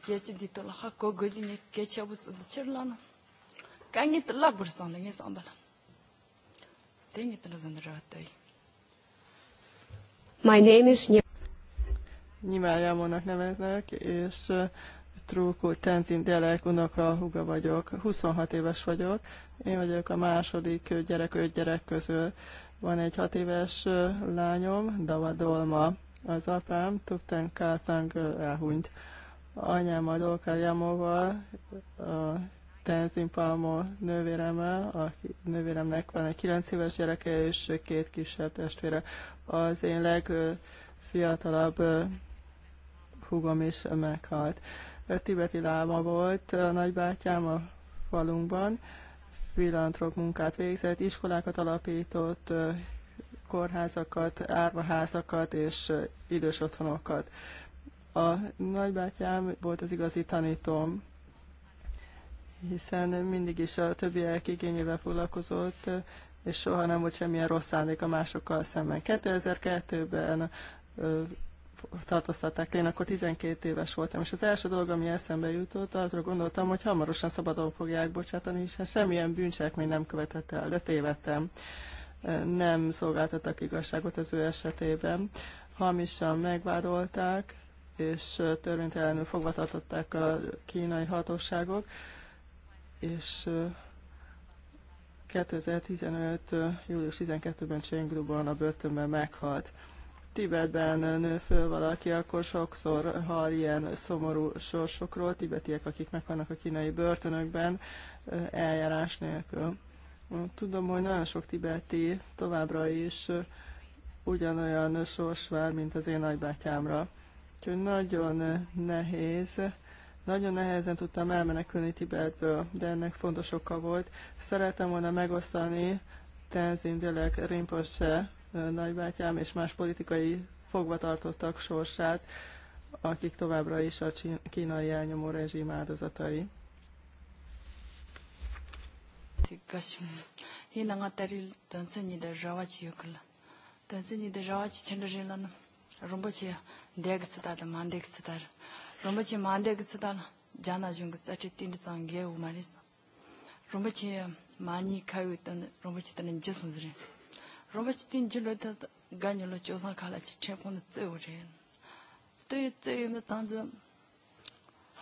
je chi di to la kha ko go ji ni ke cha bu su chi la na ka ngi ta la bur sa na ngi sa bal te ngi la zan ra ta My name is Nyimájámónak neveznek, és Trúkó Tenzin Delek unoka huga vagyok. 26 éves vagyok. Én vagyok a második gyerek, öt gyerek közül. Van egy hat éves lányom, Dava Dolma. Az apám Tukten Kátang elhunyt. Anyám a Dolkarjamoval, a Tenzin Palmo nővéremmel, a nővéremnek van egy kilenc éves gyereke és két kisebb testvére. Az én legfiatalabb húgom is meghalt. A tibeti láma volt a nagybátyám a falunkban, filantróp munkát végzett, iskolákat alapított, kórházakat, árvaházakat és idős otthonokat. A nagybátyám volt az igazi tanítóm, hiszen mindig is a többiek igényével foglalkozott, és soha nem volt semmilyen rossz szándék a másokkal szemben. 2002-ben tartóztatták én akkor 12 éves voltam, és az első dolog, ami eszembe jutott, azra gondoltam, hogy hamarosan szabadon fogják bocsátani, hiszen hát semmilyen bűncselekmény nem követett el, de tévedtem. Nem szolgáltattak igazságot az ő esetében. Hamisan megvádolták, és törvénytelenül fogva tartották a kínai hatóságok, és 2015. július 12-ben Csengruban a börtönben meghalt. Tibetben nő föl valaki, akkor sokszor hall ilyen szomorú sorsokról, tibetiek, akik meghalnak a kínai börtönökben eljárás nélkül. Tudom, hogy nagyon sok tibeti továbbra is ugyanolyan sors vár, mint az én nagybátyámra. Úgyhogy nagyon nehéz, nagyon nehezen tudtam elmenekülni Tibetből, de ennek fontos oka volt. Szeretem volna megosztani Tenzin Delek Rinpoche nagybátyám és más politikai fogvatartottak sorsát, akik továbbra is a kínai elnyomó rezsim áldozatai. Rumbachi Robert tin jilo ta ganyo lo chosan kala chi chepo na tse u rin. Te tse yu me tanza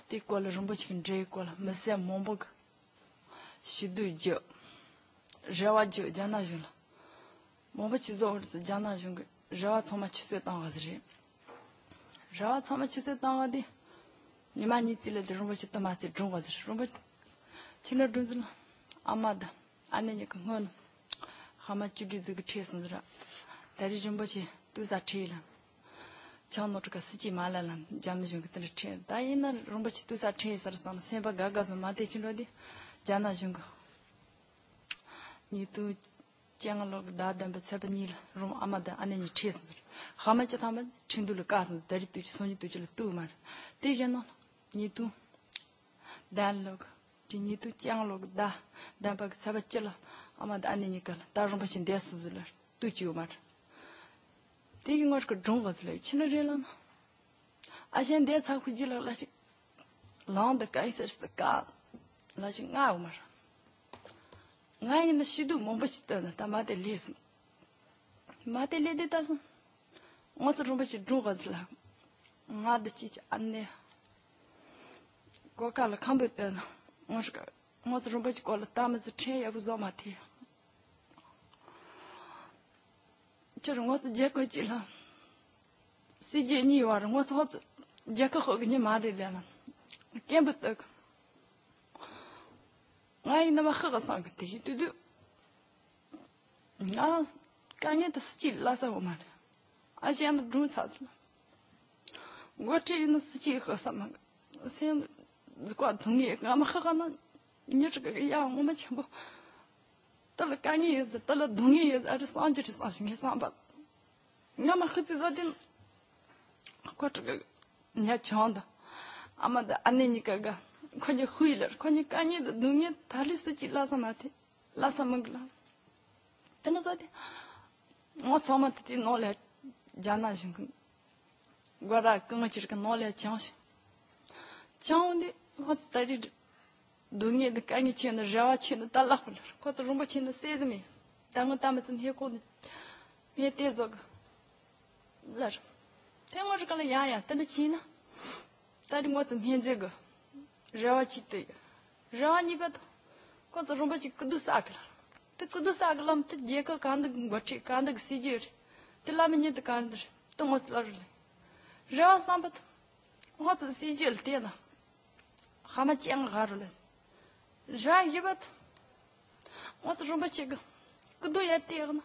te kwa la rumbo chi kindre kwa la me se mombo ka shidu jo rewa jo jana yun la. Mombo chi zo ur tse jana yun ka rewa tsoma chi tanga zri. Rewa tanga di nima rumbo la ngon hama chigi ziga che sundra. Dari rinpoche duza che lan. Chao no chaka siji ma la lan jami zhunga tanda che. Da ina rinpoche duza che sarasana senpa gaga su ma te chilo di jana zhunga. Ni tu jianga lo da damba tseba ni la rum ama da ane ni che sundra. Hama cha thamba chindu la ka sundra dari tuji sonji tuji la tu ma ra. Te jano ni tu dan lo ga. Ni tu jianga lo da damba tseba chila. Amad da ani nikal tarung pa chin desu zilar tu chi umar tiki ngor ko dung was lai china rila na ashen de sa khu jila la chi long da kai sar sa ka la chi nga umar na shidu na ta de les ma de ta sa ngos rung pa chi dung was da na ka Moc rumbe škola, tam se če je vzomati. Če moc djeko čila, si dje ni var, moc moc djeko hognje marilena. Kje bi tak? Ngay na makaka sanka tihi tudu. Nga kanya ta schi lasa omar. Asiyan drum sadrna. Gwachi na schi khasa manga. Asiyan zkwa dhungi nga makaka na 你这个样，我们全部得了肝炎也是，得了冬炎也是，还是上级是上心给上吧。俺们很早的，我这个人家强的，俺们的俺那你哥哥，快点回来，快点肝炎的冬炎，他的事情拉上哪天，拉上门了。真的说的，我早晚得拿来加拿去，我那跟我就是个拿来讲去，讲的我是带的。dungi de kangi chi na jawa chi na tala khul ko to rumba chi na sezmi tang ta ma sin he ko me te zog la te ngo ji kala ya ya ta na chi na ta ri mo sin he je go jawa chi te jawa ni ba ko to rumba chi kudu sa kala te kudu sa kala te je ko kan de go chi kan de si je te la me ni de kan de to mo sla ri jawa sam ba ko to si je te na хама чен zsájjivat, az a zsombacsig, kdúja térna,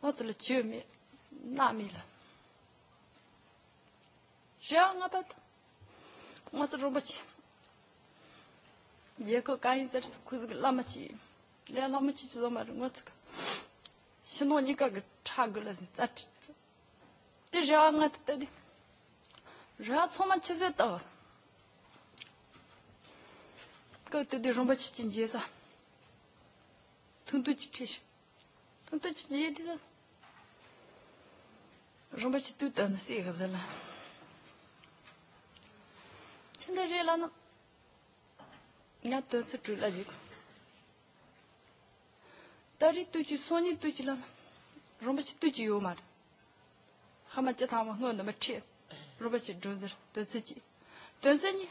az a csőmi, nem él. Zsángapat, az a zsombacsi, gyakor kányzer, kuzg lamacsi, le lamacsi, csomar, mocsk, sinónika, cságul az itt, de zsángat, tedi, zsáccsomacsi, zetagat, 그때 내 롬바 지진지에서 돈도 지치시 돈도 지지에 대해서 롬바 지뚜다 나시 가살라 침대 제라나 나 뜻을 줄라지고 다리 뚜지 손이 뚜지라나 롬바 지뚜지 요말 하마째 다마 흐어 넘어 치 롬바 지 존저 뜻이지 뜻이니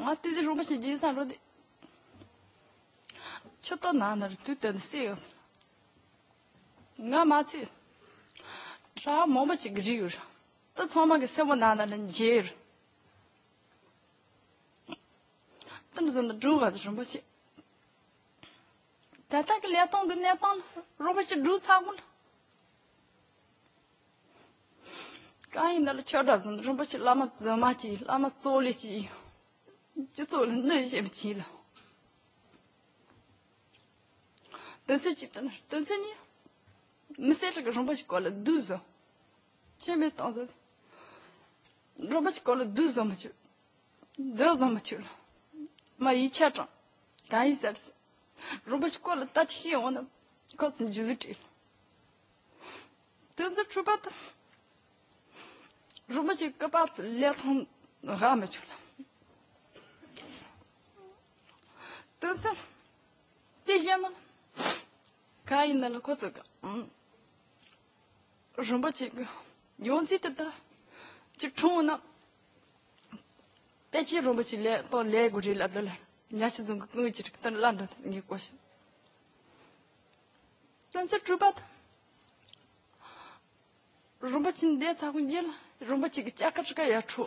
nga tidi rumba shi jisa rodi choto nanar tuten siyo nga mati tra momba chi griyur to tsoma ki sebo nanar njir tan zanda druga di rumba chi tata ki liatong ki liatong rumba chi dru tsangul kain nal choda zanda rumba chi lama zoma chi lama zoli chi 就做了那些疲劳。Dans cette, dans cette nuit, mais c'est que j'en passe quoi, 12 ans. Tiens, mais dans cette. J'en passe quoi, 12 ans, monsieur. 12 ans, monsieur. Ma y tchatcha. Quand il s'abse. J'en passe quoi, le tachi, on a. Quand c'est du zut. Dans cette choupate. J'en passe quoi, pas l'être en rame, monsieur. どうぞ。Тигена. Кайна на коцуга. Жумбачига. Юнсите да. Чичуна. Печи румбачи ле то ле гури ладле. Няши зунг куйчи ктан ланда ни кош. Танса чубат. Румбачин де цагун дел. Румбачига чакачка ячу.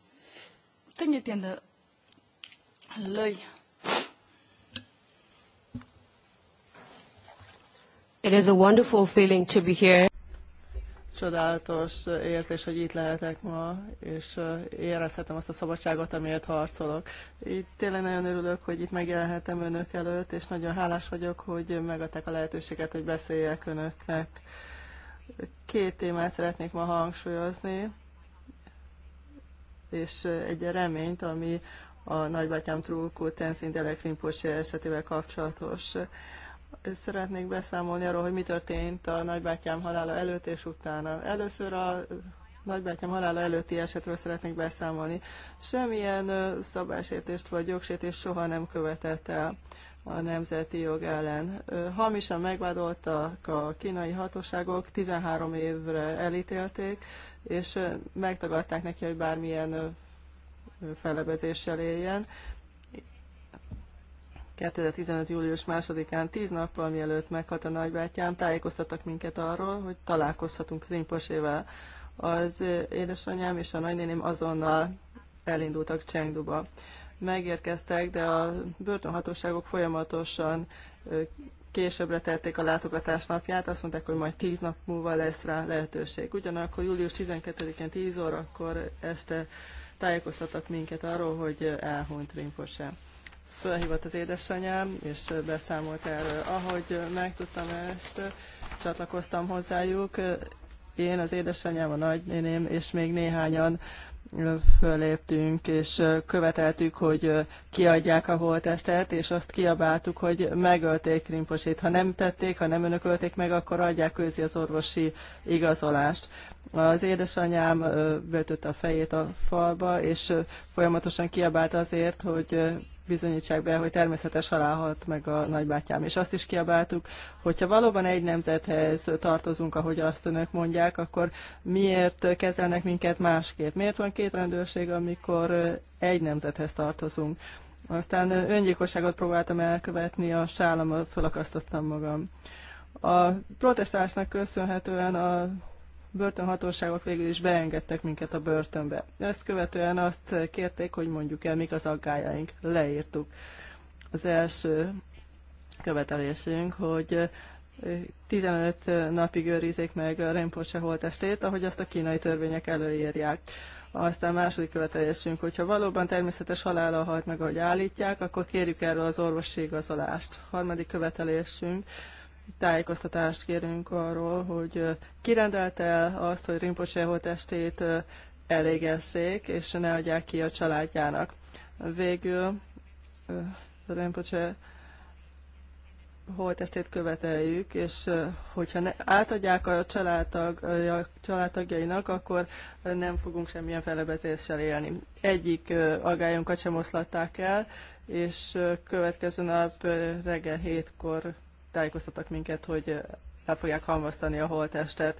更一点的很累。It is a wonderful feeling to be here. Csodálatos érzés, hogy itt lehetek ma, és uh, érezhetem azt a szabadságot, amiért harcolok. Itt tényleg nagyon örülök, hogy itt megjelenhetem önök előtt, és nagyon hálás vagyok, hogy megadták a lehetőséget, hogy beszéljek önöknek. Két témát szeretnék ma hangsúlyozni és egy reményt, ami a nagybátyám trúlkó Tenzin Delek Rinpoche esetével kapcsolatos. Szeretnék beszámolni arról, hogy mi történt a nagybátyám halála előtt és utána. Először a nagybátyám halála előtti esetről szeretnék beszámolni. Semmilyen szabásértést vagy jogsértést soha nem követett el a nemzeti jog ellen. Hamisan megvádoltak a kínai hatóságok, 13 évre elítélték, és megtagadták neki, hogy bármilyen fellebezéssel éljen. 2015. július 2-án, tíz nappal mielőtt meghat a nagybátyám, tájékoztattak minket arról, hogy találkozhatunk Rinposével. Az édesanyám és a nagynéném azonnal elindultak Csengduba. Megérkeztek, de a börtönhatóságok folyamatosan későbbre tették a látogatás napját, azt mondták, hogy majd 10 nap múlva lesz rá lehetőség. Ugyanakkor július 12-én 10 órakor este tájékoztattak minket arról, hogy elhunyt Rinpoche. Fölhívott az édesanyám, és beszámolt erről. Ahogy megtudtam ezt, csatlakoztam hozzájuk. Én, az édesanyám, a nagynéném, és még néhányan föléptünk, és követeltük, hogy kiadják a holtestet, és azt kiabáltuk, hogy megölték Rimposét. Ha nem tették, ha nem önök ölték meg, akkor adják közé az orvosi igazolást. Az édesanyám beütötte a fejét a falba, és folyamatosan kiabált azért, hogy bizonyítsák be, hogy természetes halálhat meg a nagybátyám. És azt is kiabáltuk, hogyha valóban egy nemzethez tartozunk, ahogy azt önök mondják, akkor miért kezelnek minket másképp? Miért van két rendőrség, amikor egy nemzethez tartozunk? Aztán öngyilkosságot próbáltam elkövetni, a sálammal fölakasztottam magam. A protestálásnak köszönhetően a börtönhatóságok végül is beengedtek minket a börtönbe. Ezt követően azt kérték, hogy mondjuk el, mik az aggájaink. Leírtuk. Az első követelésünk, hogy 15 napig őrizzék meg a Rempocse holtestét, ahogy azt a kínai törvények előírják. Aztán második követelésünk, hogyha valóban természetes halála halt meg, ahogy állítják, akkor kérjük erről az orvosi igazolást. Harmadik követelésünk, tájékoztatást kérünk arról, hogy kirendelte el azt, hogy Rinpoche holtestét elégessék, és ne adják ki a családjának. Végül Rinpoche holtestét követeljük, és hogyha ne, átadják a, családtag, a családtagjainak, akkor nem fogunk semmilyen felebezéssel élni. Egyik agályunkat sem oszlatták el, és következő nap reggel hétkor tájékoztattak minket, hogy el fogják hamvasztani a holttestet.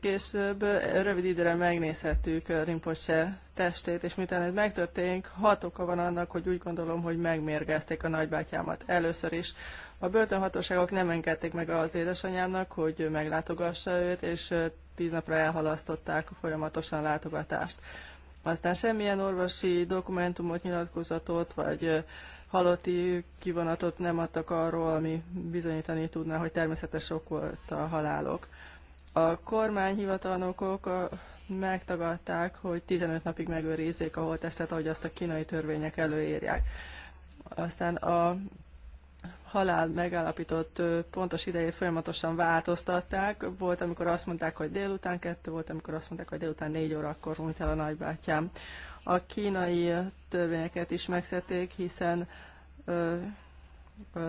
Később rövid időre megnézhettük Rinpoche testét, és miután ez megtörtént, hat oka van annak, hogy úgy gondolom, hogy megmérgezték a nagybátyámat először is. A börtönhatóságok nem engedték meg az édesanyámnak, hogy meglátogassa őt, és tíz napra elhalasztották folyamatosan a látogatást. Aztán semmilyen orvosi dokumentumot, nyilatkozatot, vagy halotti kivonatot nem adtak arról, ami bizonyítani tudná, hogy természetes ok volt a halálok. A kormányhivatalnokok megtagadták, hogy 15 napig megőrizzék a holttestet, ahogy azt a kínai törvények előírják. Aztán a halál megállapított pontos idejét folyamatosan változtatták. Volt, amikor azt mondták, hogy délután kettő, volt, amikor azt mondták, hogy délután négy órakor hunyt el a nagybátyám. A kínai törvényeket is megszették, hiszen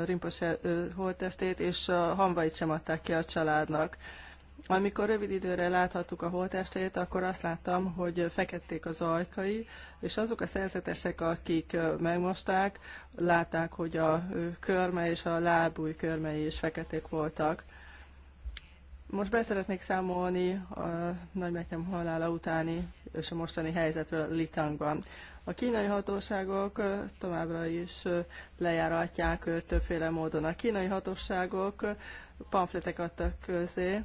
Rimpose holttestét, és a hamvait sem adták ki a családnak. Amikor rövid időre láthattuk a holttestét, akkor azt láttam, hogy fekették az ajkai, és azok a szerzetesek, akik megmosták, látták, hogy a körme és a lábúj körmei is feketék voltak. Most beszeretnék számolni a nagymegyem halála utáni és a mostani helyzetről Litangban. A kínai hatóságok továbbra is lejáratják többféle módon. A kínai hatóságok pamfletek adtak közé,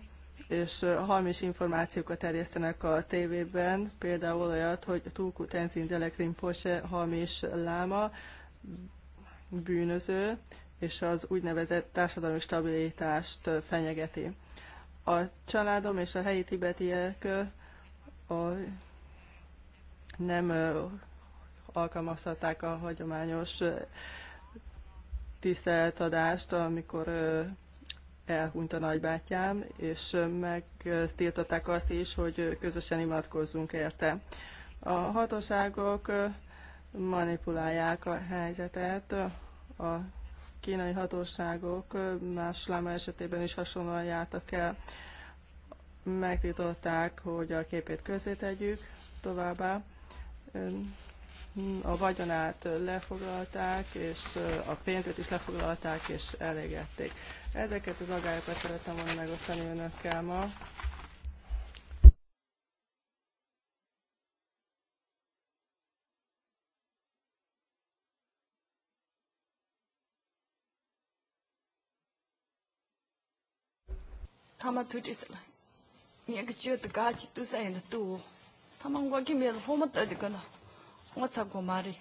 és hamis információkat terjesztenek a tévében, például olyat, hogy Tulku Tenzin Delek Rinpoche hamis láma, bűnöző, és az úgynevezett társadalmi stabilitást fenyegeti. A családom és a helyi tibetiek a nem alkalmazhatták a hagyományos tiszteltadást, amikor elhunyt a nagybátyám, és megtiltották azt is, hogy közösen imádkozzunk érte. A hatóságok manipulálják a helyzetet, a kínai hatóságok más láma esetében is hasonlóan jártak el. Megtiltották, hogy a képét közé tegyük továbbá. A vagyonát lefoglalták, és a pénzét is lefoglalták, és elégették. Ezeket az agályokat szerettem volna megosztani önökkel ma. 他们土地了，你个觉得家己都是人多，他们我给面子好么得的个呢，我才过马的，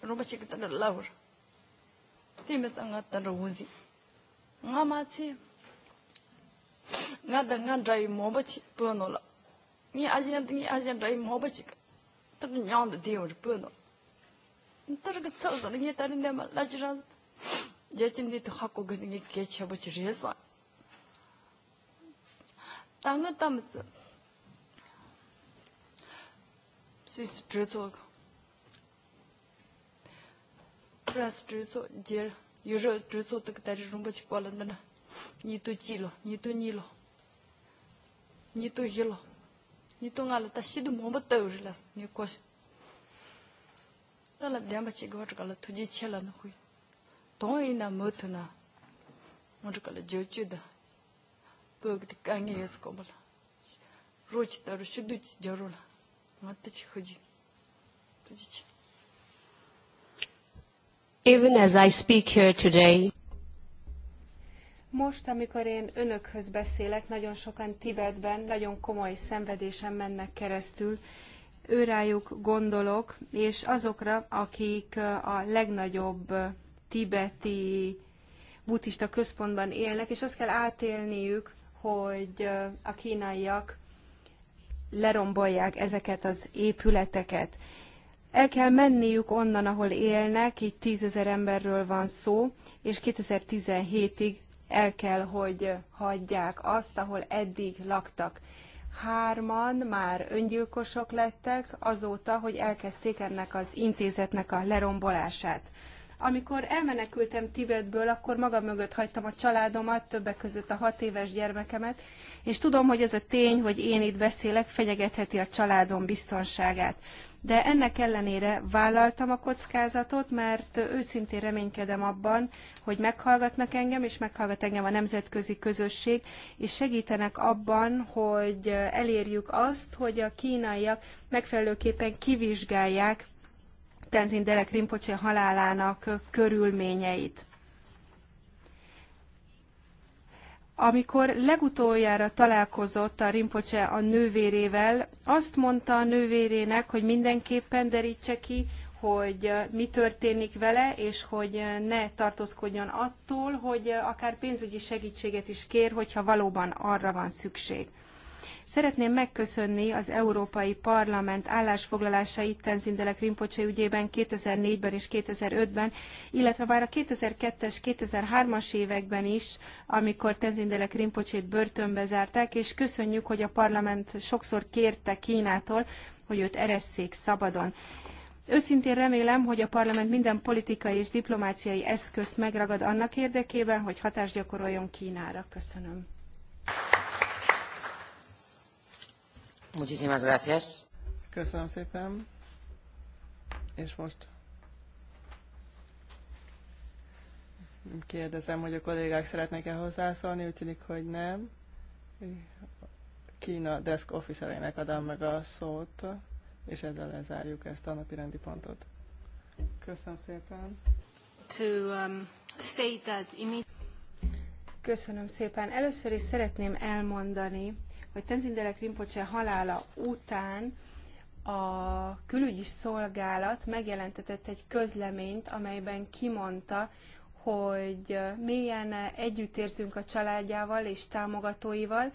如果这个得了老了，对面是俺得了屋子，俺妈去，俺等俺这摸不起不弄了，你阿姐你阿姐这摸不起个，这个娘的地方是不弄，这是个厕所，你带的那么垃圾上，也今天都还过个你给钱不起热死。anlatamısın? Süs drusog. Ras drusog jir. Yuzho drusog tak dari rumbo chikwa landana. Nitu chilo, nitu nilo. Nitu hilo. Nitu ngala ta shidu momba tawri las. Ni kosh. Tala dhyamba chikwa chikala tuji chela na hui. Tong ina motu na. Mo chikala jochu da бүгд ангиес комбол. Руч тар шүдүч жарул. Матч хөжи. Түжич. Even as I speak here today, most, amikor én önökhöz beszélek, nagyon sokan Tibetben nagyon komoly szenvedésen mennek keresztül, őrájuk gondolok, és azokra, akik a legnagyobb tibeti buddhista központban élnek, és azt kell átélniük, hogy a kínaiak lerombolják ezeket az épületeket. El kell menniük onnan, ahol élnek, így tízezer emberről van szó, és 2017-ig el kell, hogy hagyják azt, ahol eddig laktak. Hárman már öngyilkosok lettek azóta, hogy elkezdték ennek az intézetnek a lerombolását. Amikor elmenekültem Tibetből, akkor magam mögött hagytam a családomat, többek között a hat éves gyermekemet, és tudom, hogy ez a tény, hogy én itt beszélek, fenyegetheti a családom biztonságát. De ennek ellenére vállaltam a kockázatot, mert őszintén reménykedem abban, hogy meghallgatnak engem, és meghallgat engem a nemzetközi közösség, és segítenek abban, hogy elérjük azt, hogy a kínaiak megfelelőképpen kivizsgálják Tenzin Delek Rinpoche halálának körülményeit. Amikor legutoljára találkozott a Rinpoche a nővérével, azt mondta a nővérének, hogy mindenképpen derítse ki, hogy mi történik vele, és hogy ne tartózkodjon attól, hogy akár pénzügyi segítséget is kér, hogyha valóban arra van szükség. Szeretném megköszönni az Európai Parlament állásfoglalásait Tenzindelek Rinpoche ügyében 2004-ben és 2005-ben, illetve már a 2002-es, 2003-as években is, amikor Tenzindelek rinpoche börtönbe zárták, és köszönjük, hogy a parlament sokszor kérte Kínától, hogy őt eresszék szabadon. Őszintén remélem, hogy a parlament minden politikai és diplomáciai eszközt megragad annak érdekében, hogy hatást gyakoroljon Kínára. Köszönöm. Köszönöm szépen. És most kérdezem, hogy a kollégák szeretnék e hozzászólni, úgy tűnik, hogy nem. Kína desk officerének adom meg a szót, és ezzel lezárjuk ezt a napi rendi pontot. Köszönöm szépen. To, um, state that imi. Köszönöm szépen. Először is szeretném elmondani, hogy Tenzindelek Rinpoche halála után a külügyi szolgálat megjelentetett egy közleményt, amelyben kimondta, hogy mélyen együttérzünk a családjával és támogatóival.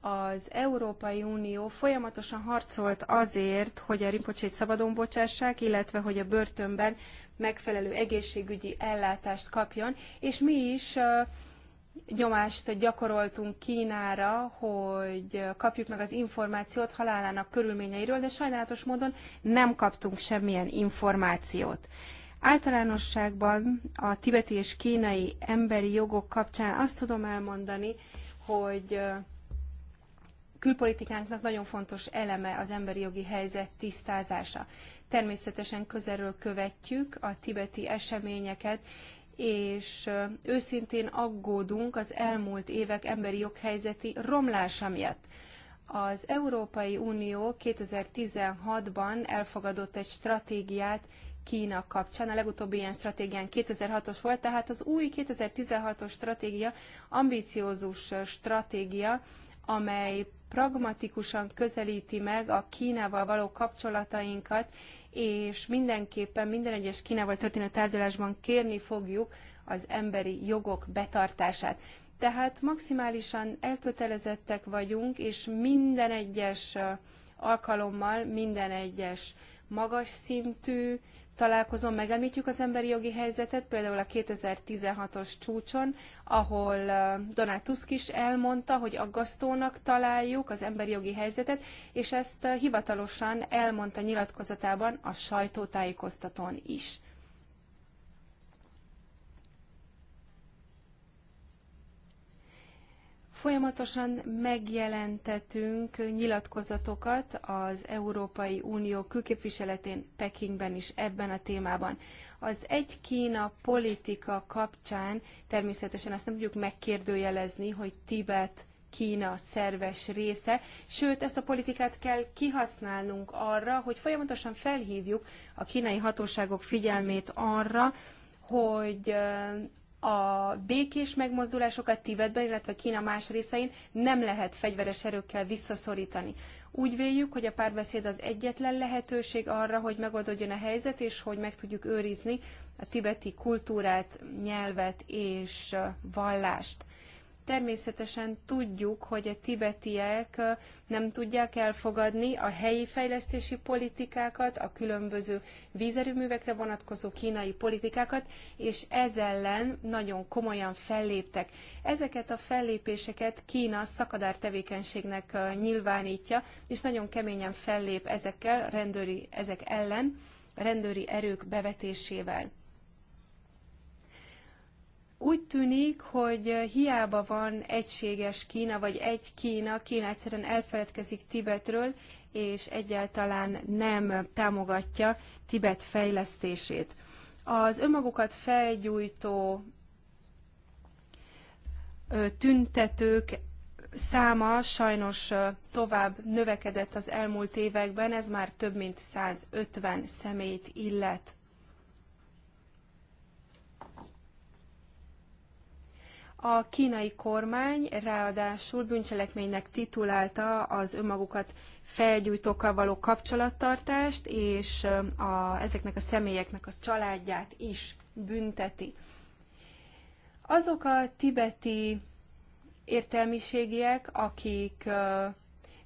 Az Európai Unió folyamatosan harcolt azért, hogy a Rinpoche-t szabadon bocsássák, illetve hogy a börtönben megfelelő egészségügyi ellátást kapjon, és mi is nyomást gyakoroltunk Kínára, hogy kapjuk meg az információt halálának körülményeiről, de sajnálatos módon nem kaptunk semmilyen információt. Általánosságban a tibeti és kínai emberi jogok kapcsán azt tudom elmondani, hogy külpolitikánknak nagyon fontos eleme az emberi jogi helyzet tisztázása. Természetesen közelről követjük a tibeti eseményeket, és őszintén aggódunk az elmúlt évek emberi joghelyzeti romlása miatt. Az Európai Unió 2016-ban elfogadott egy stratégiát Kína kapcsán. A legutóbbi ilyen stratégián 2006-os volt, tehát az új 2016-os stratégia ambiciózus stratégia, amely pragmatikusan közelíti meg a Kínával való kapcsolatainkat, és mindenképpen minden egyes Kínával történő tárgyalásban kérni fogjuk az emberi jogok betartását. Tehát maximálisan elkötelezettek vagyunk, és minden egyes alkalommal, minden egyes magas szintű találkozón megemlítjük az emberi jogi helyzetet, például a 2016-os csúcson, ahol Donald Tusk is elmondta, hogy aggasztónak találjuk az emberi jogi helyzetet, és ezt hivatalosan elmondta nyilatkozatában a sajtótájékoztatón is. Folyamatosan megjelentetünk nyilatkozatokat az Európai Unió külképviseletén Pekingben is ebben a témában. Az egy Kína politika kapcsán természetesen azt nem tudjuk megkérdőjelezni, hogy Tibet Kína szerves része, sőt ezt a politikát kell kihasználnunk arra, hogy folyamatosan felhívjuk a kínai hatóságok figyelmét arra, hogy a békés megmozdulásokat Tibetben, illetve Kína más részein nem lehet fegyveres erőkkel visszaszorítani. Úgy véljük, hogy a párbeszéd az egyetlen lehetőség arra, hogy megoldódjon a helyzet, és hogy meg tudjuk őrizni a tibeti kultúrát, nyelvet és vallást. Természetesen tudjuk, hogy a tibetiek nem tudják elfogadni a helyi fejlesztési politikákat, a különböző vízerőművekre vonatkozó kínai politikákat, és ez ellen nagyon komolyan felléptek. Ezeket a fellépéseket Kína szakadár tevékenységnek nyilvánítja, és nagyon keményen fellép ezekkel, rendőri, ezek ellen, rendőri erők bevetésével. Úgy tűnik, hogy hiába van egységes Kína, vagy egy Kína, Kína egyszerűen elfeledkezik Tibetről, és egyáltalán nem támogatja Tibet fejlesztését. Az önmagukat felgyújtó tüntetők száma sajnos tovább növekedett az elmúlt években, ez már több mint 150 személyt illet. A kínai kormány ráadásul bűncselekménynek titulálta az önmagukat felgyújtókkal való kapcsolattartást, és a, ezeknek a személyeknek a családját is bünteti. Azok a tibeti értelmiségiek, akik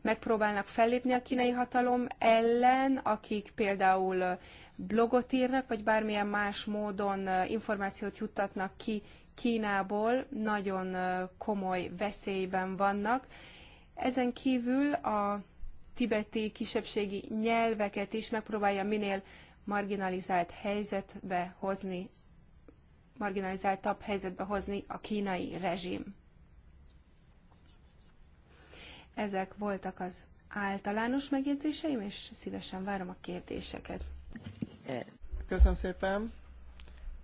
megpróbálnak fellépni a kínai hatalom ellen, akik például blogot írnak, vagy bármilyen más módon információt juttatnak ki Kínából nagyon komoly veszélyben vannak. Ezen kívül a tibeti kisebbségi nyelveket is megpróbálja minél marginalizált helyzetbe hozni, marginalizáltabb helyzetbe hozni a kínai rezsim. Ezek voltak az általános megjegyzéseim, és szívesen várom a kérdéseket. Köszönöm szépen.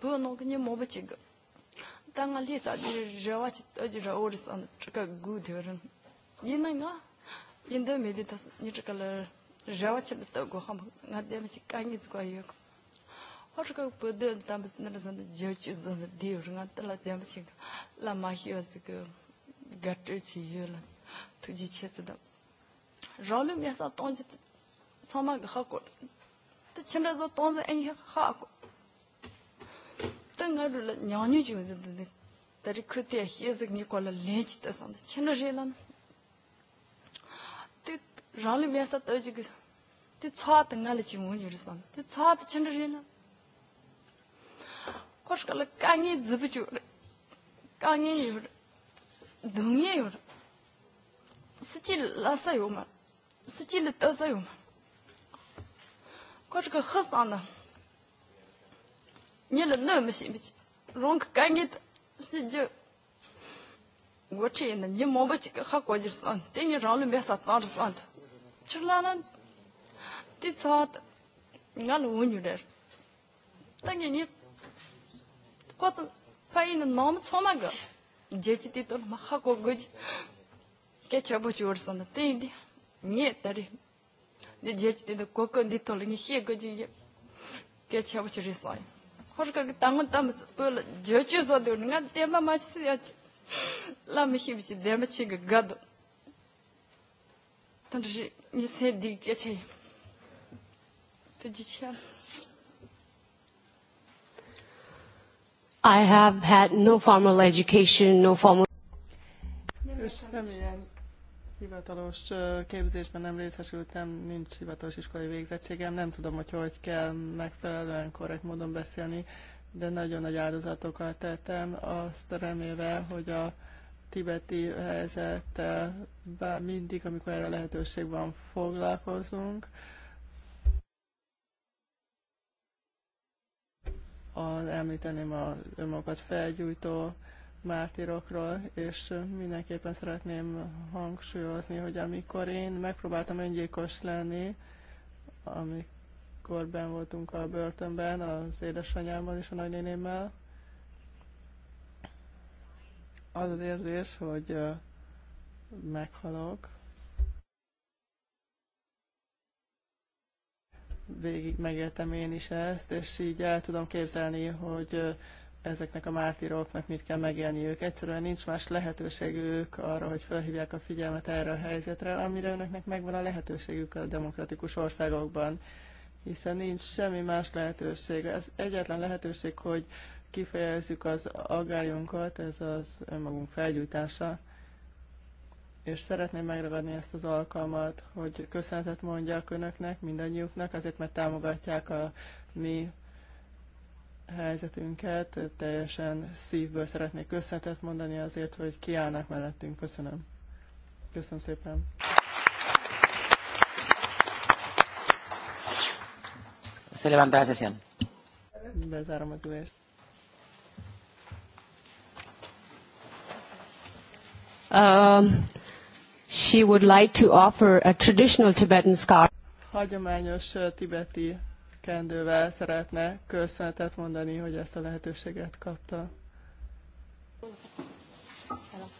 不用弄个你摸不几个。但俺里啥就是热瓦起，呃就是我的上这个骨头人，你那个，印度没的他是你这个了热瓦起了德国好嘛，俺爹们去干你这个药。我这个不得，他们是那个什么九九做的地方，俺得了爹们去，那马西是个嘎吱去药了，突击切子的，绕了面啥东西，他妈个好过，他现在说东西俺也好过。nga ru la nyanyu ji yuzi dhidi tari kuti ya hiyazik ni kwa la lenchi ta sanda chino re lan ti rangli miyasa ta ji gita ti tsuwa ta nga la ji ngu yuri sanda ti tsuwa ta chino re lan koshka la kanyi zibu ju yuri kanyi yuri dungi yuri sichi lasa yomar sichi li tasa yomar koshka khasanda koshka Nyilinde mi şey mi? Rong kengit sizce uçayın. Ne mobi çıkı hak olursan. Deni rağlı mes atlarsan. Çırlanan ti saat ngal uyuyorlar. Tengi ni kutu payını namı somaga. Geçti de durma hak o gıcı. Geçer bu çoğursan. Deni de ne tari. Geçti de kokun de tolini hiye gıcı. Geçer bu çoğursan. Geçer bu çoğursan хошгаг тангын тамс пөл жөчү зодур нга тема мачсы яч лам хибчи дема чиг гаду танжи не се дигге чей педичан I have had no formal education, no formal. Nem, semmilyen Hivatalos képzésben nem részesültem, nincs hivatalos iskolai végzettségem, nem tudom, hogy hogy kell megfelelően korrekt módon beszélni, de nagyon nagy áldozatokat tettem, azt remélve, hogy a tibeti helyzet mindig, amikor erre lehetőség van, foglalkozunk. Az, említeném a önmagat felgyújtó mártirokról, és mindenképpen szeretném hangsúlyozni, hogy amikor én megpróbáltam öngyilkos lenni, amikor ben voltunk a börtönben az édesanyámmal és a nagynénémmel, az az érzés, hogy meghalok, végig megértem én is ezt, és így el tudom képzelni, hogy ezeknek a mártíroknak mit kell megélniük. Egyszerűen nincs más lehetőségük arra, hogy felhívják a figyelmet erre a helyzetre, amire önöknek megvan a lehetőségük a demokratikus országokban, hiszen nincs semmi más lehetőség. Ez egyetlen lehetőség, hogy kifejezzük az aggályunkat, ez az önmagunk felgyújtása, és szeretném megragadni ezt az alkalmat, hogy köszönetet mondjak önöknek, mindannyiuknak, azért mert támogatják a mi helyzetünket. Teljesen szívből szeretnék köszönetet mondani azért, hogy kiállnak mellettünk. Köszönöm. Köszönöm szépen. Se levanta la sesión. Bezárom az ülést. Um, she would like to offer a traditional Tibetan scarf. Hagyományos uh, tibeti kendővel szeretne köszönetet mondani, hogy ezt a lehetőséget kapta. Hello.